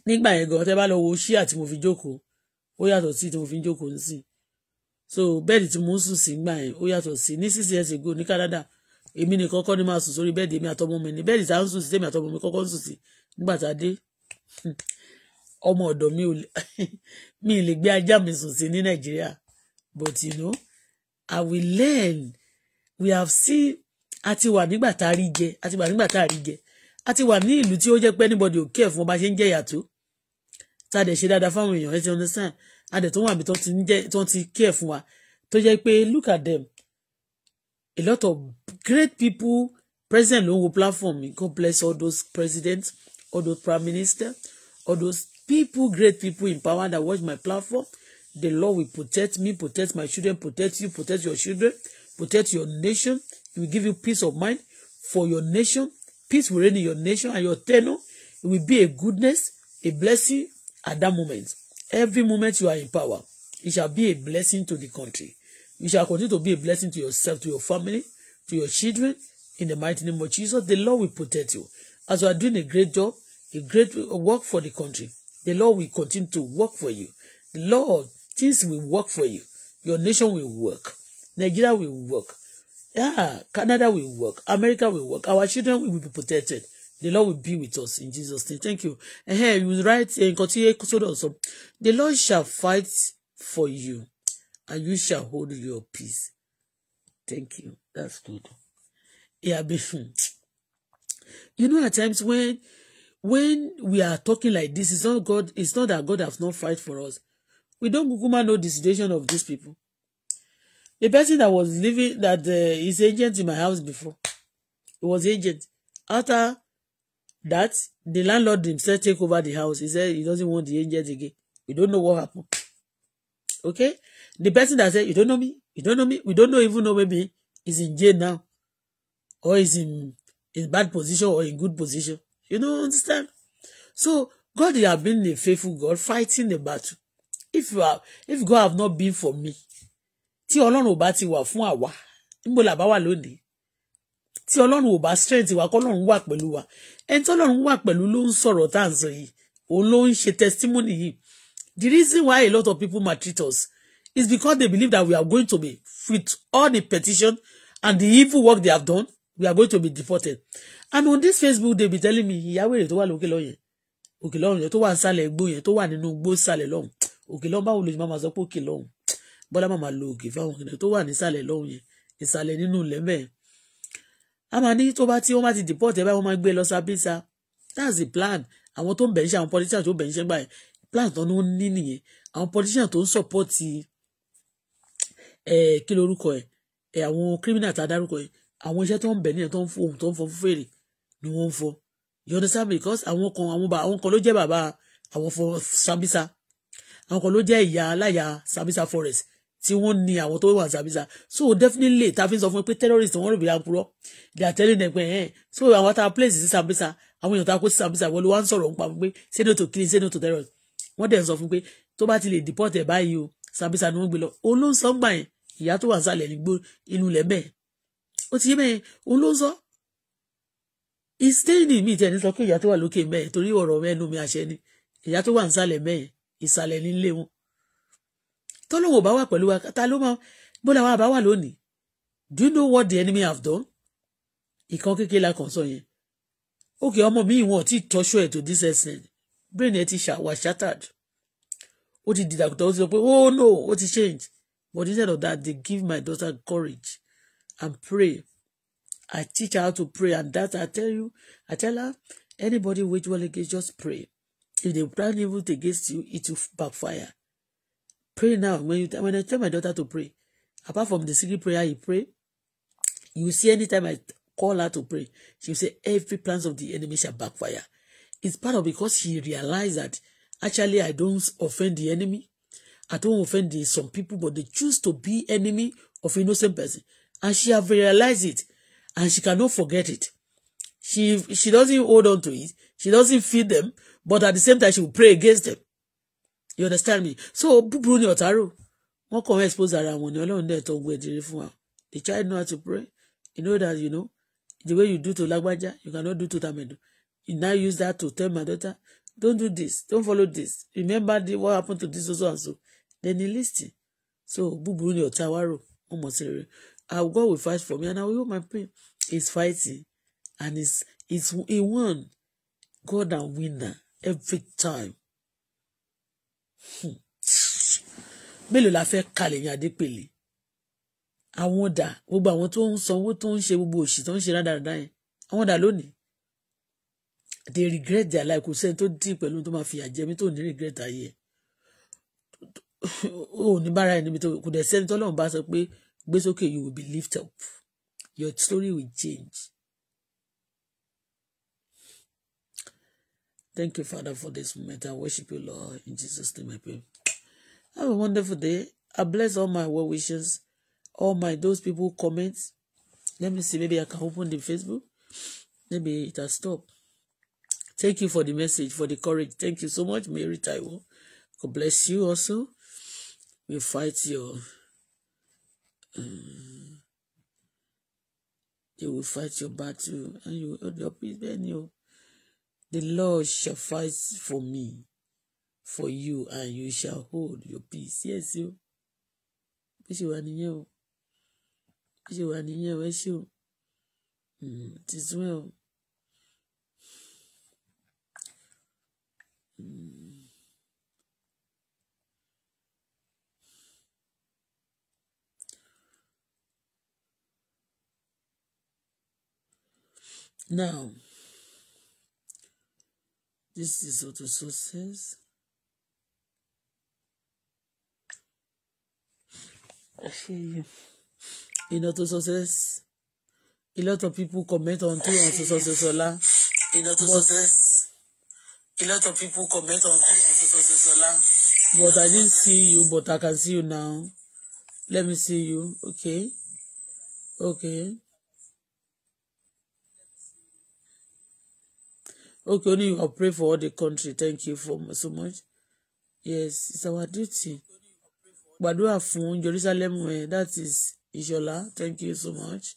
S1: nígbà yẹn gan tẹ́ bá lọ wo ṣíà tí mo fi jókòó ó yàtọ̀ sí tí mo fi jókòó nísìn so bẹ́ẹ̀dì tí mo ń sùn sí gbà yẹn ó yàtọ̀ sí ní six years ago ní Canada èmi nìkan kọ́ ni máa sùn sórí bẹ́ẹ̀dì èmi àtọmọ mi ni bẹ́ẹ̀dì tá à ń sùn sí èmi àtọmọ mi kọ́kọ́ ń sùn sí nígbà tá a dé ọmọ ọ̀dọ̀ mi ò mi lè gbé ajá mi sùn sí ní nàìjíríà but you know i will learn we have seen a ti wà nígbà tá a rí jẹ a ti wà nígbà tá a rí jẹ a ti wà ní ìlú tí ó jẹ́ pé anybody ò kí ẹ̀ fún ọba ṣe ń jẹ́ ìyàtọ̀ tá a dẹ̀ ṣe dáadáa fáwọn èèyàn ẹ ti understand a dẹ̀ tó wà mí tó ti kí ẹ̀ fún wa tó jẹ́ pé look at them a lot of great people president on wo platform God bless all those presidents all those prime minister all those people great people in power that watch my platform the Lord will protect me protect my children protect you protect your children protect your nation he will give you peace of mind for your nation peace will reign in your nation and your tenure it will be a goodness a blessing at that moment every moment you are in power it shall be a blessing to the country You shall continue to be a blessing to yourself, to your family, to your children. In the mighty name of Jesus, the Lord will protect you. As you are doing a great job, a great work for the country, the Lord will continue to work for you. The Lord, things will work for you. Your nation will work. Nigeria will work. Yeah, Canada will work. America will work. Our children will be protected. The Lord will be with us in Jesus' name. Thank you. And here you write and continue so The Lord shall fight for you and you shall hold your peace. Thank you. That's good. Yeah, be You know, at times when when we are talking like this, it's not God, it's not that God has not fight for us. We don't Guguma know the situation of these people. The person that was living that uh, is agent in my house before, it was agent. After that, the landlord himself take over the house. He said he doesn't want the agent again. We don't know what happened. Okay? The person that said, you don't know me, you don't know me, we don't know even know maybe is in jail now or is in, in bad position or in good position. You don't understand? So God you have been a faithful God fighting the battle. If you are, if God have not been for me, tí Ọlọ́run ò bá ti wà fún àwa, níbo làbá wà lónìí? ti ọlọ́run ò bá strength wa kọ́lọ́run wà pẹ̀lú wa ẹni tí ọlọ́run wà pẹ̀lú ló ń sọ̀rọ̀ tá à ń sọ yìí òun ló ń ṣe testimony yìí the reason why a lot of people maltreat us It's because they believe that we are going to be, with all the petition and the evil work they have done, we are going to be deported. And on this Facebook, they be telling me, ìyàwó èrè tó wà lókè lọ́yẹ̀, òkè lọ́run yẹn tó wà nsàlẹ̀ igbó yẹn tó wà nínú igbó sàlẹ̀ lọ́hùn, òkè lọ́hùn báwo lójú máa ma sọ pé òkè lọ́hùn, bọ́lá máa ma lo òkè fáwọn òkè tó wà nísàlẹ̀ lọ́hùn yẹn, ìsàlẹ̀ nínú lẹ́mẹ̀. A máa ní tó bá tí wọ́n bá ti deport ẹ báyìí wọ́n máa gbé lọ sábísà. That's the plan. Àwọn tó ń bẹ̀ ń ṣe àwọn politicians tó bẹ̀ ń ṣe gbà yẹn. Plan tó ń ní nìyẹn. Àwọn politicians tó ń support kí lorúkọ ẹ̀ àwọn criminal tá a dárúkọ yìí àwọn iṣẹ́ tó ń bẹ̀ nílẹ̀ tó ń fọ ohun tó ń fọ fún fèrè ni wọ́n ń fọ you understand me because àwọn kan àwọn bá àwọn kan ló jẹ́ bàbá àwọn fọ Sambisa àwọn kan ló jẹ́ ìyá aláya Sambisa forest tí wọ́n ní àwọn tó wà Sambisa so definitely ta fi sọ fún pé terrorist wọ́n rò bí apurọ́ they are telling them pé ẹ̀ so àwọn ta place sí Sambisa àwọn èèyàn ta kó sí Sambisa wọ́n ló wá ń sọ̀rọ̀ nípa pé say no to killing say no to terrorist wọ́n dẹ̀ sọ fún pé tó bá ti lè deport ẹ̀ báyìí o Sambisa ni wọ́n gbé lọ olóńsọ̀ngbà yẹn ìyá tó wà sálẹ̀ nígbó inú ilẹ̀ bẹ́ẹ̀ ó ti yé bẹ́ẹ̀ òun ló sọ ìstéèdì mi tẹ̀ ní sọ pé ìyá tó wà lókè mẹ́ẹ̀ torí ọ̀rọ̀ mẹ́nu mi àṣẹ ni ìyá tó wà ń sálẹ̀ mẹ́ẹ̀ ìsàlẹ̀ nílé wọn tọ́lọ́wọ́ bá wà pẹ̀lú wa ta ló máa bóla wa bá wà lónìí do you know what the enemy have done ìkan kékeré la kàn sọ yẹn òkè ọmọ mi ìwọ̀n ti tọ́ṣọ ẹ̀ tó this extent brain ẹ ti wà shattered ó ti dìdàkùtà ó ti sọ pé oh no ó ti change But instead of that, they give my daughter courage and pray. I teach her how to pray, and that I tell you, I tell her, anybody which will against, just pray. If they plan evil against you, it will backfire. Pray now. When you when I tell my daughter to pray, apart from the secret prayer you pray, you see anytime I call her to pray, she will say every plans of the enemy shall backfire. It's part of because she realized that actually I don't offend the enemy. I don't offend some people, but they choose to be enemy of innocent person. And she have realized it, and she cannot forget it. She she doesn't hold on to it. She doesn't feed them, but at the same time, she will pray against them. You understand me? So, búburú Otaro, ọ̀tárò. Wọ́n kàn expose ara wọn ni Ọlọ́run dẹ̀ tó ń gbé ìdílé The child know how to pray. You know that, you know, the way you do to Lagbaja, you cannot do to Tamedu. You now use that to tell my daughter, don't do this, don't follow this. Remember the, what happened to this also and so then he listen so búburú ni ọ̀tá wa rò wọ́n mọ̀ rere our God will fight for me and I will hold my pain he's fighting and he's he's he won God and winner every time. Hmm. mélòó la fẹ́ kalẹ̀ yín adépèlé àwọn ọ̀dà gbogbo àwọn tó ń sanwó tó ń ṣe gbogbo òṣì tó ń ṣe rádaràdá yẹn àwọn ọ̀dà lónìí they regret their life kò sẹ́ni tó dín pẹ̀lú tó máa fìyà jẹ mí tó ní regret ayé ẹ̀ ò ní bára ẹni bí tó kò dẹ̀ sẹ́ni tọ́lọ́run bá sọ pé gbé sókè you will be lifted up your story will change. Thank you, Father, for this moment. I worship you, Lord. In Jesus' name I pray. Have a wonderful day. I bless all my well wishes, all my those people who comment. Let me see, maybe I can open the Facebook. Maybe it has stopped. Thank you for the message, for the courage. Thank you so much, Mary Taiwo. God bless you also we fight your um, they will fight your battle and you hold your peace then you the Lord shall fight for me for you and you shall hold your peace yes you bí ṣe wà nìyẹn o bí ṣe wà nìyẹn o hmm, well. ṣe Mm. Now, this is auto sources. I feel you. In auto sources, a lot of people comment on two auto sources Ola. In auto sources, a lot of people comment on two auto sources Ola. But I didn't see you, but I can see you now. Let me see you. Okay. Okay. Okay, only you pray for all the country. Thank you for so much. Yes, it's our duty. Gbàdúrà fún Jerusalem eh, that is Ishola. Thank you so much.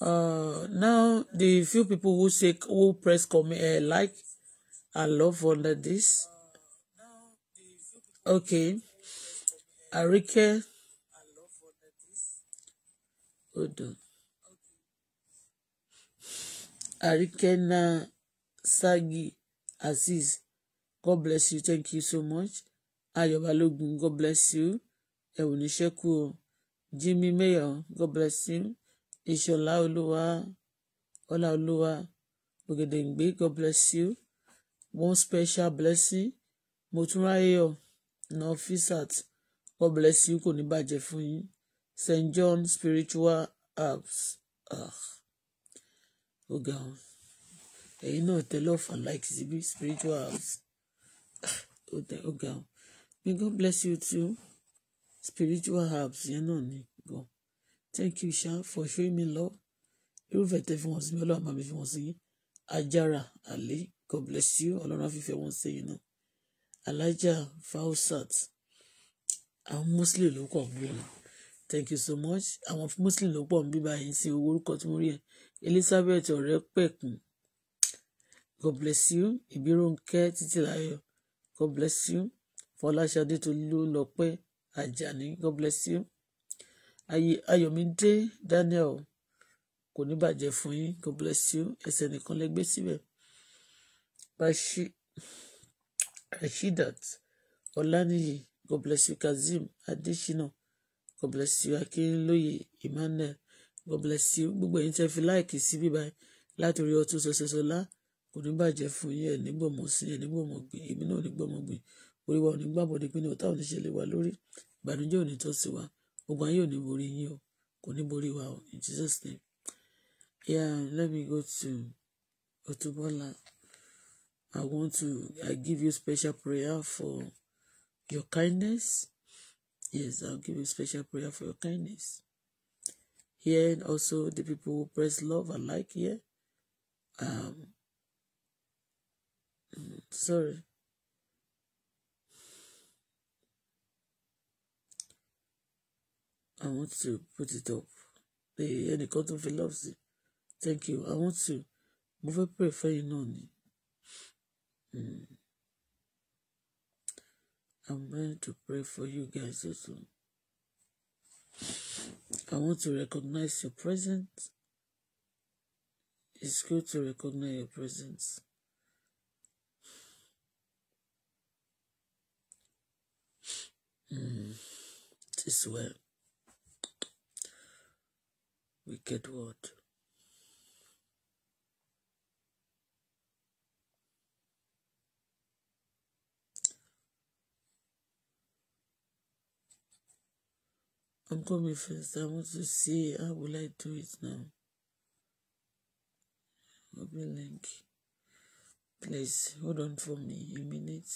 S1: Uh, now the few people who say who press comment uh, like and love under this. Okay, Arike. Hold on. Arike na. Sagi Aziz. God bless you. Thank you so much. Ayọ̀ Balógun, God bless you. Ẹ ò Jimmy Mayor, God bless him. Ìṣọ̀lá Olúwa, Ọlá Olúwa, Ògèdèǹgbé, God bless you. One special blessing. Motunrayo, Nofisat, God bless you. Kò ní bàjẹ́ fún St. John Spiritual Herbs. Ugh. Ah, ó ga ẹ̀yin náà tẹ love and like spiritual house ó ga ọ may God bless you too spiritual herbs yẹn náà ni gan thank you sha for showing me love irúfẹ́ tẹ fi wọ́n sí mi ọlọ́run máa mi fi wọ́n sí yín ajára God bless you ọlọ́run àfífẹ́ wọ́n sí yín náà alájà fausat àwọn muslim ló kọ̀ bí wọn thank you so much àwọn muslim ló pọ̀ ń bí báyìí sí owó orúkọ tí mo rí ẹ Elizabeth ọ̀rẹ́ pẹ̀kún God bless you. Ìbírónkẹ́ Títílayọ̀. God bless you. Fọláṣadé Tolúlọpẹ́ Àjàní. God bless you. Ayọ̀mídé Daniel kò ní bàjẹ́ fún yín. God bless you. Ẹsẹ̀ nìkan lẹ gbé síbẹ̀. Rashidat God bless you. Kazeem Adéṣínà. God bless you. Akínlóye Emmanuel. God bless you. Gbogbo ẹ̀yin tẹ́ fi láìkì sí bíbáyìí láti rí ọtún ṣoṣoṣo lá kò fún yín ẹ̀ nígbọ̀mọ̀ sí ẹ̀ nígbọ̀mọ̀ gbìn èmi náà nígbọ̀mọ̀ gbìn orí wa ò pé ní ọ̀tá ò ṣẹlẹ̀ wa lórí ìbànújẹ́ ò tọ́ sí wa ogun ayé ò borí yín o kò ní borí wa o in Jesus name yeah let me go to Otubola I want to I give you special prayer for your kindness yes I'll give you special prayer for your kindness here and also the people who press love and like here um, sorry. I want to put it up. any ẹnìkan tó fi love sí. Thank you. I want to. move a prayer. fẹ́yìn náà hmm. I'm going to pray for you guys also. I want to recognize your presence. It's good to recognize your presence. Mm, it is we get what I'm coming first. I want to see how will I do it now. Open link. Please hold on for me a minute.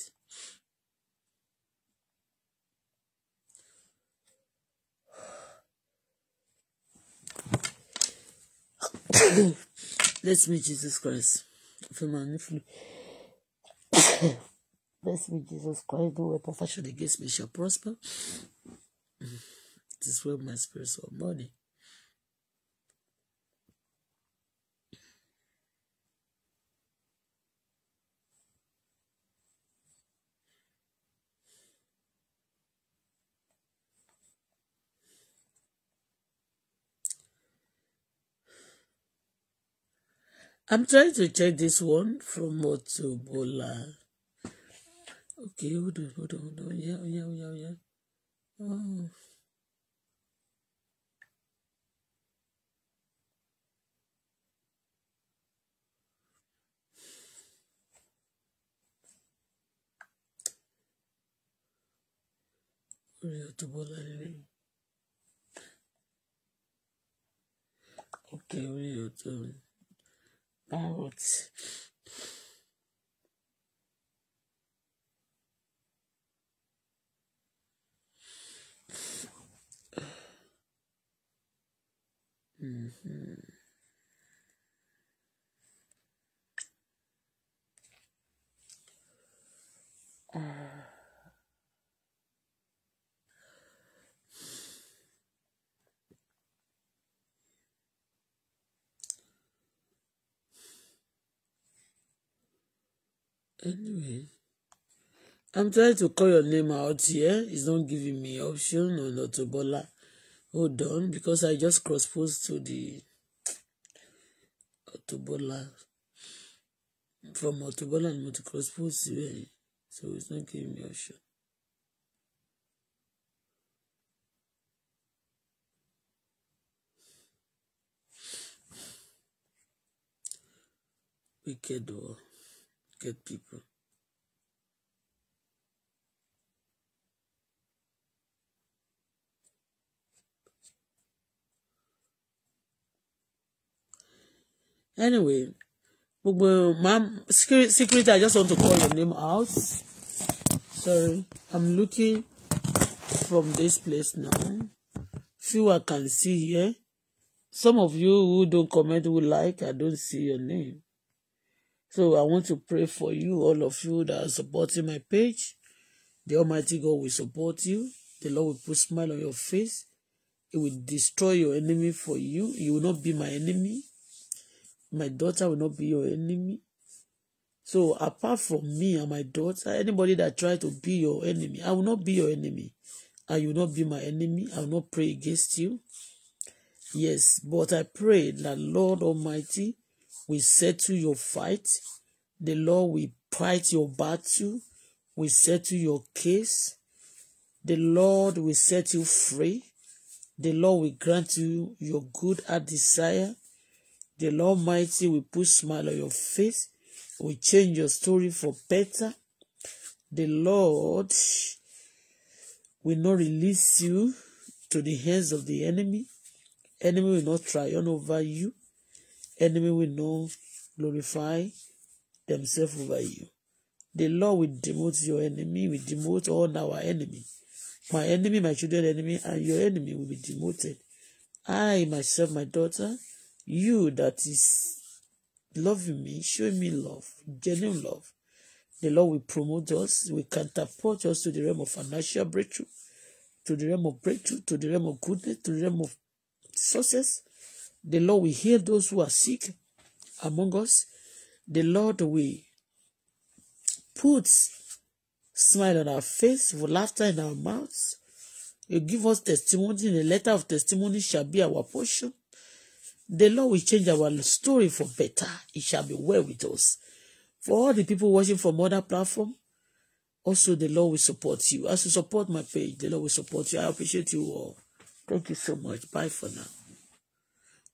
S1: Bless me, Jesus Christ. for my Bless me, Jesus Christ. No weapon fashioned against me shall prosper. This is well, my spiritual money. I'm trying to check this one from Motobola. Okay, hold on, hold on, hold on. Yeah, yeah, yeah, yeah. Oh. orí Auto Bola lè ok out.
S2: Mm-hmm. Uh.
S1: Anyway, I'm trying to call your name out here. It's not giving me option on not to Hold on, because I just cross post to the Otobola. From Otobola and Moto cross post really. So it's not giving me option. Wicked one. Oh. Good people. Anyway, ma'am, security, security, I just want to call your name out. Sorry, I'm looking from this place now. See what I can see here. Some of you who don't comment, who like, I don't see your name. So I want to pray for you, all of you that are supporting my page. The Almighty God will support you. The Lord will put smile on your face. He will destroy your enemy for you. You will not be my enemy. My daughter will not be your enemy. So apart from me and my daughter, anybody that tries to be your enemy, I will not be your enemy. I will not be my enemy. I will not pray against you. Yes, but I pray that Lord Almighty will settle your fight. The Lord will fight your battle, will settle your case. The Lord will set you free. The Lord will grant you your good at desire. The Lord mighty will put smile on your face, will change your story for better. The Lord will not release you to the hands of the enemy. Enemy will not triumph over you. Enemy will not glorify themselves over you. The Lord will demote your enemy, will demote all our enemy. My enemy, my children, enemy, and your enemy will be demoted. I, myself, my daughter, you that is loving me, showing me love, genuine love. The Lord will promote us, will catapult us to the realm of financial breakthrough, to the realm of breakthrough, to the realm of goodness, to the realm of success, The Lord will heal those who are sick among us. The Lord will put smile on our face, with laughter in our mouths. He give us testimony, and the letter of testimony shall be our portion. The Lord will change our story for better. It shall be well with us. For all the people watching from other platform, also the Lord will support you. As you support my page, the Lord will support you. I appreciate you all. Thank you so much. Bye for now.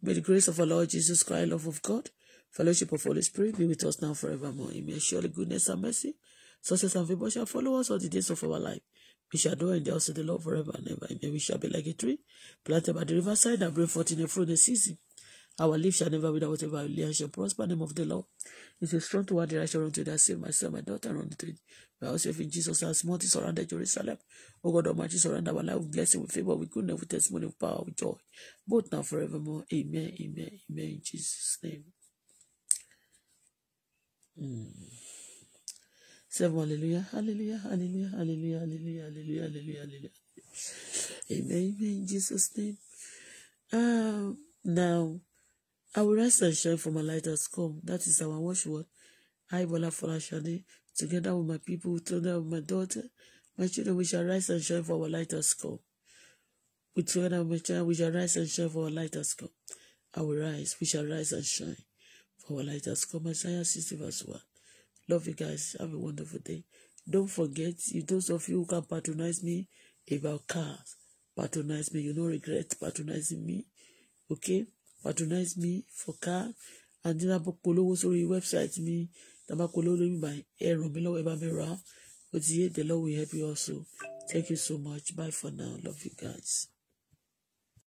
S1: May the grace of our Lord Jesus Christ, love of God, fellowship of Holy Spirit be with us now forevermore. Amen. Surely goodness and mercy, success and favor shall follow us all the days of our life. We shall dwell in the house of the Lord forever and ever. Amen. We shall be like a tree planted by the riverside that bring forth in the fruit of the season. Our lives shall never wither, whatever I lay, shall prosper. the Name of the Lord. It's a strong toward the righteous unto that save myself, my daughter, and unto my yourself in Jesus as mighty surrounded Jerusalem. O God Almighty, surround our life with blessing, with favor, with goodness, with testimony, with power, with joy, both now forevermore. Amen, amen, amen. In Jesus' name. Mm. Seven, hallelujah, hallelujah, hallelujah, hallelujah, hallelujah, hallelujah, hallelujah, hallelujah. Amen, amen, in Jesus' name. Um, now, I will rise and shine for my light has come. That is our watchword. I, Bola Folashade, together with my people, together with my daughter, my children, we shall rise and shine for our light has come. We together with my children, we shall rise and shine for our light has come. I will rise, we shall rise and shine for our light has come. Isaiah 60 verse 1. Love you guys. Have a wonderful day. Don't forget, you those of you who can patronize me about cars, patronize me. You don't regret patronizing me. Okay? patronize me for car and then n bá polówó sórí website mi tí n bá polówó lórí mi ẹ ràn mí lọ́wọ́ ẹ bá mi rà á ó the Lord will help you also thank you so much bye for now love you guys.